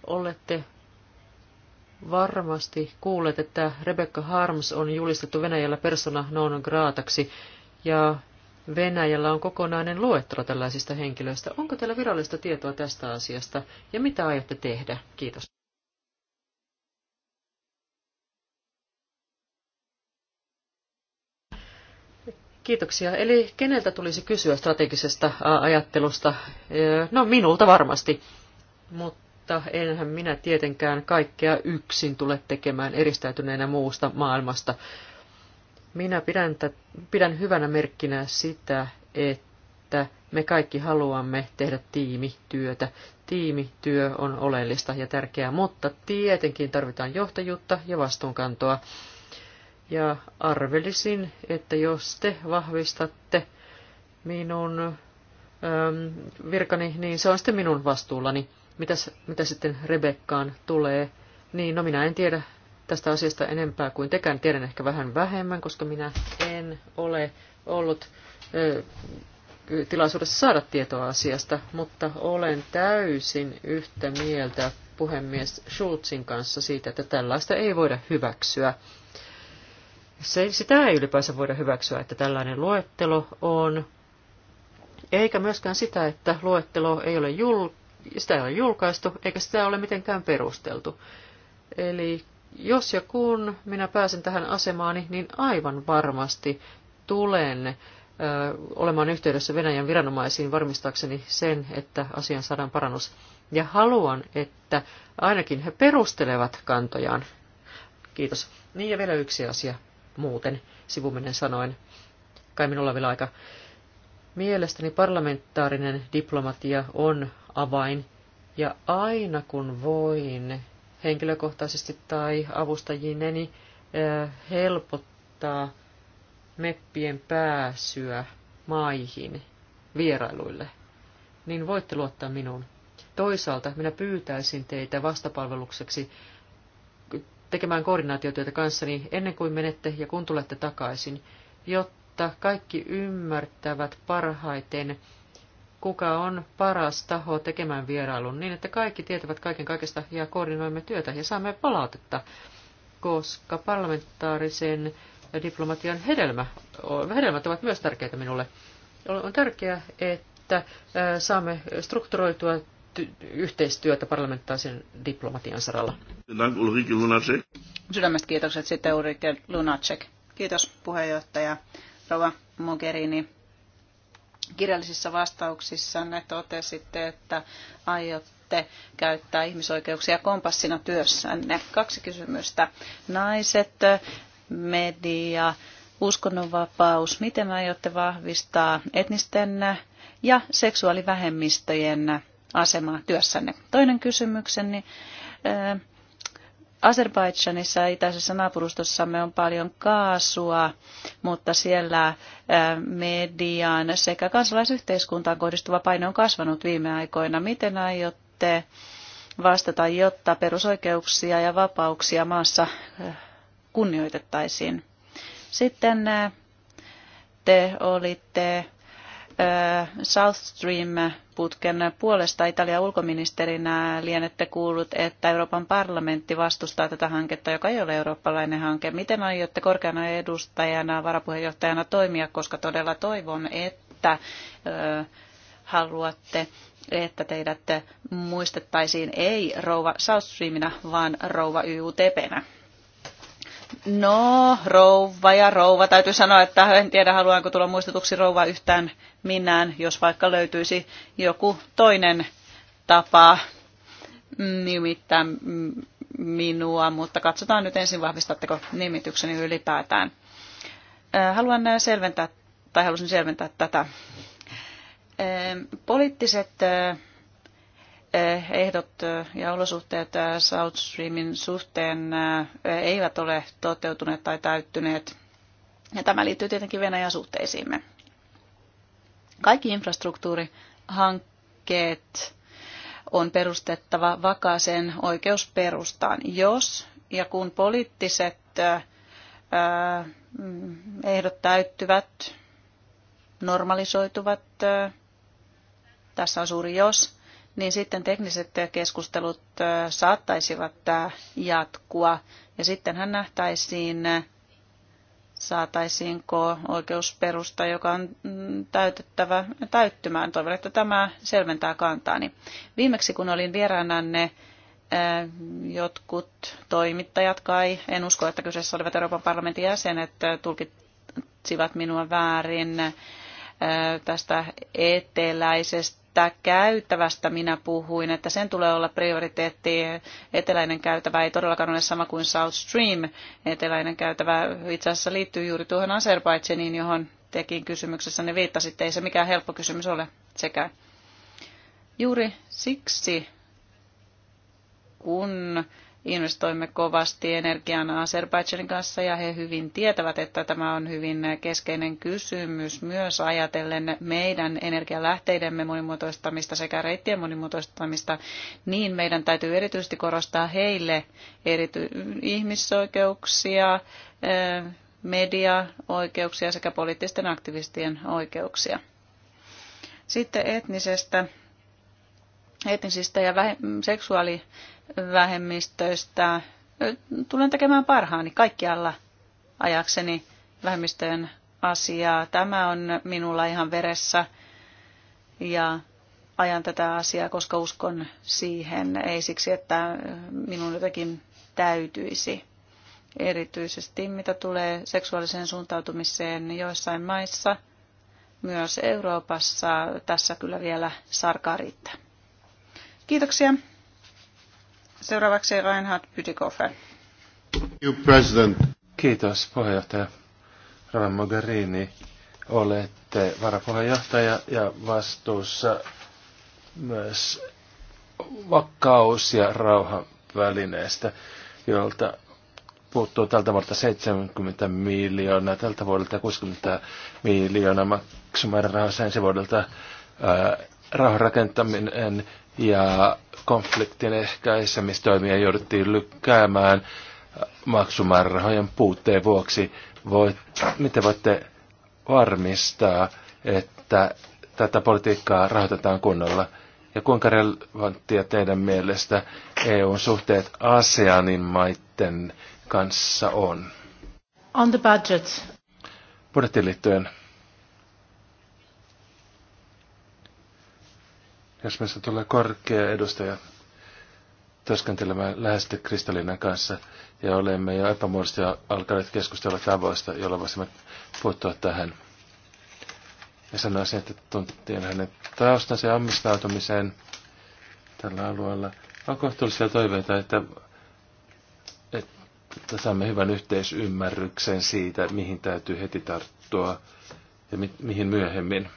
Olette varmasti kuulleet, että Rebecca Harms on julistettu Venäjällä persona non grataksi, ja Venäjällä on kokonainen luettelo tällaisista henkilöistä. Onko teillä virallista tietoa tästä asiasta, ja mitä aiotte tehdä? Kiitos. Kiitoksia. Eli keneltä tulisi kysyä strategisesta ajattelusta? No minulta varmasti, mutta enhän minä tietenkään kaikkea yksin tule tekemään eristäytyneenä muusta maailmasta. Minä pidän, t- pidän hyvänä merkkinä sitä, että me kaikki haluamme tehdä tiimityötä. Tiimityö on oleellista ja tärkeää, mutta tietenkin tarvitaan johtajuutta ja vastuunkantoa. Ja arvelisin, että jos te vahvistatte minun äm, virkani, niin se on sitten minun vastuullani. Mitäs, mitä sitten Rebekkaan tulee? Niin, no minä en tiedä tästä asiasta enempää kuin tekään. Tiedän ehkä vähän vähemmän, koska minä en ole ollut ö, äh, tilaisuudessa saada tietoa asiasta, mutta olen täysin yhtä mieltä puhemies Schulzin kanssa siitä, että tällaista ei voida hyväksyä. Se, sitä ei ylipäänsä voida hyväksyä, että tällainen luettelo on, eikä myöskään sitä, että luettelo ei ole jul, sitä ei ole julkaistu, eikä sitä ole mitenkään perusteltu. Eli jos ja kun minä pääsen tähän asemaani, niin aivan varmasti tulen ö, olemaan yhteydessä Venäjän viranomaisiin varmistaakseni sen, että asian saadaan parannus. Ja haluan, että ainakin he perustelevat kantojaan. Kiitos. Niin ja vielä yksi asia muuten sivuminen sanoen. Kai minulla on vielä aika. Mielestäni parlamentaarinen diplomatia on avain, ja aina kun voin henkilökohtaisesti tai avustajineni eh, helpottaa meppien pääsyä maihin vierailuille, niin voitte luottaa minuun. Toisaalta minä pyytäisin teitä vastapalvelukseksi tekemään koordinaatiotyötä kanssani ennen kuin menette ja kun tulette takaisin, jotta kaikki ymmärtävät parhaiten, kuka on paras taho tekemään vierailun, niin että kaikki tietävät kaiken kaikesta ja koordinoimme työtä ja saamme palautetta, koska parlamentaarisen diplomatian hedelmä, hedelmät ovat myös tärkeitä minulle. On tärkeää, että saamme strukturoitua yhteistyötä parlamentaarisen diplomatian saralla. Sydämestä kiitokset sitten Ulrike Lunacek. Kiitos puheenjohtaja Rova Mogherini. Kirjallisissa vastauksissa ne totesitte, että aiotte käyttää ihmisoikeuksia kompassina työssänne. Kaksi kysymystä. Naiset, media, uskonnonvapaus. Miten aiotte vahvistaa etnisten ja seksuaalivähemmistöjen asemaa työssänne. Toinen kysymykseni. Äh, Azerbaidžanissa itäisessä naapurustossamme on paljon kaasua, mutta siellä äh, mediaan sekä kansalaisyhteiskuntaan kohdistuva paine on kasvanut viime aikoina. Miten aiotte vastata, jotta perusoikeuksia ja vapauksia maassa äh, kunnioitettaisiin? Sitten te olitte South Stream-putken puolesta Italian ulkoministerinä lienette kuullut, että Euroopan parlamentti vastustaa tätä hanketta, joka ei ole eurooppalainen hanke. Miten aiotte korkeana edustajana, varapuheenjohtajana toimia, koska todella toivon, että haluatte, että teidät muistettaisiin ei rouva South Streamina, vaan rouva YUTPnä? No, rouva ja rouva. Täytyy sanoa, että en tiedä haluanko tulla muistetuksi rouva yhtään minään, jos vaikka löytyisi joku toinen tapa mm, nimittää minua, mutta katsotaan nyt ensin vahvistatteko nimitykseni ylipäätään. Haluan selventää, tai halusin selventää tätä. Poliittiset Eh, ehdot eh, ja olosuhteet eh, South Streamin suhteen eivät ole toteutuneet tai täyttyneet. Ja tämä liittyy tietenkin Venäjän suhteisiimme. Kaikki infrastruktuurihankkeet on perustettava vakaaseen oikeusperustaan, jos ja kun poliittiset ehdot täyttyvät, normalisoituvat, tässä on suuri jos, niin sitten tekniset keskustelut saattaisivat jatkua. Ja sittenhän nähtäisiin, saataisiinko oikeusperusta, joka on mm, täytettävä täyttymään. Toivon, että tämä selventää kantaani. Viimeksi kun olin vieraananne, jotkut toimittajat kai, en usko, että kyseessä olivat Euroopan parlamentin jäsenet, tulkitsivat minua väärin tästä eteläisestä että käytävästä minä puhuin, että sen tulee olla prioriteetti. Eteläinen käytävä ei todellakaan ole sama kuin South Stream. Eteläinen käytävä itse asiassa liittyy juuri tuohon Azerbaidsaniin, johon tekin kysymyksessä ne viittasitte. Ei se mikään helppo kysymys ole sekään. Juuri siksi, kun investoimme kovasti energiaan Azerbaidžanin kanssa ja he hyvin tietävät, että tämä on hyvin keskeinen kysymys myös ajatellen meidän energialähteidemme monimuotoistamista sekä reittien monimuotoistamista, niin meidän täytyy erityisesti korostaa heille erity- ihmisoikeuksia, eh, mediaoikeuksia sekä poliittisten aktivistien oikeuksia. Sitten etnisestä etnisistä ja seksuaali- vähemmistöistä. Tulen tekemään parhaani kaikkialla ajakseni vähemmistöjen asiaa. Tämä on minulla ihan veressä ja ajan tätä asiaa, koska uskon siihen, ei siksi, että minun jotenkin täytyisi. Erityisesti mitä tulee seksuaaliseen suuntautumiseen joissain maissa, myös Euroopassa, tässä kyllä vielä sarkaa riittää. Kiitoksia. Seuraavaksi Reinhard Pytikofer. Kiitos puheenjohtaja. Ravan Mogherini, olette varapuheenjohtaja ja vastuussa myös vakaus- ja rauhavälineestä, jolta puuttuu tältä vuodelta 70 miljoonaa, tältä vuodelta 60 miljoonaa maksumäärärahaa ensi vuodelta. Rauhan rakentaminen ja konfliktin ehkäisemistoimia jouduttiin lykkäämään maksumäärärahojen puutteen vuoksi. Voit, miten voitte varmistaa, että tätä politiikkaa rahoitetaan kunnolla? Ja kuinka relevanttia teidän mielestä EUn suhteet ASEANin maiden kanssa on? On the budget. Budjettiin liittyen jos meistä tulee korkea edustaja työskentelemään läheisesti Kristallinen kanssa, ja olemme jo epämuodosti alkaneet keskustella tavoista, jolla voisimme puuttua tähän. Ja sanoisin, että tuntien hänen taustansa ja ammistautumiseen tällä alueella on kohtuullisia toiveita, että, että saamme hyvän yhteisymmärryksen siitä, mihin täytyy heti tarttua ja mi- mihin myöhemmin.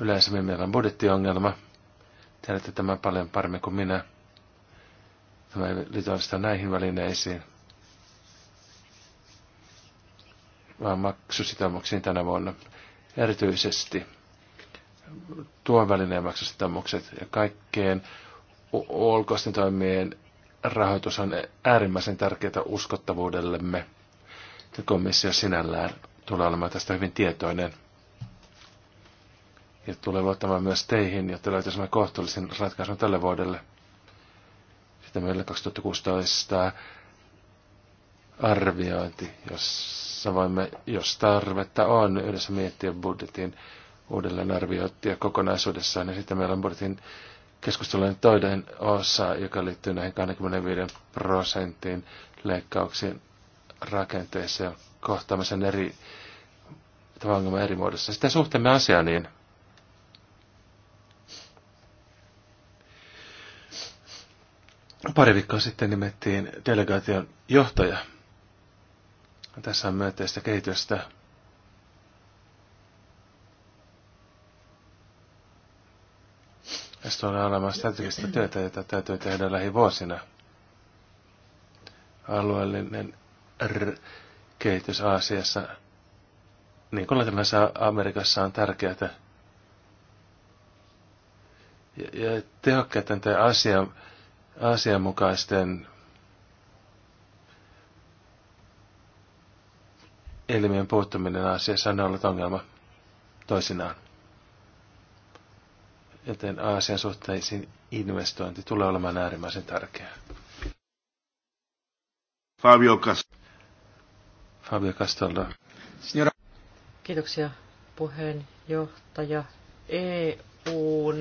Yleensä meillä on budjettiongelma. Tiedätte tämän paljon paremmin kuin minä. Tämä ei liity näihin välineisiin, vaan maksusitoumuksiin tänä vuonna. Erityisesti tuon välineen maksusitoumukset ja kaikkeen ulkoisten toimien rahoitus on äärimmäisen tärkeää uskottavuudellemme. Komissio sinällään tulee olemaan tästä hyvin tietoinen ja tulee luottamaan myös teihin, jotta löytäisimme kohtuullisen ratkaisun tälle vuodelle. Sitten meillä 2016 arviointi, jossa voimme, jos tarvetta on, yhdessä miettiä budjetin uudelleen arviointia kokonaisuudessaan. Ja sitten meillä on budjetin keskustelujen toinen osa, joka liittyy näihin 25 prosentin leikkauksiin rakenteeseen ja kohtaamisen eri, eri muodossa. Sitten suhteemme asiaan, niin Pari viikkoa sitten nimettiin delegaation johtaja. Tässä on myönteistä kehitystä. Tässä on olemassa strategista työtä, jota täytyy tehdä lähivuosina. Alueellinen kehitys Aasiassa, niin kuin Latinalaisessa Amerikassa, on tärkeää. Ja, ja tehokkaiden tai asianmukaisten elimien puuttuminen asiassa on ollut ongelma toisinaan. Joten Aasian suhteisiin investointi tulee olemaan äärimmäisen tärkeää. Fabio Cast. Fabio Castaldo. Signora. Kiitoksia puheenjohtaja. EUn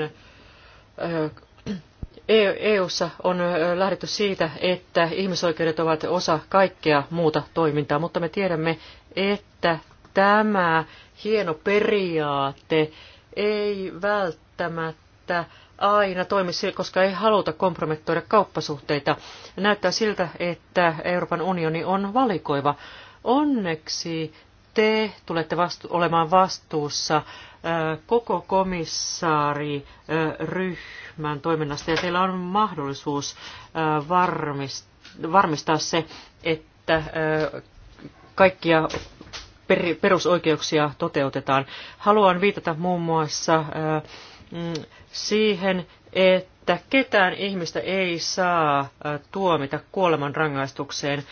EU:ssa e on lähdetty siitä, että ihmisoikeudet ovat osa kaikkea muuta toimintaa, mutta me tiedämme, että tämä hieno periaate ei välttämättä aina toimi, koska ei haluta kompromettoida kauppasuhteita. Näyttää siltä, että Euroopan unioni on valikoiva. Onneksi te tulette vastu- olemaan vastuussa koko komissaariryhmä ryhmän toiminnasta ja teillä on mahdollisuus varmistaa se, että kaikkia perusoikeuksia toteutetaan. Haluan viitata muun muassa mm, siihen, että ketään ihmistä ei saa tuomita kuoleman rangaistukseen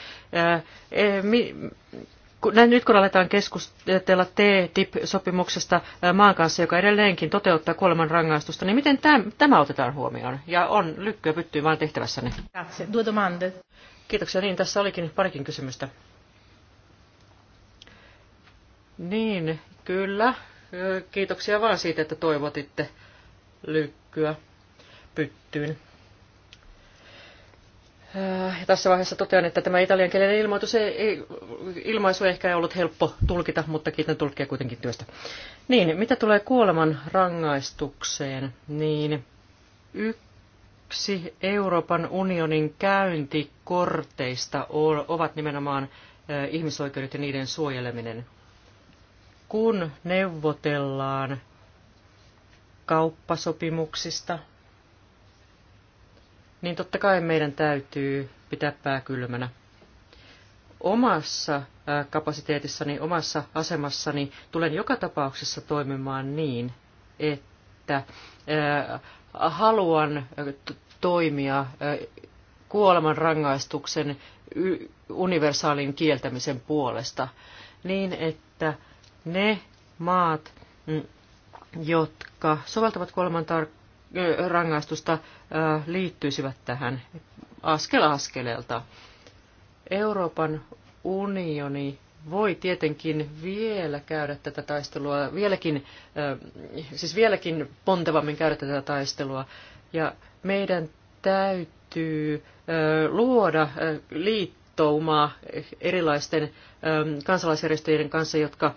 nyt kun aletaan keskustella TTIP-sopimuksesta maan kanssa, joka edelleenkin toteuttaa kuoleman rangaistusta, niin miten tämä otetaan huomioon? Ja on lykkyä pyttyy vain tehtävässäni. Kiitoksia. Niin, tässä olikin parikin kysymystä. Niin, kyllä. Kiitoksia vaan siitä, että toivotitte lykkyä pyttyyn. Äh, ja tässä vaiheessa totean, että tämä italian ilmoitus ei, ei, ilmaisu ehkä ollut helppo tulkita, mutta kiitän tulkkia kuitenkin työstä. Niin, mitä tulee kuoleman rangaistukseen, niin yksi Euroopan unionin käyntikorteista ovat nimenomaan äh, ihmisoikeudet ja niiden suojeleminen. Kun neuvotellaan kauppasopimuksista, niin totta kai meidän täytyy pitää pää kylmänä. Omassa kapasiteetissani, omassa asemassani tulen joka tapauksessa toimimaan niin, että haluan toimia kuoleman rangaistuksen universaalin kieltämisen puolesta, niin että ne maat, mm, jotka soveltavat kuoleman rangaistusta, liittyisivät tähän askel askeleelta. Euroopan unioni voi tietenkin vielä käydä tätä taistelua, vieläkin, siis vieläkin pontevammin käydä tätä taistelua. Ja meidän täytyy luoda liittoumaa erilaisten kansalaisjärjestöjen kanssa, jotka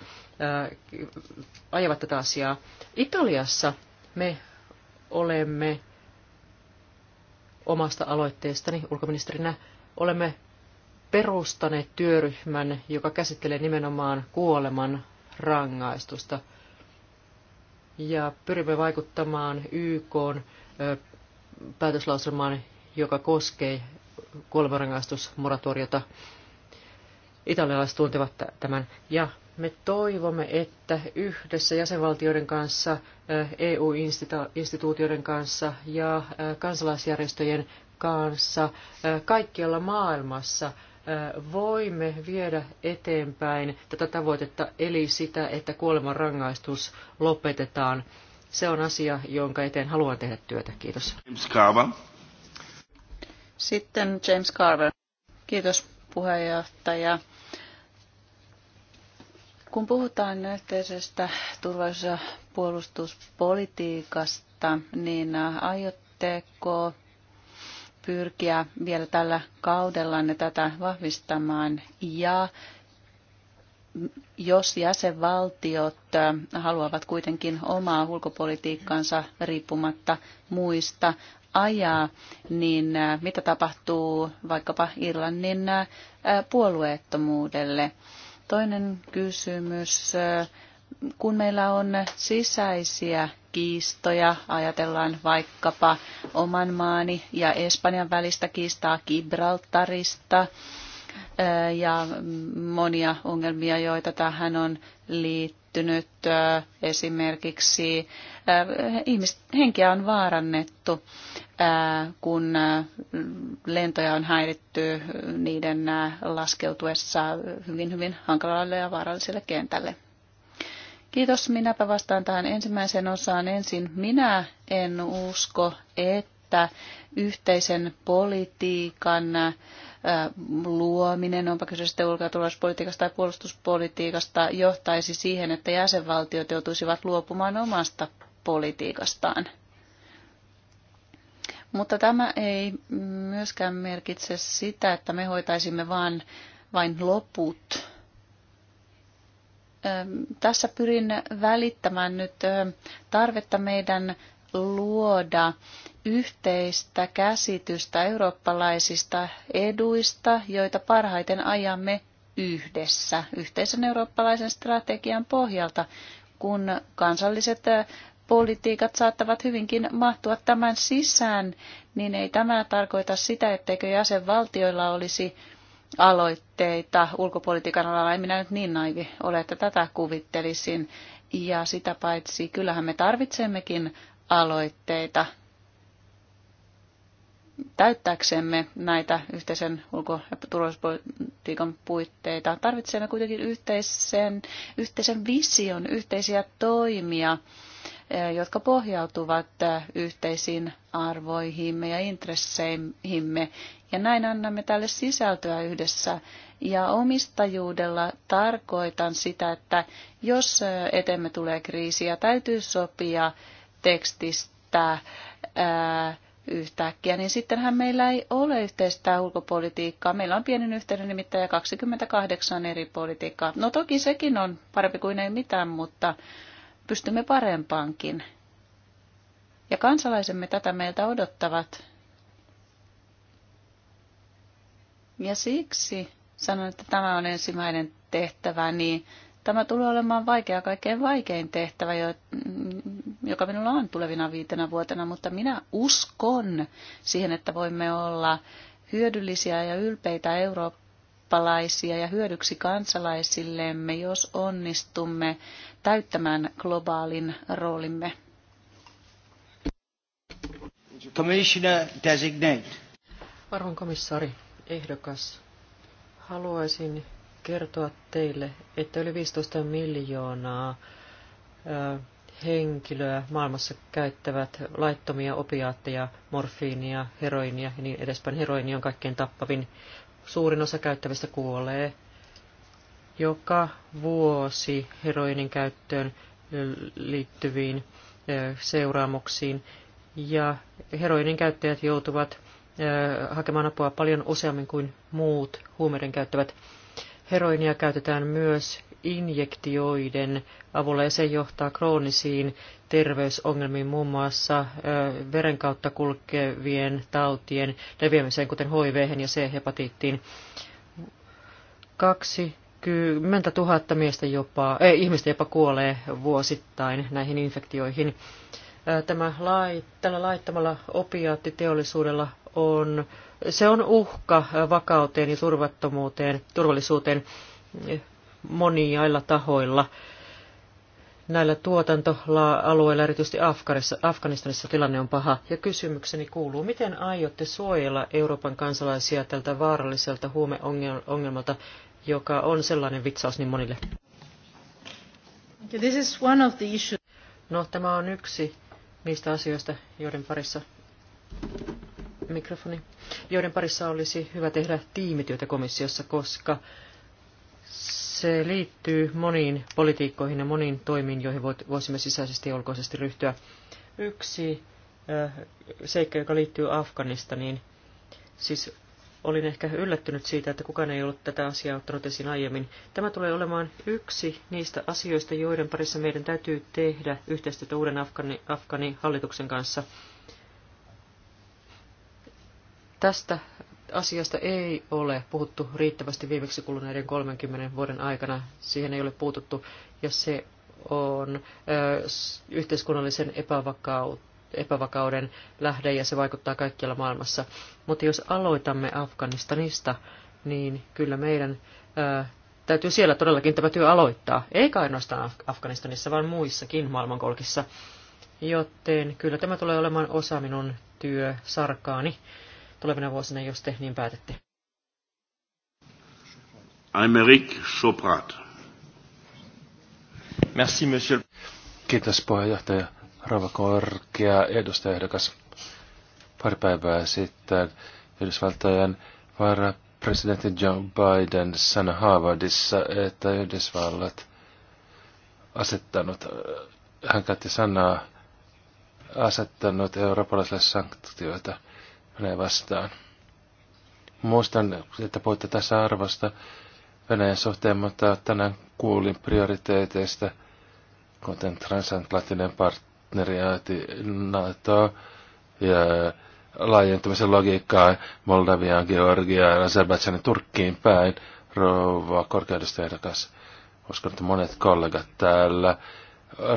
ajavat tätä asiaa. Italiassa me olemme omasta aloitteestani ulkoministerinä. Olemme perustaneet työryhmän, joka käsittelee nimenomaan kuoleman rangaistusta. Ja pyrimme vaikuttamaan YK päätöslauselmaan, joka koskee kuolemanrangaistusmoratoriota. Italialaiset tuntevat tämän. Ja me toivomme, että yhdessä jäsenvaltioiden kanssa, EU-instituutioiden kanssa ja kansalaisjärjestöjen kanssa kaikkialla maailmassa voimme viedä eteenpäin tätä tavoitetta, eli sitä, että kuolemanrangaistus lopetetaan. Se on asia, jonka eteen haluan tehdä työtä. Kiitos. James Carver. Sitten James Carver. Kiitos puheenjohtaja. Kun puhutaan yhteisestä turvallisuus- ja puolustuspolitiikasta, niin aiotteko pyrkiä vielä tällä kaudellanne tätä vahvistamaan ja jos jäsenvaltiot haluavat kuitenkin omaa ulkopolitiikkaansa riippumatta muista ajaa, niin mitä tapahtuu vaikkapa Irlannin puolueettomuudelle? Toinen kysymys. Kun meillä on sisäisiä kiistoja, ajatellaan vaikkapa oman maani ja Espanjan välistä kiistaa Gibraltarista, ja monia ongelmia, joita tähän on liittynyt. Esimerkiksi henkiä on vaarannettu, kun lentoja on häiritty niiden laskeutuessa hyvin, hyvin hankalalle ja vaaralliselle kentälle. Kiitos. Minäpä vastaan tähän ensimmäiseen osaan ensin. Minä en usko, että yhteisen politiikan äh, luominen, onpa kyse sitten ulko- ja turvallisuuspolitiikasta tai puolustuspolitiikasta, johtaisi siihen, että jäsenvaltiot joutuisivat luopumaan omasta politiikastaan. Mutta tämä ei myöskään merkitse sitä, että me hoitaisimme vain, vain loput. Tässä pyrin välittämään nyt tarvetta meidän luoda yhteistä käsitystä eurooppalaisista eduista, joita parhaiten ajamme yhdessä yhteisen eurooppalaisen strategian pohjalta, kun kansalliset politiikat saattavat hyvinkin mahtua tämän sisään, niin ei tämä tarkoita sitä, etteikö jäsenvaltioilla olisi aloitteita ulkopolitiikan alalla. En minä nyt niin naivi ole, että tätä kuvittelisin. Ja sitä paitsi kyllähän me tarvitsemmekin aloitteita täyttääksemme näitä yhteisen ulko- ja turvallisuuspolitiikan puitteita. Tarvitsemme kuitenkin yhteisen, yhteisen vision, yhteisiä toimia, eh, jotka pohjautuvat eh, yhteisiin arvoihimme ja intresseihimme. Ja näin annamme tälle sisältöä yhdessä. Ja omistajuudella tarkoitan sitä, että jos eh, etemme tulee kriisiä, täytyy sopia tekstistä ää, yhtäkkiä, niin sittenhän meillä ei ole yhteistä ulkopolitiikkaa. Meillä on pienen yhteyden nimittäin 28 eri politiikkaa. No toki sekin on parempi kuin ei mitään, mutta pystymme parempaankin. Ja kansalaisemme tätä meiltä odottavat. Ja siksi sanon, että tämä on ensimmäinen tehtävä, niin Tämä tulee olemaan vaikea, kaikkein vaikein tehtävä, mm, joka minulla on tulevina viitenä vuotena, mutta minä uskon siihen, että voimme olla hyödyllisiä ja ylpeitä eurooppalaisia ja hyödyksi kansalaisillemme, jos onnistumme täyttämään globaalin roolimme. Commissioner designate. Arvon komissaari, ehdokas. Haluaisin kertoa teille, että yli 15 miljoonaa henkilöä maailmassa käyttävät laittomia opiaatteja, morfiinia, heroinia ja niin edespäin. Heroini on kaikkein tappavin. Suurin osa käyttävistä kuolee. Joka vuosi heroinin käyttöön liittyviin seuraamuksiin. Ja heroinin käyttäjät joutuvat hakemaan apua paljon useammin kuin muut huumeiden käyttävät Heroinia käytetään myös injektioiden avulla ja se johtaa kroonisiin terveysongelmiin, muun muassa veren kautta kulkevien tautien leviämiseen, kuten HIV ja C-hepatiittiin. 20 000 miestä jopa, ei, ihmistä jopa kuolee vuosittain näihin infektioihin. Tämä lait, tällä laittamalla opiaattiteollisuudella on se on uhka vakauteen ja turvattomuuteen, turvallisuuteen monilla tahoilla. Näillä tuotantoalueilla, erityisesti Afganistanissa, tilanne on paha. Ja kysymykseni kuuluu, miten aiotte suojella Euroopan kansalaisia tältä vaaralliselta huumeongelmalta, joka on sellainen vitsaus niin monille? No, tämä on yksi niistä asioista, joiden parissa mikrofoni, joiden parissa olisi hyvä tehdä tiimityötä komissiossa, koska se liittyy moniin politiikkoihin ja moniin toimiin, joihin voisimme sisäisesti ja ulkoisesti ryhtyä. Yksi äh, seikka, joka liittyy Afganistaniin, siis olin ehkä yllättynyt siitä, että kukaan ei ollut tätä asiaa ottanut esiin aiemmin. Tämä tulee olemaan yksi niistä asioista, joiden parissa meidän täytyy tehdä yhteistyötä uuden Afgani, Afgani hallituksen kanssa – Tästä asiasta ei ole puhuttu riittävästi viimeksi kuluneiden 30 vuoden aikana. Siihen ei ole puututtu ja se on ö, yhteiskunnallisen epävakautta epävakauden lähde ja se vaikuttaa kaikkialla maailmassa. Mutta jos aloitamme Afganistanista, niin kyllä meidän ää, täytyy siellä todellakin tämä työ aloittaa. Eikä ainoastaan Af- Afganistanissa, vaan muissakin maailmankolkissa. Joten kyllä tämä tulee olemaan osa minun työsarkaani tulevina vuosina, jos te niin päätätte. Aymeric Choprat. Merci, monsieur. Kiitos puheenjohtaja. Rava korkea edustajaehdokas. Pari päivää sitten Yhdysvaltojen varapresidentti Joe Biden sanoi Harvardissa, että Yhdysvallat asettanut, hän käytti sanaa asettanut eurooppalaisille sanktioita – Venäjä vastaan. Muistan, että puhutte tässä arvosta Venäjän suhteen, mutta tänään kuulin prioriteeteista, kuten transatlanttinen partneriaati NATO ja laajentumisen logiikkaa Moldaviaan, Georgiaan, Azerbaidžanin Turkkiin päin, rouva korkeudesta ehdokas. Uskon, että monet kollegat täällä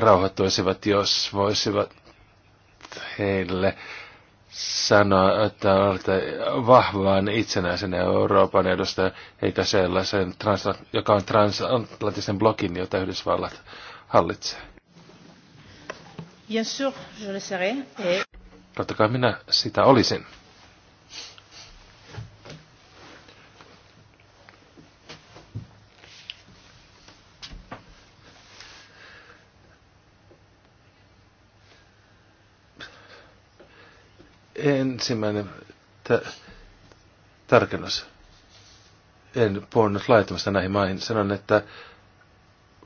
rauhoittuisivat, jos voisivat heille sanoa, että olette vahvaan itsenäisen Euroopan edustaja, eikä sellaisen, joka on transatlanttisen blokin, jota Yhdysvallat hallitsee. Bien sûr, je le serai. Et... Totta kai minä sitä olisin. Ensimmäinen tarkennus. En puhunut laajentamista näihin maihin. Sanon, että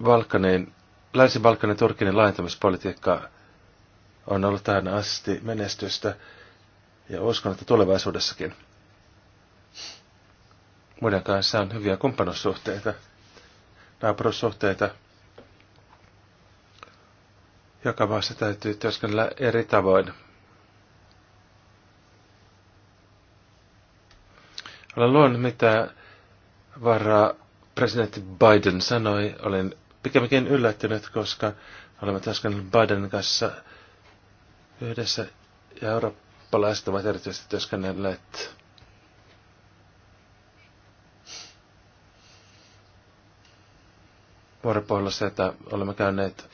Valkanin, Länsi-Balkanin Turkinen laajentamispolitiikka on ollut tähän asti menestystä ja uskon, että tulevaisuudessakin. Muiden kanssa on hyviä kumppanussuhteita, naapurussuhteita. Joka maassa täytyy työskennellä eri tavoin. Olen luonut, mitä varra presidentti Biden sanoi. Olen pikemminkin yllättynyt, koska olemme työskennelleet Bidenin kanssa yhdessä ja eurooppalaiset ovat erityisesti työskennelleet se että olemme käyneet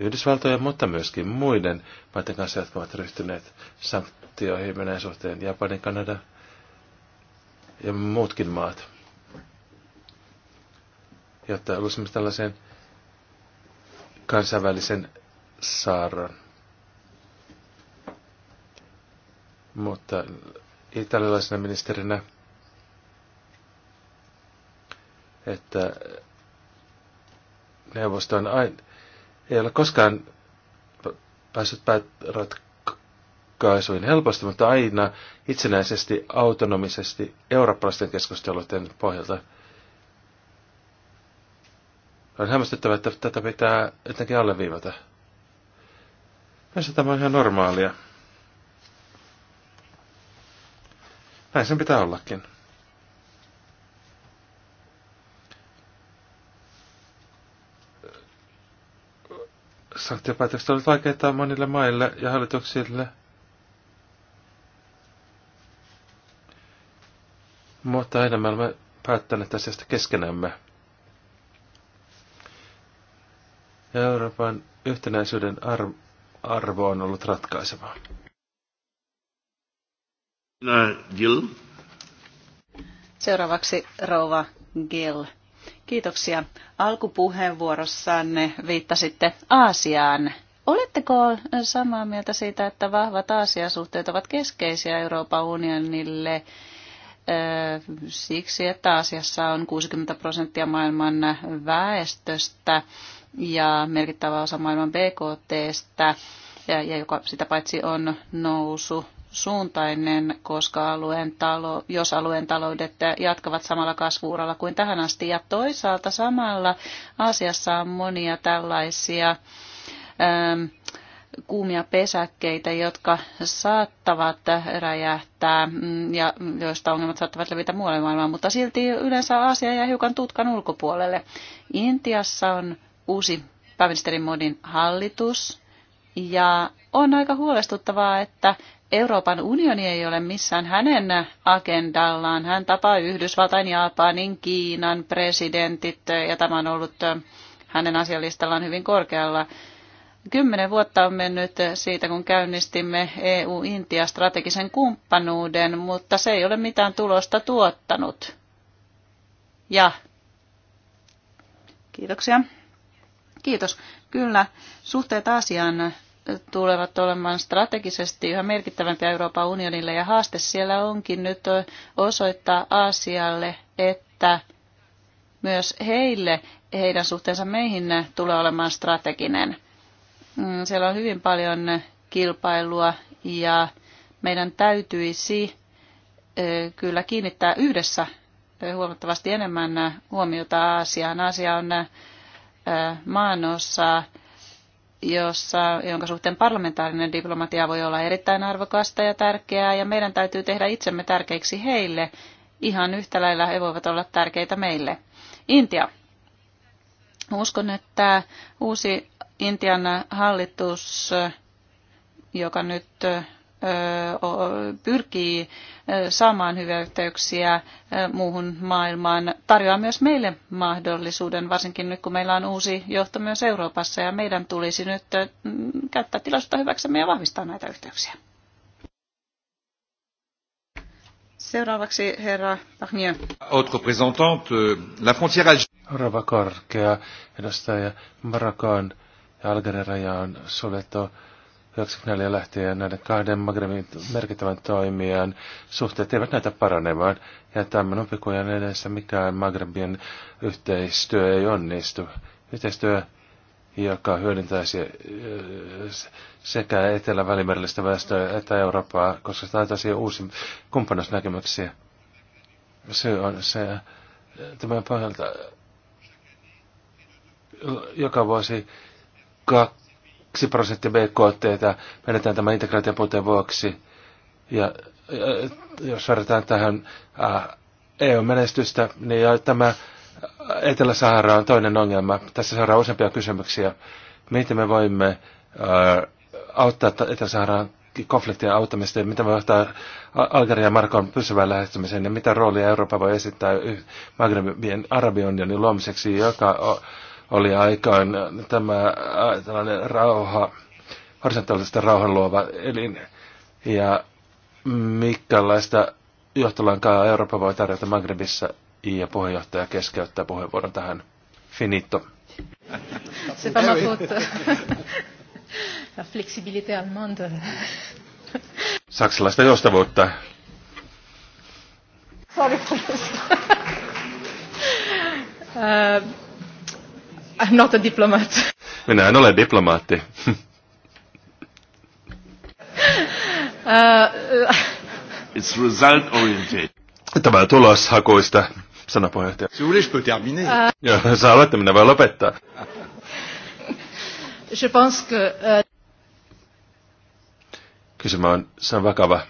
Yhdysvaltojen, mutta myöskin muiden maiden kanssa, jotka ovat ryhtyneet sanktioihin Venäjän suhteen, Japanin, Kanada, ja muutkin maat. Jotta olisimme tällaisen kansainvälisen saaran. Mutta italialaisena ministerinä, että neuvosto on aina, ei ole koskaan päässyt päät, rat, ratkaisuihin helposti, mutta aina itsenäisesti, autonomisesti, eurooppalaisten keskusteluiden pohjalta. On hämmästyttävää, että tätä pitää jotenkin alleviivata. Mielestä tämä on ihan normaalia. Näin sen pitää ollakin. Sanktiopäätökset olivat vaikeita monille maille ja hallituksille – Mutta aina me olemme päättäneet asiasta keskenämme. Euroopan yhtenäisyyden arvo arvo on ollut ratkaisevaa. Gill. No, Seuraavaksi rouva Gill. Kiitoksia. Alkupuheenvuorossanne viittasitte Aasiaan. Oletteko samaa mieltä siitä, että vahvat Aasiasuhteet ovat keskeisiä Euroopan unionille? siksi, että asiassa on 60 prosenttia maailman väestöstä ja merkittävä osa maailman BKTstä, ja, ja joka sitä paitsi on nousu suuntainen, koska alueen talo, jos alueen taloudet jatkavat samalla kasvuuralla kuin tähän asti. Ja toisaalta samalla asiassa on monia tällaisia ähm, kuumia pesäkkeitä, jotka saattavat räjähtää ja joista ongelmat saattavat levitä muualle maailmaan, mutta silti yleensä asia jää hiukan tutkan ulkopuolelle. Intiassa on uusi pääministerin Modin hallitus ja on aika huolestuttavaa, että Euroopan unioni ei ole missään hänen agendallaan. Hän tapaa Yhdysvaltain, Japanin, Kiinan presidentit ja tämä on ollut hänen asialistallaan hyvin korkealla Kymmenen vuotta on mennyt siitä, kun käynnistimme EU-Intia-strategisen kumppanuuden, mutta se ei ole mitään tulosta tuottanut. Ja. Kiitoksia. Kiitos. Kyllä, suhteet Aasiaan tulevat olemaan strategisesti yhä merkittävämpiä Euroopan unionille ja haaste siellä onkin nyt osoittaa Aasialle, että myös heille heidän suhteensa meihin tulee olemaan strateginen. Mm, siellä on hyvin paljon kilpailua ja meidän täytyisi kyllä kiinnittää yhdessä huomattavasti enemmän huomiota Aasiaan. Aasia on maanossa, jossa, jonka suhteen parlamentaarinen diplomatia voi olla erittäin arvokasta ja tärkeää, ja meidän täytyy tehdä itsemme tärkeiksi heille. Ihan yhtä lailla he voivat olla tärkeitä meille. Intia. Uskon, että uusi Intian hallitus, joka nyt pyrkii saamaan hyviä yhteyksiä muuhun maailmaan, tarjoaa myös meille mahdollisuuden, varsinkin nyt kun meillä on uusi johto myös Euroopassa ja meidän tulisi nyt käyttää tilaisuutta hyväksemme ja vahvistaa näitä yhteyksiä. Seuraavaksi herra Pahnia. Autre la frontière korkea edustaja Marakan ja Algerian raja on suljettu 94 lähtien näiden kahden Magrebin merkittävän toimijan suhteet eivät näitä paranemaan, ja tämän opikujan edessä mikään Magrebin yhteistyö ei onnistu. Yhteistyö, joka hyödyntäisi sekä etelä-välimerellistä väestöä että Eurooppaa, koska se antaisi uusi kumppanuusnäkemyksiä. Se on se, tämän pohjalta joka vuosi 2 prosenttia BKT menetään tämän integraation puuteen vuoksi. Ja, ja jos verrataan tähän EU-menestystä, niin tämä Etelä-Sahara on toinen ongelma. Tässä saadaan useampia kysymyksiä. Miten me voimme ää, auttaa Etelä-Saharan konfliktien auttamista ja mitä voi johtaa Algerian Markon pysyvään lähestymiseen ja mitä roolia Eurooppa voi esittää Magrebien Arabiunionin luomiseksi, joka oli aikaan tämä tällainen rauha, horisontaalista rauhan luova elin ja mikälaista johtolankaa Eurooppa voi tarjota Magrebissa ja puheenjohtaja keskeyttää puheenvuoron tähän. Finito. C'est pas ma faute. La flexibilité allemande. Saksalaista joustavuutta. Sorry uh, I'm not a diplomat. Minä en ole diplomaatti. uh, It's result oriented. Tämä tulos tuloshakuista, sanoi puheenjohtaja. Si voulez, je peux terminer. Uh, Joo, saa aloittaa, minä voin lopettaa. je pense que, uh, Kysymä on, se on vakava.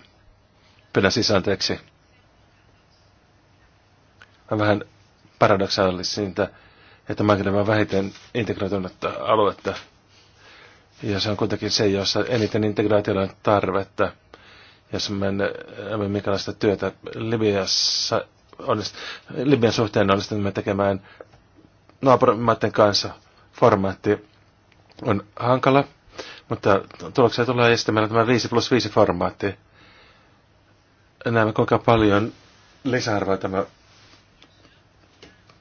Pidän sisäanteeksi. Mä vähän paradoksaalisinta että Maghreb vähiten integroitunutta aluetta. Ja se on kuitenkin se, jossa eniten integraatiolla on tarvetta. ja me emme äh, minkälaista työtä Libiassa onnist, Libian suhteen onnistumme tekemään naapurimaiden kanssa. Formaatti on hankala, mutta tuloksia tulee on tämä 5 plus 5 formaatti. Näemme kuinka paljon lisäarvoa tämä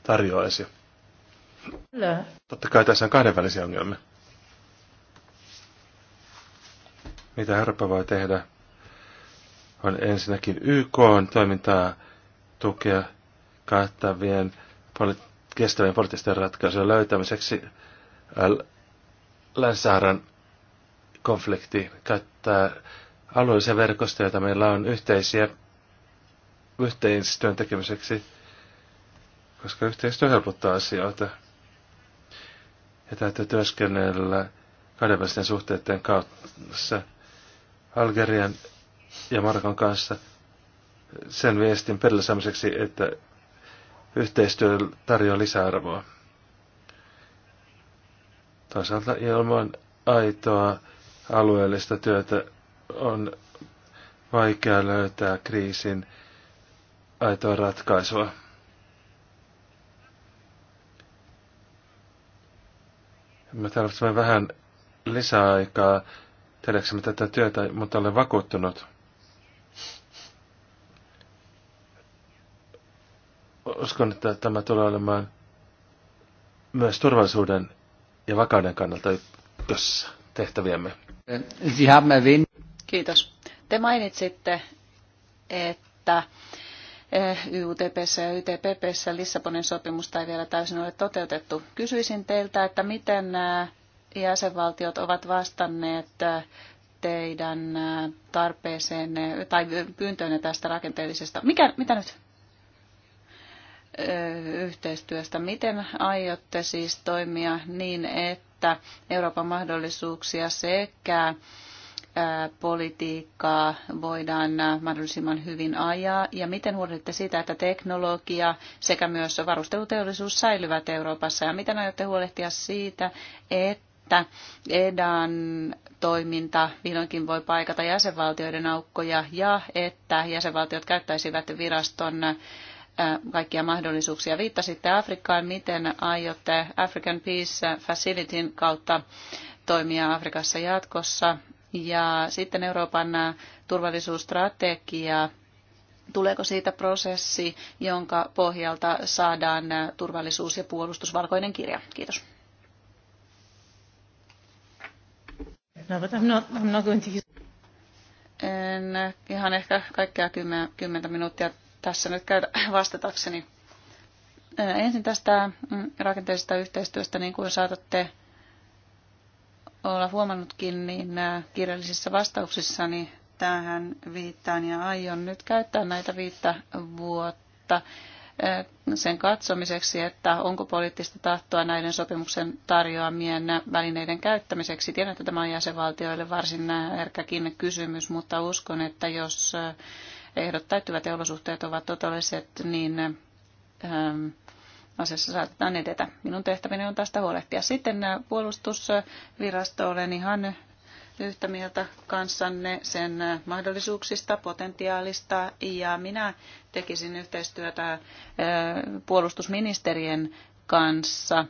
tarjoaisi. Kyllä. Totta kai tässä on kahdenvälisiä ongelmia. Mitä Eurooppa voi tehdä? On ensinnäkin YK on toimintaa tukea kattavien poli- kestävien poliittisten ratkaisujen löytämiseksi. Äh, Länsi-Saharan konflikti käyttää alueellisia verkostoja, joita meillä on yhteisiä yhteistyön tekemiseksi, koska yhteistyö helpottaa asioita ja täytyy työskennellä kahdenvälisten suhteiden kanssa Algerian ja Marokon kanssa sen viestin perille saamiseksi, että yhteistyö tarjoaa lisäarvoa. Toisaalta ilman aitoa alueellista työtä on vaikea löytää kriisin aitoa ratkaisua. Me tarvitsemme vähän lisäaikaa tehdäksemme tätä työtä, mutta olen vakuuttunut. Uskon, että tämä tulee olemaan myös turvallisuuden ja vakauden kannalta ykkössä tehtäviämme. Kiitos. Te mainitsitte, että YUTPssä e ja YTPPssä Lissabonin sopimusta ei vielä täysin ole toteutettu. Kysyisin teiltä, että miten jäsenvaltiot ovat vastanneet teidän tarpeeseen tai pyyntöönne tästä rakenteellisesta. Mikä, mitä nyt? yhteistyöstä. Miten aiotte siis toimia niin, että Euroopan mahdollisuuksia sekä politiikkaa voidaan mahdollisimman hyvin ajaa ja miten huolehditte siitä, että teknologia sekä myös varusteluteollisuus säilyvät Euroopassa ja miten aiotte huolehtia siitä, että EDAN toiminta vihdoinkin voi paikata jäsenvaltioiden aukkoja ja että jäsenvaltiot käyttäisivät viraston äh, kaikkia mahdollisuuksia. Viittasitte Afrikkaan, miten aiotte African Peace Facilityn kautta toimia Afrikassa jatkossa ja sitten Euroopan turvallisuusstrategia, tuleeko siitä prosessi, jonka pohjalta saadaan turvallisuus- ja puolustusvalkoinen kirja? Kiitos. No, but I'm not, I'm not going to En ihan ehkä kaikkea kymmentä minuuttia tässä nyt käytä vastatakseni. Ensin tästä mm, rakenteellisesta yhteistyöstä, niin kuin saatatte olla huomannutkin, niin äh, kirjallisissa vastauksissani tähän viittaan ja aion nyt käyttää näitä viittä vuotta äh, sen katsomiseksi, että onko poliittista tahtoa näiden sopimuksen tarjoamien välineiden käyttämiseksi. Tiedän, että tämä on jäsenvaltioille varsin äh, herkkäkin kysymys, mutta uskon, että jos ehdot täyttyvät ja olosuhteet ovat todelliset, niin ähm, asiassa saatetaan edetä. Minun tehtäväni on tästä huolehtia. Sitten äh, puolustusvirasto olen niin ihan yhtä mieltä kanssanne sen äh, mahdollisuuksista, potentiaalista ja minä tekisin yhteistyötä äh, puolustusministerien kanssa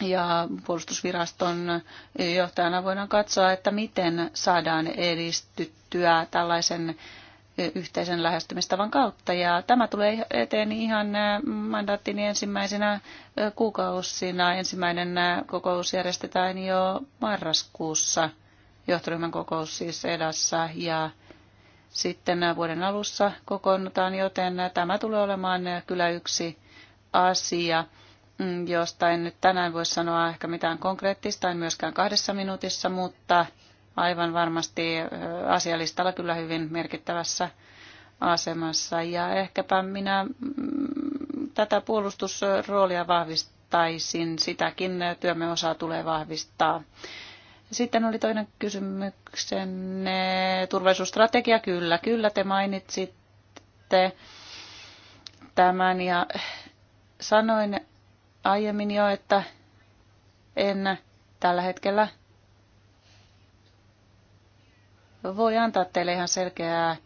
ja puolustusviraston johtajana voidaan katsoa, että miten saadaan edistyttyä tällaisen yhteisen lähestymistavan kautta. Ja tämä tulee eteen ihan äh, mandaattini ensimmäisenä äh, kuukausina. Ensimmäinen äh, kokous järjestetään jo marraskuussa, johtoryhmän kokous siis edassa. Ja sitten vuoden alussa kokoonnutaan, joten tämä tulee olemaan kyllä yksi asia, mm, josta en nyt tänään voi sanoa ehkä mitään konkreettista, en myöskään kahdessa minuutissa, mutta aivan varmasti asialistalla kyllä hyvin merkittävässä asemassa. Ja ehkäpä minä mm, tätä puolustusroolia vahvistaisin, sitäkin työmme osaa tulee vahvistaa. Sitten oli toinen kysymyksen turvallisuusstrategia, kyllä, kyllä te mainitsitte tämän ja sanoin aiemmin jo, että en tällä hetkellä voi antaa teille ihan selkeää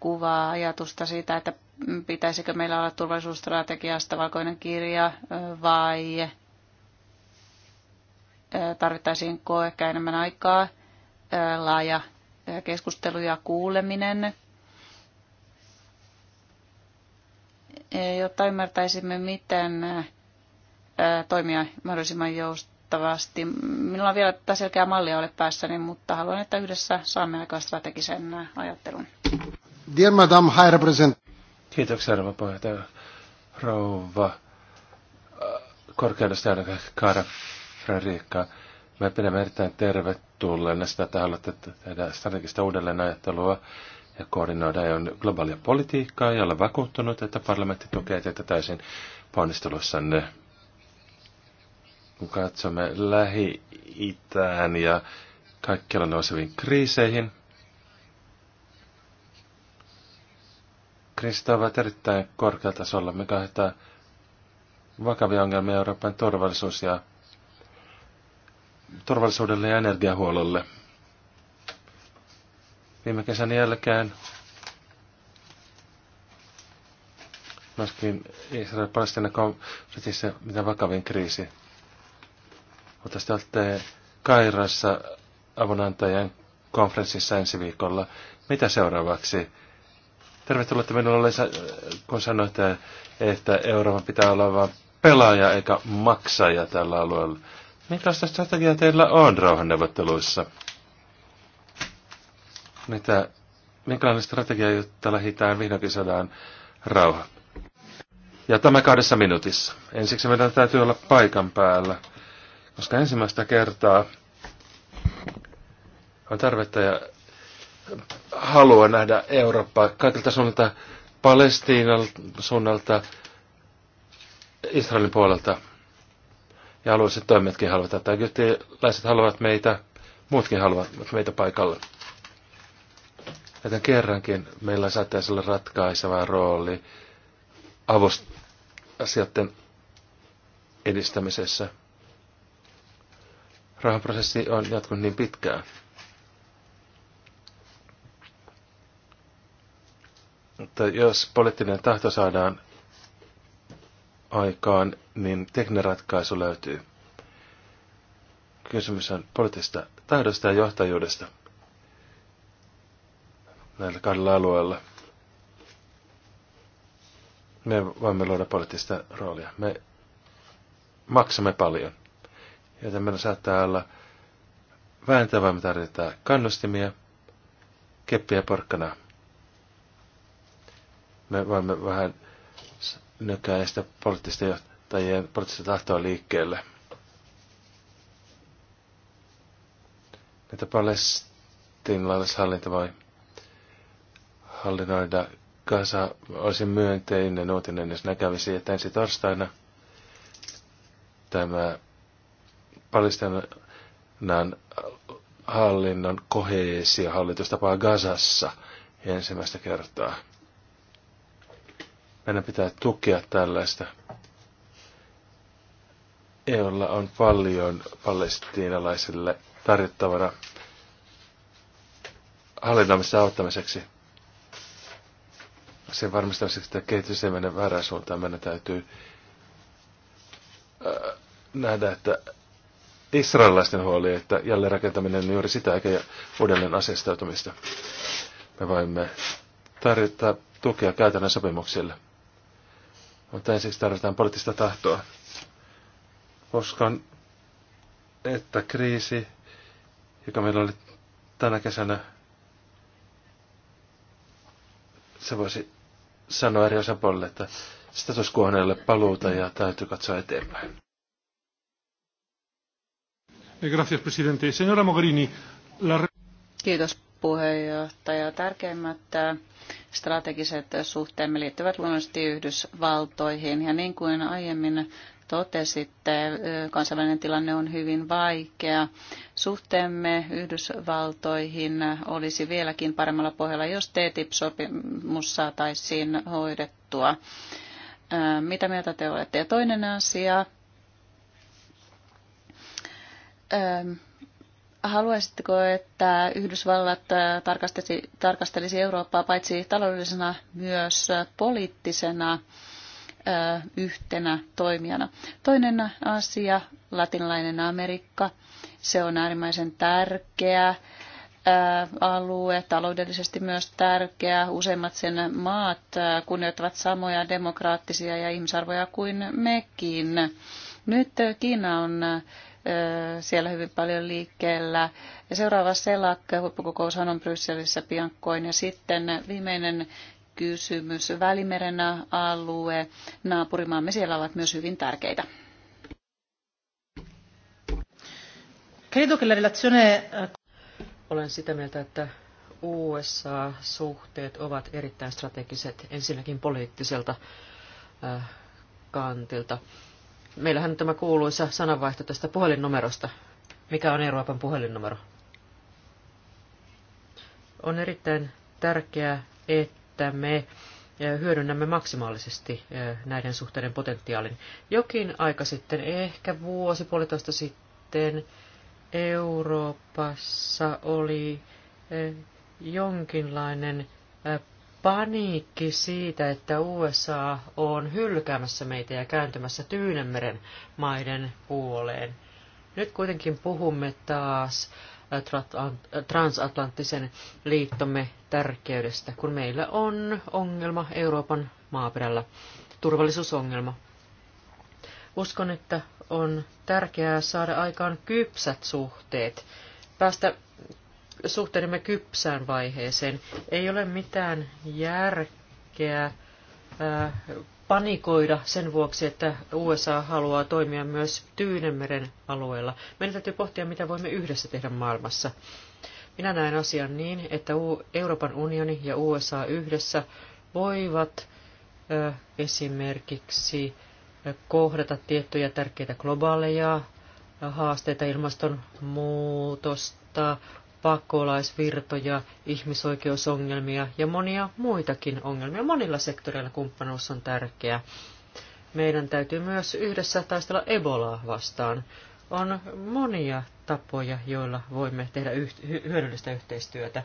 kuvaa, ajatusta siitä, että pitäisikö meillä olla turvallisuusstrategiasta valkoinen kirja vai tarvittaisiin ehkä enemmän aikaa, laaja keskustelu ja kuuleminen, e, jotta ymmärtäisimme, miten toimia mahdollisimman joustavasti valitettavasti. Minulla on vielä tätä selkeää mallia ole päässäni, mutta haluan, että yhdessä saamme aikaan strategisen ajattelun. Dear Madam High Represent. Kiitoksia, rouva puheenjohtaja. Rouva äh, korkeudesta Kaara Fredrikka. Me pidämme erittäin tervetulleena sitä, että haluatte tehdä strategista uudelleenajattelua ja koordinoida on globaalia politiikkaa ja olla vakuuttunut, että parlamentti tukee teitä täysin ponnistelussanne kun katsomme Lähi-Itään ja kaikkialla nouseviin kriiseihin. Kriisit ovat erittäin korkealla tasolla, mikä aiheuttaa vakavia ongelmia Euroopan turvallisuus ja turvallisuudelle ja energiahuollolle. Viime kesän jälkeen myöskin Israel-Palestina konfliktissa mitä vakavin kriisi mutta te olette Kairassa avunantajien konferenssissa ensi viikolla. Mitä seuraavaksi? Tervetuloa oli, kun sanoitte, että Euroopan pitää olla vain pelaaja eikä maksaja tällä alueella. Minkälaista strategiaa teillä on rauhanneuvotteluissa? Mitä, minkälainen strategia, jotta lähitään vihdoinkin saadaan rauha? Ja tämä kahdessa minuutissa. Ensiksi meidän täytyy olla paikan päällä koska ensimmäistä kertaa on tarvetta ja halua nähdä Eurooppaa kaikilta suunnalta, Palestiinan suunnalta, Israelin puolelta. Ja alueelliset toimijatkin haluavat, tai egyptiläiset haluavat meitä, muutkin haluavat meitä paikalle. Joten kerrankin meillä saattaisi olla ratkaiseva rooli avust- asioiden edistämisessä rauhanprosessi on jatkunut niin pitkään. Mutta jos poliittinen tahto saadaan aikaan, niin tekninen ratkaisu löytyy. Kysymys on poliittisesta tahdosta ja johtajuudesta näillä kahdella alueella. Me voimme luoda poliittista roolia. Me maksamme paljon joten meillä saattaa olla vääntävää, me tarvitaan kannustimia, keppiä porkkana. Me voimme vähän nykää sitä poliittisten johtajien poliittista tahtoa liikkeelle. Näitä palestinalaishallinta voi hallinnoida kasa olisi myönteinen uutinen, jos näkävisi, että ensi torstaina tämä Palestinan hallinnon koheesia hallitustapaa Gazassa ensimmäistä kertaa. Meidän pitää tukea tällaista. EUlla on paljon palestiinalaisille tarjottavana hallinnoimista auttamiseksi. Sen varmistamiseksi, että kehitys ei mene väärään suuntaan, meidän täytyy äh, nähdä, että israelilaisten huoli, että jälleenrakentaminen on juuri sitä eikä uudelleen asestautumista. Me voimme tarjota tukea käytännön sopimuksille. Mutta ensiksi tarvitaan poliittista tahtoa. Uskon, että kriisi, joka meillä oli tänä kesänä, se voisi sanoa eri osapuolelle, että status quo paluuta ja täytyy katsoa eteenpäin. Eh, arvoisa puhemies Kiitos Tärkeimmät eh, strategiset suhteemme liittyvät luonnollisesti Yhdysvaltoihin. Ja niin kuin aiemmin totesitte, eh, kansainvälinen tilanne on hyvin vaikea. Suhteemme Yhdysvaltoihin olisi vieläkin paremmalla pohjalla, jos TTIP-sopimus saataisiin hoidettua. Mitä mieltä te olette? Ja toinen asia, Ähm, haluaisitteko, että Yhdysvallat äh, tarkastelisi, tarkastelisi Eurooppaa paitsi taloudellisena myös äh, poliittisena äh, yhtenä toimijana? Toinen asia, latinalainen Amerikka, se on äärimmäisen tärkeä alue, taloudellisesti myös tärkeä. Useimmat sen maat kunnioittavat samoja demokraattisia ja ihmisarvoja kuin mekin. Nyt Kiina on siellä hyvin paljon liikkeellä. Ja seuraava selak, huippukokous on Brysselissä piankkoin. Ja sitten viimeinen kysymys, Välimeren alue, naapurimaamme siellä ovat myös hyvin tärkeitä. Eh, Olen sitä mieltä, että USA-suhteet ovat erittäin strategiset ensinnäkin poliittiselta eh, kantilta meillähän on tämä kuuluisa sananvaihto tästä puhelinnumerosta. Mikä on Euroopan puhelinnumero? On erittäin tärkeää, että me e, hyödynnämme maksimaalisesti e, näiden suhteiden potentiaalin. Jokin aika sitten, ehkä vuosi puolitoista sitten, Euroopassa oli e, jonkinlainen paniikki siitä, että USA on hylkäämässä meitä ja kääntymässä Tyynemeren maiden puoleen. Nyt kuitenkin puhumme taas transatlanttisen liittomme tärkeydestä, kun meillä on ongelma Euroopan maaperällä, turvallisuusongelma. Uskon, että on tärkeää saada aikaan kypsät suhteet, päästä suhteidemme kypsään vaiheeseen. Ei ole mitään järkeä äh, panikoida sen vuoksi, että USA haluaa toimia myös Tyynemeren alueella. Meidän täytyy pohtia, mitä voimme yhdessä tehdä maailmassa. Minä näen asian niin, että Euroopan unioni ja USA yhdessä voivat esimerkiksi kohdata tiettyjä tärkeitä globaaleja haasteita, ilmastonmuutosta, pakolaisvirtoja, ihmisoikeusongelmia ja monia muitakin ongelmia. Monilla sektoreilla kumppanuus on tärkeä. Meidän täytyy myös yhdessä taistella Ebolaa vastaan. On monia tapoja, joilla voimme tehdä hyödyllistä yhteistyötä.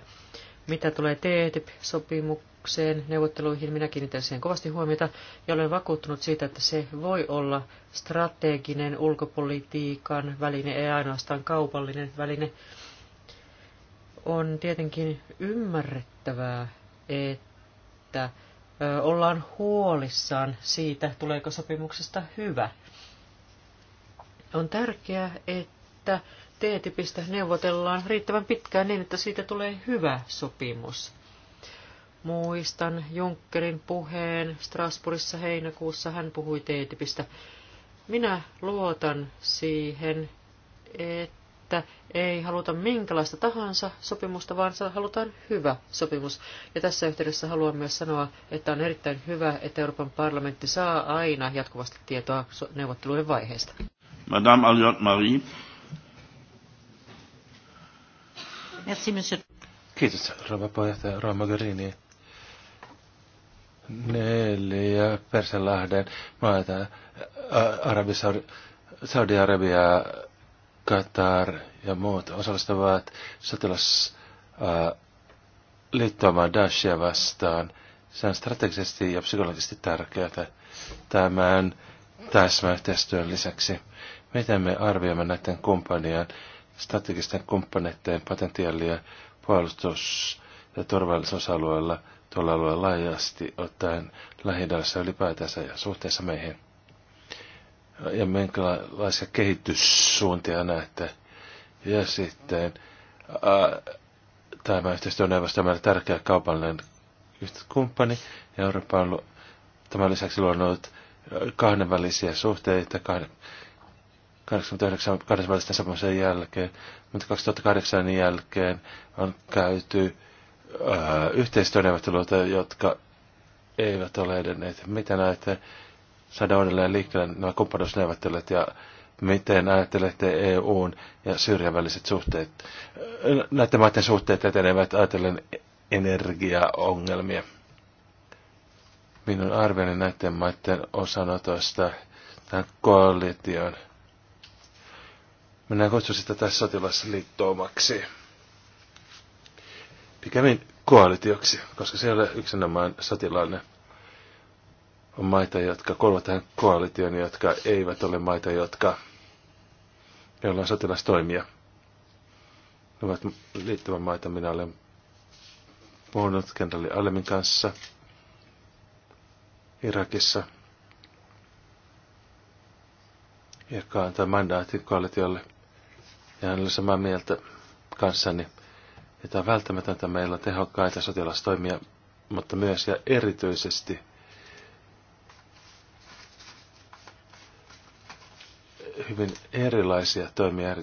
Mitä tulee TTIP-sopimukseen, e neuvotteluihin, minä kiinnitän siihen kovasti huomiota ja olen vakuuttunut siitä, että se voi olla strateginen ulkopolitiikan väline, ei ainoastaan kaupallinen väline on tietenkin ymmärrettävää, että ollaan huolissaan siitä, tuleeko sopimuksesta hyvä. On tärkeää, että TTIPistä neuvotellaan riittävän pitkään niin, että siitä tulee hyvä sopimus. Muistan Junckerin puheen Strasbourgissa heinäkuussa, hän puhui TTIPistä. Minä luotan siihen, että että ei haluta minkälaista tahansa sopimusta, vaan halutaan hyvä sopimus. Ja tässä yhteydessä haluan myös sanoa, että on erittäin hyvä, että Euroopan parlamentti saa aina jatkuvasti tietoa neuvottelujen vaiheesta. Madame Aliot Marie. Merci, monsieur. Kiitos, rouva puheenjohtaja Roma Mogherini. Neljä Persenlahden maata, Arabi, Saudi-Arabia, Qatar ja muut osallistuvat sotilasliittoamaan Daeshia vastaan. Se on strategisesti ja psykologisesti tärkeää tämän täsmäyhteistyön lisäksi. Miten me arvioimme näiden kumppanien, strategisten kumppaneiden potentiaalia puolustus- ja turvallisuusalueella, tuolla alueella laajasti ottaen lähi ylipäätänsä ja suhteessa meihin? ja minkälaisia kehityssuuntia näette. Ja sitten ää, tämä yhteistyö on meille tärkeä kaupallinen kumppani. Eurooppa on tämän lisäksi luonut kahdenvälisiä suhteita 89 kahdenvälisten sopimuksen jälkeen, mutta 2008 jälkeen on käyty yhteistyöneuvotteluita, jotka eivät ole edenneet. Mitä näette saada uudelleen liikkeelle nämä kumppanuusneuvottelut ja miten ajattelette EUn ja Syyrian väliset suhteet, näiden maiden suhteet etenevät ajatellen energiaongelmia. Minun arvioni näiden maiden osanotosta tämän koalition. Minä kutsun sitä tässä sotilasliittoumaksi. Pikemmin koalitioksi, koska se ei ole yksinomaan sotilaallinen on maita, jotka kuuluvat tähän koalitioon, jotka eivät ole maita, jotka, joilla on sotilastoimia. Ne ovat liittyvän maita. Minä olen puhunut kenraali Alemin kanssa Irakissa, joka antaa mandaatin koalitiolle. Ja hän oli samaa mieltä kanssani, että on välttämätöntä meillä tehokkaita sotilastoimia, mutta myös ja erityisesti – hyvin erilaisia toimia,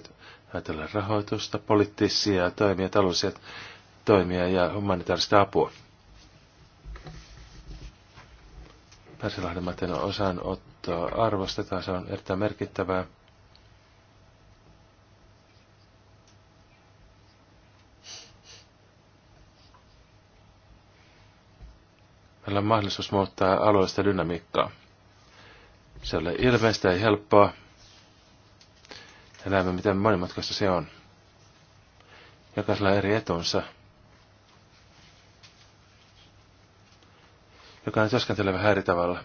ajatellaan rahoitusta, poliittisia toimia, taloudellisia toimia ja humanitaarista apua. Pärsilahden osanotto arvostetaan, se on erittäin merkittävää. Meillä on mahdollisuus muuttaa alueellista dynamiikkaa. Se ei ole ilmeistä ja helppoa, ja näemme, miten monimutkaista se on. Jokaisella eri etunsa. Jokainen työskentelee vähän eri tavalla.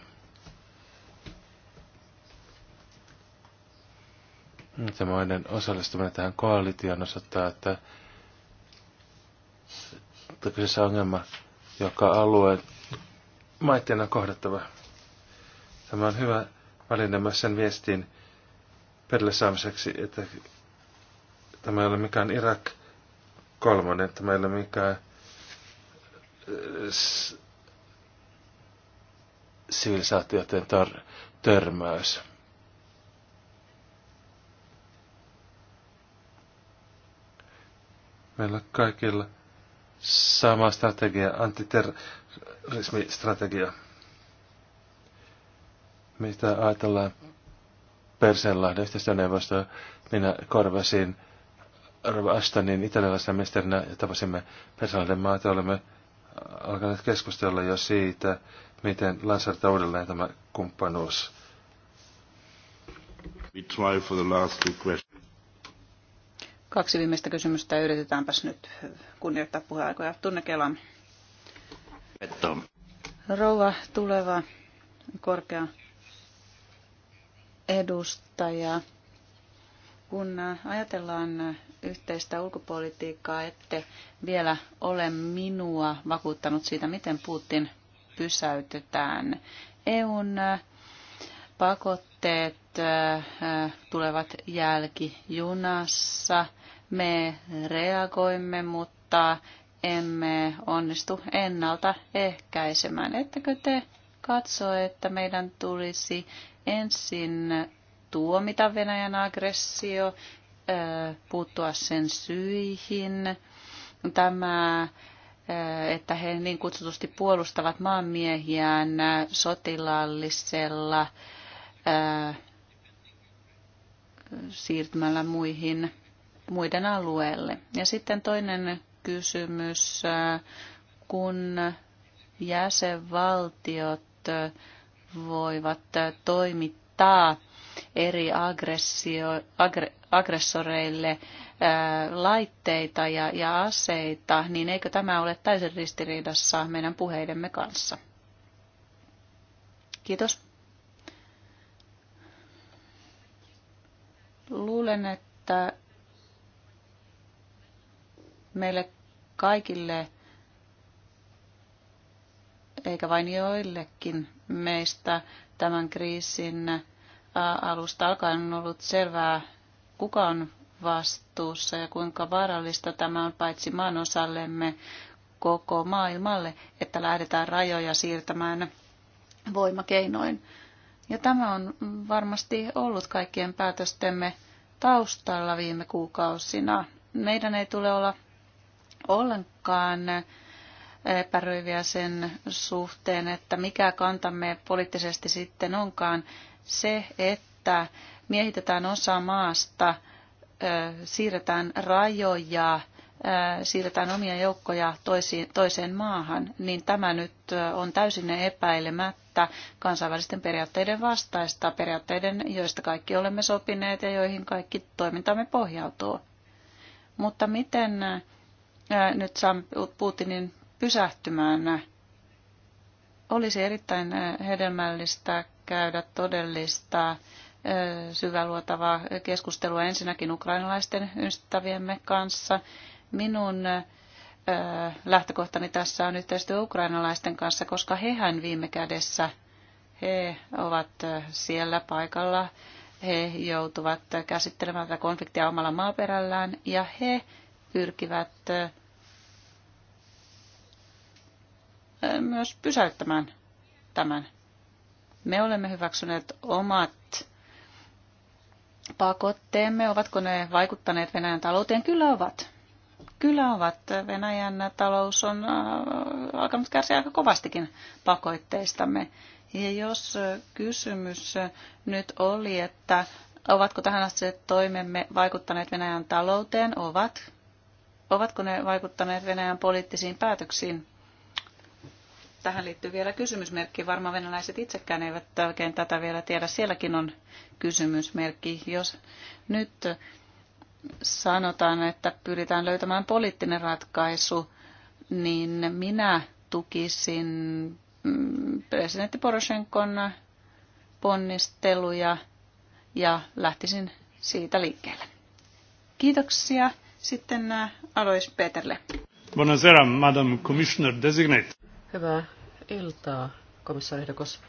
Tämmöinen osallistuminen tähän koalitioon osoittaa, että, kyseessä ongelma, joka alueen maitteena kohdattava. Tämä on hyvä väline myös sen viestin, perille saamiseksi, että tämä ei ole mikään Irak kolmonen, tämä ei ole mikään äh, sivilisaatioiden tar- törmäys. Meillä kaikilla sama strategia, antiterrorismistrategia. Mitä ajatellaan Persenlahden yhteistyöneuvosto. Minä korvasin Rova Ashtonin italialaisena ministerinä ja tapasimme Persenlahden maata. olemme alkaneet keskustella jo siitä, miten lansarta uudelleen tämä kumppanuus. Kaksi viimeistä kysymystä yritetäänpäs nyt kunnioittaa puheaikoja. Tunne Kelan. Rouva tuleva korkea edustaja. Kun ajatellaan yhteistä ulkopolitiikkaa, ette vielä ole minua vakuuttanut siitä, miten Putin pysäytetään. EUn äh, pakotteet äh, tulevat jälkijunassa. Me reagoimme, mutta emme onnistu ennalta ehkäisemään. Ettekö te katso, että meidän tulisi ensin tuomita Venäjän aggressio, puuttua sen syihin. Tämä, että he niin kutsutusti puolustavat maanmiehiään sotilaallisella siirtymällä muihin, muiden alueelle. Ja sitten toinen kysymys, kun jäsenvaltiot voivat toimittaa eri aggressio, agre, aggressoreille ää, laitteita ja, ja aseita, niin eikö tämä ole täysin ristiriidassa meidän puheidemme kanssa? Kiitos. Luulen, että meille kaikille eikä vain joillekin meistä tämän kriisin alusta alkaen on ollut selvää, kuka on vastuussa ja kuinka vaarallista tämä on paitsi maan osallemme koko maailmalle, että lähdetään rajoja siirtämään voimakeinoin. Ja tämä on varmasti ollut kaikkien päätöstemme taustalla viime kuukausina. Meidän ei tule olla ollenkaan epäröiviä sen suhteen, että mikä kantamme poliittisesti sitten onkaan se, että miehitetään osa maasta, siirretään rajoja, siirretään omia joukkoja toiseen maahan, niin tämä nyt on täysin epäilemättä kansainvälisten periaatteiden vastaista, periaatteiden, joista kaikki olemme sopineet ja joihin kaikki toimintamme pohjautuu. Mutta miten nyt Putinin pysähtymään. Olisi erittäin äh, hedelmällistä käydä todellista äh, syväluotavaa keskustelua ensinnäkin ukrainalaisten ystäviemme kanssa. Minun äh, lähtökohtani tässä on yhteistyö ukrainalaisten kanssa, koska hehän viime kädessä, he ovat siellä paikalla, he joutuvat käsittelemään tätä konfliktia omalla maaperällään ja he pyrkivät myös pysäyttämään tämän. Me olemme hyväksyneet omat pakotteemme. Ovatko ne vaikuttaneet Venäjän talouteen? Kyllä ovat. Kyllä ovat. Venäjän talous on alkanut kärsiä aika kovastikin pakotteistamme. Ja jos kysymys nyt oli, että ovatko tähän asti toimemme vaikuttaneet Venäjän talouteen, ovat. Ovatko ne vaikuttaneet Venäjän poliittisiin päätöksiin? tähän liittyy vielä kysymysmerkki. Varmaan venäläiset itsekään eivät oikein tätä vielä tiedä. Sielläkin on kysymysmerkki. Jos nyt sanotaan, että pyritään löytämään poliittinen ratkaisu, niin minä tukisin mm, presidentti Poroshenkon ponnisteluja ja lähtisin siitä liikkeelle. Kiitoksia. Sitten äh, Alois Peterle. Buonasera, Madam Commissioner Designate. Hyvää iltaa, komissaari Hedokos.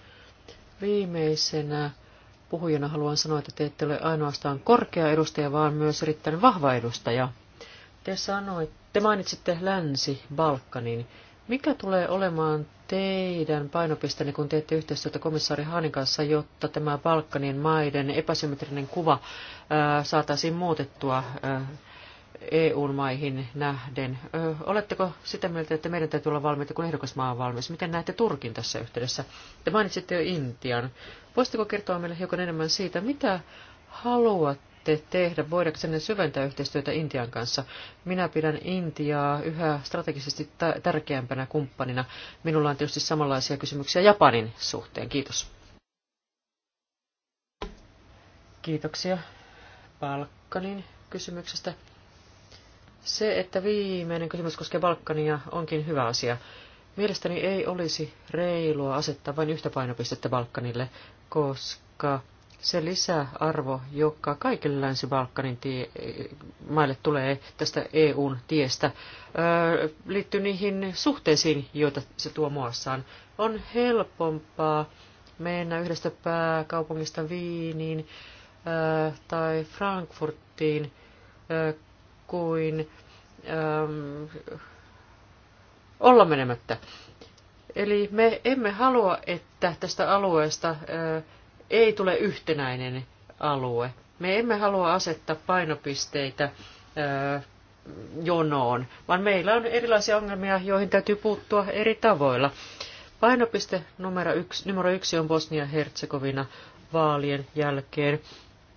Viimeisenä puhujana haluan sanoa, että te ette ole ainoastaan korkea edustaja, vaan myös erittäin vahva edustaja. Te sanoitte, te mainitsitte Länsi-Balkanin. Mikä tulee olemaan teidän painopisteenne, kun teette yhteistyötä komissaari Haanin kanssa, jotta tämä Balkanin maiden epäsymmetrinen kuva ää, saataisiin muutettua ää, EU-maihin nähden. Oletteko sitä mieltä, että meidän täytyy olla valmiita, kun ehdokasmaa on valmis? Miten näette Turkin tässä yhteydessä? Te mainitsitte jo Intian. Voisitteko kertoa meille hiukan enemmän siitä, mitä haluatte tehdä sinne syventää yhteistyötä Intian kanssa? Minä pidän Intiaa yhä strategisesti tärkeämpänä kumppanina. Minulla on tietysti samanlaisia kysymyksiä Japanin suhteen. Kiitos. Kiitoksia Palkkanin kysymyksestä. Se, että viimeinen kysymys koskee Balkania, onkin hyvä asia. Mielestäni ei olisi reilua asettaa vain yhtä painopistettä Balkanille, koska se lisäarvo, joka kaikille Länsi-Balkanin tie- maille tulee tästä EUn tiestä, öö, liittyy niihin suhteisiin, joita se tuo muassaan. On helpompaa mennä yhdestä pääkaupungista Viiniin öö, tai Frankfurtiin, öö, kuin ähm, olla menemättä. Eli me emme halua, että tästä alueesta äh, ei tule yhtenäinen alue. Me emme halua asettaa painopisteitä äh, jonoon, vaan meillä on erilaisia ongelmia, joihin täytyy puuttua eri tavoilla. Painopiste numero yksi, numero yksi on Bosnia-Herzegovina vaalien jälkeen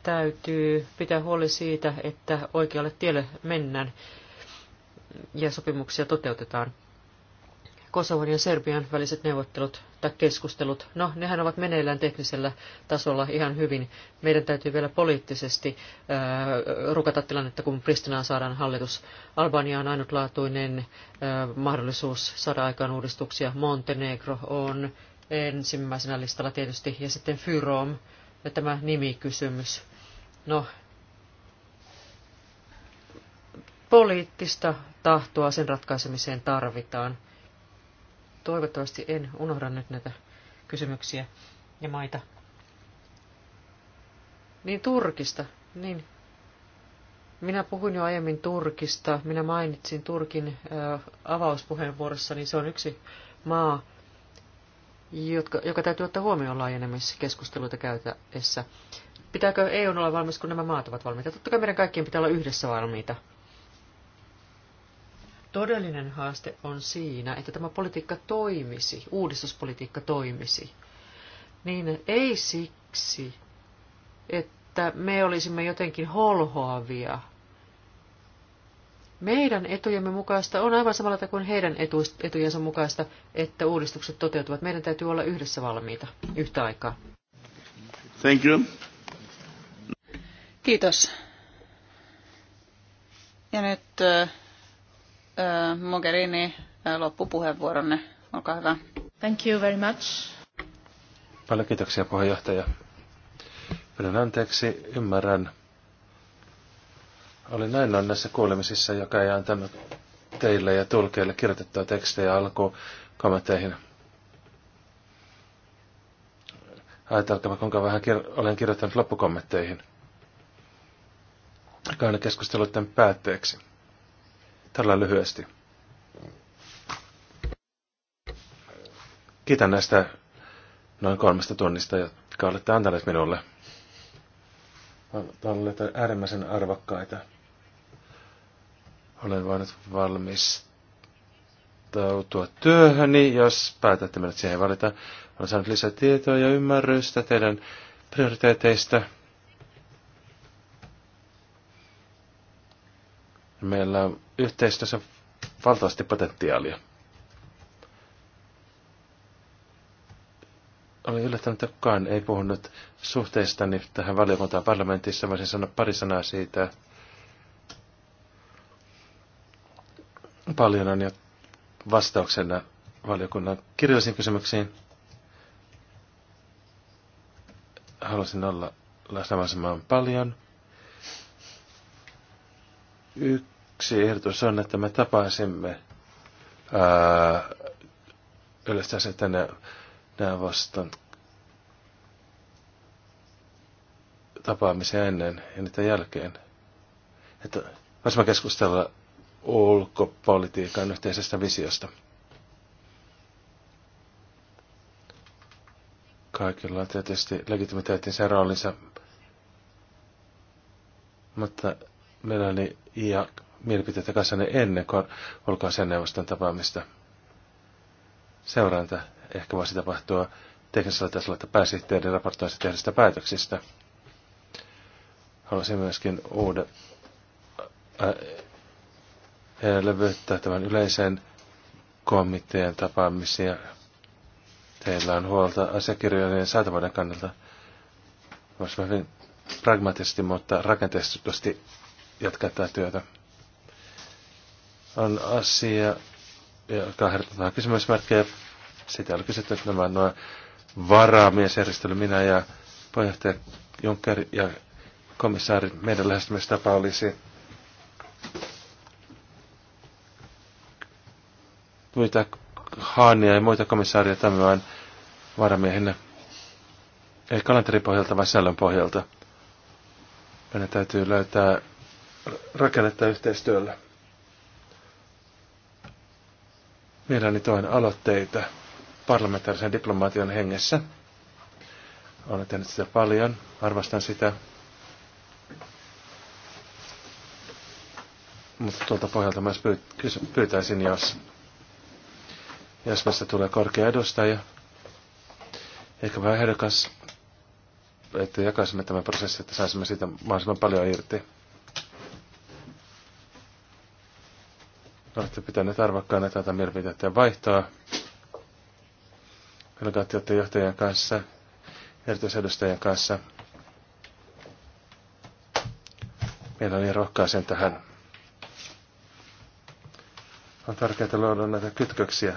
täytyy pitää huoli siitä, että oikealle tielle mennään ja sopimuksia toteutetaan. Kosovan ja Serbian väliset neuvottelut tai keskustelut, no nehän ovat meneillään teknisellä tasolla ihan hyvin. Meidän täytyy vielä poliittisesti ää, äh, rukata tilannetta, kun Pristinaan saadaan hallitus. Albania on ainutlaatuinen ää, äh, mahdollisuus saada aikaan uudistuksia. Montenegro on ensimmäisenä listalla tietysti, ja sitten Fyrom, ja tämä nimikysymys. No, poliittista tahtoa sen ratkaisemiseen tarvitaan. Toivottavasti en unohda nyt näitä kysymyksiä ja maita. Niin Turkista, niin. Minä puhuin jo aiemmin Turkista. Minä mainitsin Turkin ö, avauspuheenvuorossa, niin se on yksi maa, jotka, joka täytyy ottaa huomioon laajenemisessa keskusteluita käytäessä. Pitääkö EU olla valmis, kun nämä maat ovat valmiita? Totta kai meidän kaikkien pitää olla yhdessä valmiita. Todellinen haaste on siinä, että tämä politiikka toimisi, uudistuspolitiikka toimisi. Niin ei siksi, että me olisimme jotenkin holhoavia. Meidän etujemme mukaista on aivan samalla kuin heidän etujensa mukaista, että uudistukset toteutuvat. Meidän täytyy olla yhdessä valmiita yhtä aikaa. Thank you. Kiitos. Ja nyt äh, Mogherini, äh, loppupuheenvuoronne. Olkaa hyvä. Thank you very much. Paljon kiitoksia puheenjohtaja. Pyydän anteeksi, ymmärrän. Olin on näissä kuulemisissa, joka ei antanut teille ja tulkeille kirjoitettua tekstejä alkuun kommentteihin. Ajatelkaa, kuinka vähän kir- olen kirjoittanut loppukommentteihin käyn keskusteluiden päätteeksi. Tällä lyhyesti. Kiitän näistä noin kolmesta tunnista, jotka olette antaneet minulle. Olette äärimmäisen arvokkaita. Olen voinut valmistautua työhöni, jos päätätte mennä siihen valita. Olen saanut lisätietoa ja ymmärrystä teidän prioriteeteista. Meillä on yhteistyössä valtavasti potentiaalia. Olin yllättänyt, että kukaan ei puhunut suhteistani tähän valiokuntaan parlamentissa. Voisin sanoa pari sanaa siitä. Paljon on jo vastauksena valiokunnan kirjallisiin kysymyksiin. Haluaisin olla läsnä paljon. Yksi Yksi ehdotus on, että me tapaisimme yleensä tänne neuvoston tapaamisen ennen ja niitä jälkeen. Että voisimme keskustella ulkopolitiikan yhteisestä visiosta. Kaikilla on tietysti legitimiteettinsä roolinsa, mutta Melani ja mielipiteitä kanssanne ennen kuin olkaa sen neuvoston tapaamista. Seuranta ehkä voisi tapahtua teknisellä tasolla, että pääsihteeri raportoisi tehdystä päätöksistä. Haluaisin myöskin uuden äh, äh, levyyttää tämän yleisen komitean tapaamisia. Teillä on huolta asiakirjojen saatavuuden kannalta. Voisi hyvin pragmaattisesti, mutta rakenteellisesti jatkaa tätä työtä on asia, joka herättää kysymysmerkkejä. Sitä oli kysytty, että nämä nuo varamiesjärjestely, minä ja puheenjohtaja Juncker ja komissaari, meidän lähestymistapa olisi muita Haania ja muita komissaaria tämän varamiehenä. Ei kalenterin pohjalta, vaan sällön pohjalta. Meidän täytyy löytää rakennetta yhteistyöllä. Mielelläni toin aloitteita parlamentaarisen diplomaation hengessä. Olen tehnyt sitä paljon, arvostan sitä. Mutta tuolta pohjalta myös pyytäisin, jos jos meistä tulee korkea edustaja, ehkä vähän ehdokas, että jakaisimme tämän prosessin, että saisimme siitä mahdollisimman paljon irti. Olette pitäneet arvokkaana tätä mielipiteiden vaihtoa delegaatioiden johtajien kanssa, erityisedustajien kanssa. Meillä oli rohkaisen tähän. On tärkeää luoda näitä kytköksiä.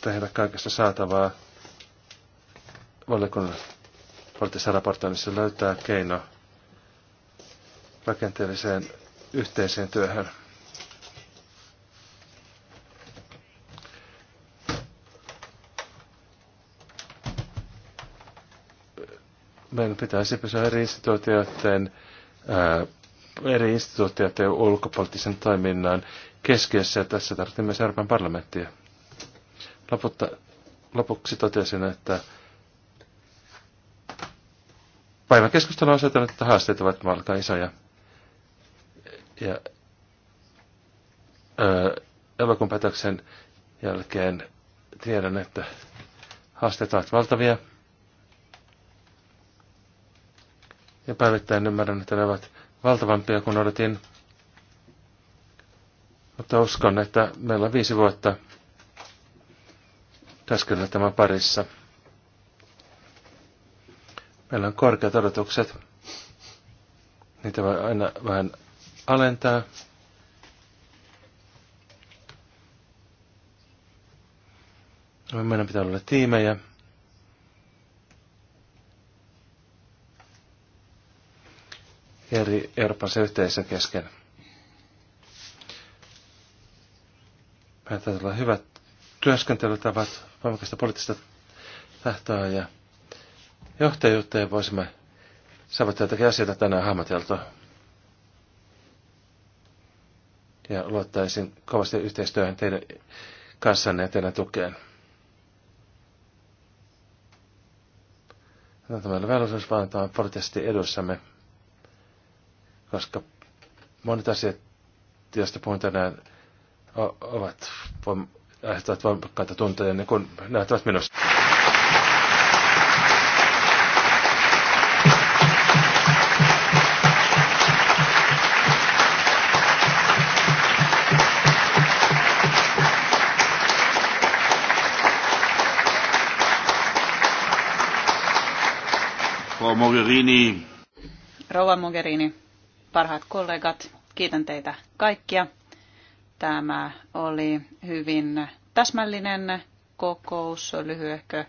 Tehdä kaikesta saatavaa valiokunnan poliittisessa raportoinnissa löytää keino – rakenteelliseen yhteiseen työhön. Meidän pitäisi pysyä eri instituutioiden, ää, eri instituutioiden ulkopoliittisen toiminnan keskiössä, ja tässä tarvittiin myös Euroopan parlamenttia. Lopulta, lopuksi totesin, että päivän keskustelu on osoittanut, että haasteet ovat aika isoja. Ja elokuun päätöksen jälkeen tiedän, että haasteet ovat valtavia. Ja päivittäin ymmärrän, että ne ovat valtavampia kuin odotin. Mutta uskon, että meillä on viisi vuotta työskennellä tämän parissa. Meillä on korkeat odotukset. Niitä voi aina vähän alentaa. Meidän pitää olla tiimejä. eri Euroopan yhteisö kesken. Meidän täytyy olla hyvät työskentelytavat, voimakasta poliittista tahtoa ja johtajuutta ja voisimme saavuttaa jotakin asioita tänään hahmoteltua. ja luottaisin kovasti yhteistyöhön teidän kanssanne ja teidän tukeen. No, tämä meille velvollisuus vaan tämä protesti edussamme, koska monet asiat, joista puhun tänään, ovat, aiheuttavat voimakkaita tunteja, niin kun näyttävät minusta. Mogherini. Rouva Mogherini, parhaat kollegat, kiitän teitä kaikkia. Tämä oli hyvin täsmällinen kokous, lyhyehkö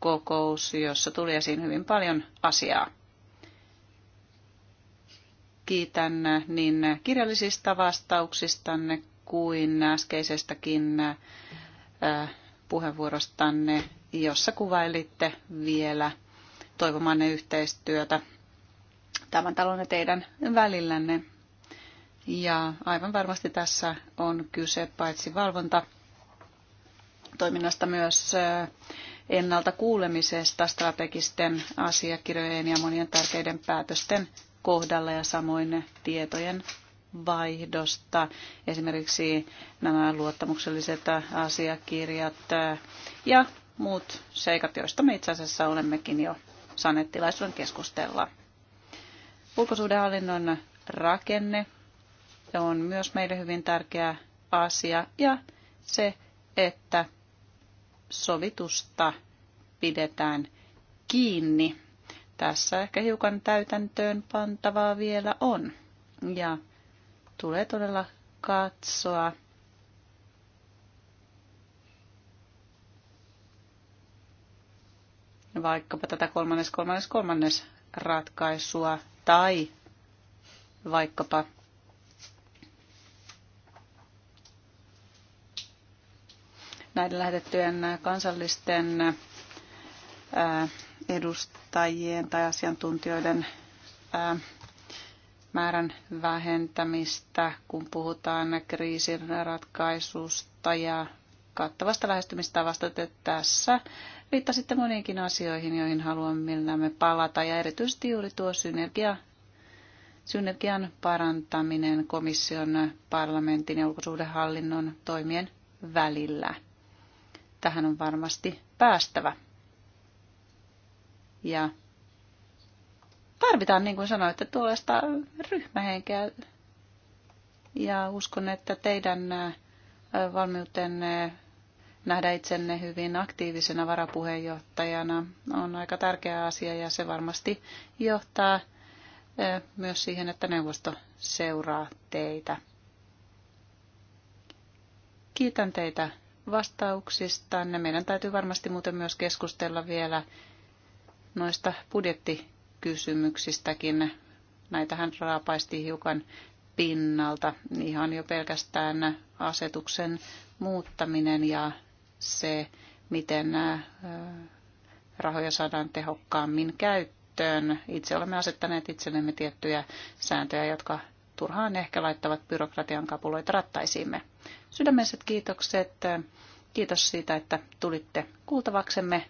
kokous, jossa tuli esiin hyvin paljon asiaa. Kiitän niin kirjallisista vastauksistanne kuin äskeisestäkin äh, puheenvuorostanne, jossa kuvailitte vielä toivomanne yhteistyötä tämän talon ja teidän välillänne. Ja aivan varmasti tässä on kyse paitsi valvonta toiminnasta myös eh, ennalta kuulemisesta strategisten asiakirjojen ja monien tärkeiden päätösten kohdalla ja samoin tietojen vaihdosta. Esimerkiksi nämä luottamukselliset asiakirjat eh, ja muut seikat, joista me itse asiassa olemmekin jo saaneet tilaisuuden keskustella. Ulkosuhdehallinnon rakenne on myös meille hyvin tärkeä asia ja se, että sovitusta pidetään kiinni. Tässä ehkä hiukan täytäntöön pantavaa vielä on ja tulee todella katsoa, vaikkapa tätä kolmannes, kolmannes, kolmannes ratkaisua tai vaikkapa näiden lähetettyjen kansallisten edustajien tai asiantuntijoiden määrän vähentämistä, kun puhutaan kriisin ratkaisusta ja kattavasta lähestymistavasta. Että tässä viittasitte moniinkin asioihin, joihin haluamme mielellämme palata, ja erityisesti juuri tuo synergia, synergian parantaminen komission, parlamentin ja ulkosuhdehallinnon toimien välillä. Tähän on varmasti päästävä. Ja tarvitaan, niin kuin sanoitte, tuollaista ryhmähenkeä. Ja uskon, että teidän valmiutenne nähdä itsenne hyvin aktiivisena varapuheenjohtajana on aika tärkeä asia ja se varmasti johtaa myös siihen, että neuvosto seuraa teitä. Kiitän teitä ne Meidän täytyy varmasti muuten myös keskustella vielä noista budjettikysymyksistäkin. Näitähän raapaisti hiukan pinnalta ihan jo pelkästään asetuksen muuttaminen ja se, miten nämä rahoja saadaan tehokkaammin käyttöön. Itse olemme asettaneet itsellemme tiettyjä sääntöjä, jotka turhaan ehkä laittavat byrokratian kapuloita rattaisiimme. Sydämelliset kiitokset. Kiitos siitä, että tulitte kuultavaksemme.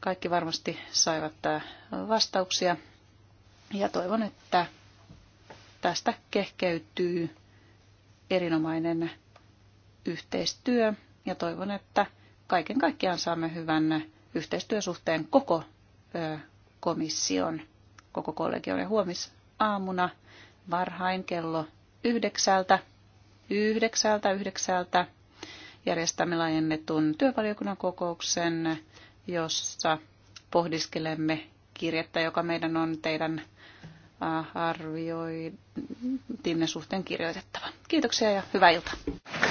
Kaikki varmasti saivat vastauksia ja toivon, että tästä kehkeytyy erinomainen yhteistyö ja toivon, että kaiken kaikkiaan saamme hyvän yhteistyösuhteen koko komission, koko kollegion ja huomisaamuna varhain kello yhdeksältä, yhdeksältä, yhdeksältä järjestämme laajennetun työvaliokunnan kokouksen, jossa pohdiskelemme kirjettä, joka meidän on teidän arvioitinne suhteen kirjoitettava. Kiitoksia ja hyvää iltaa.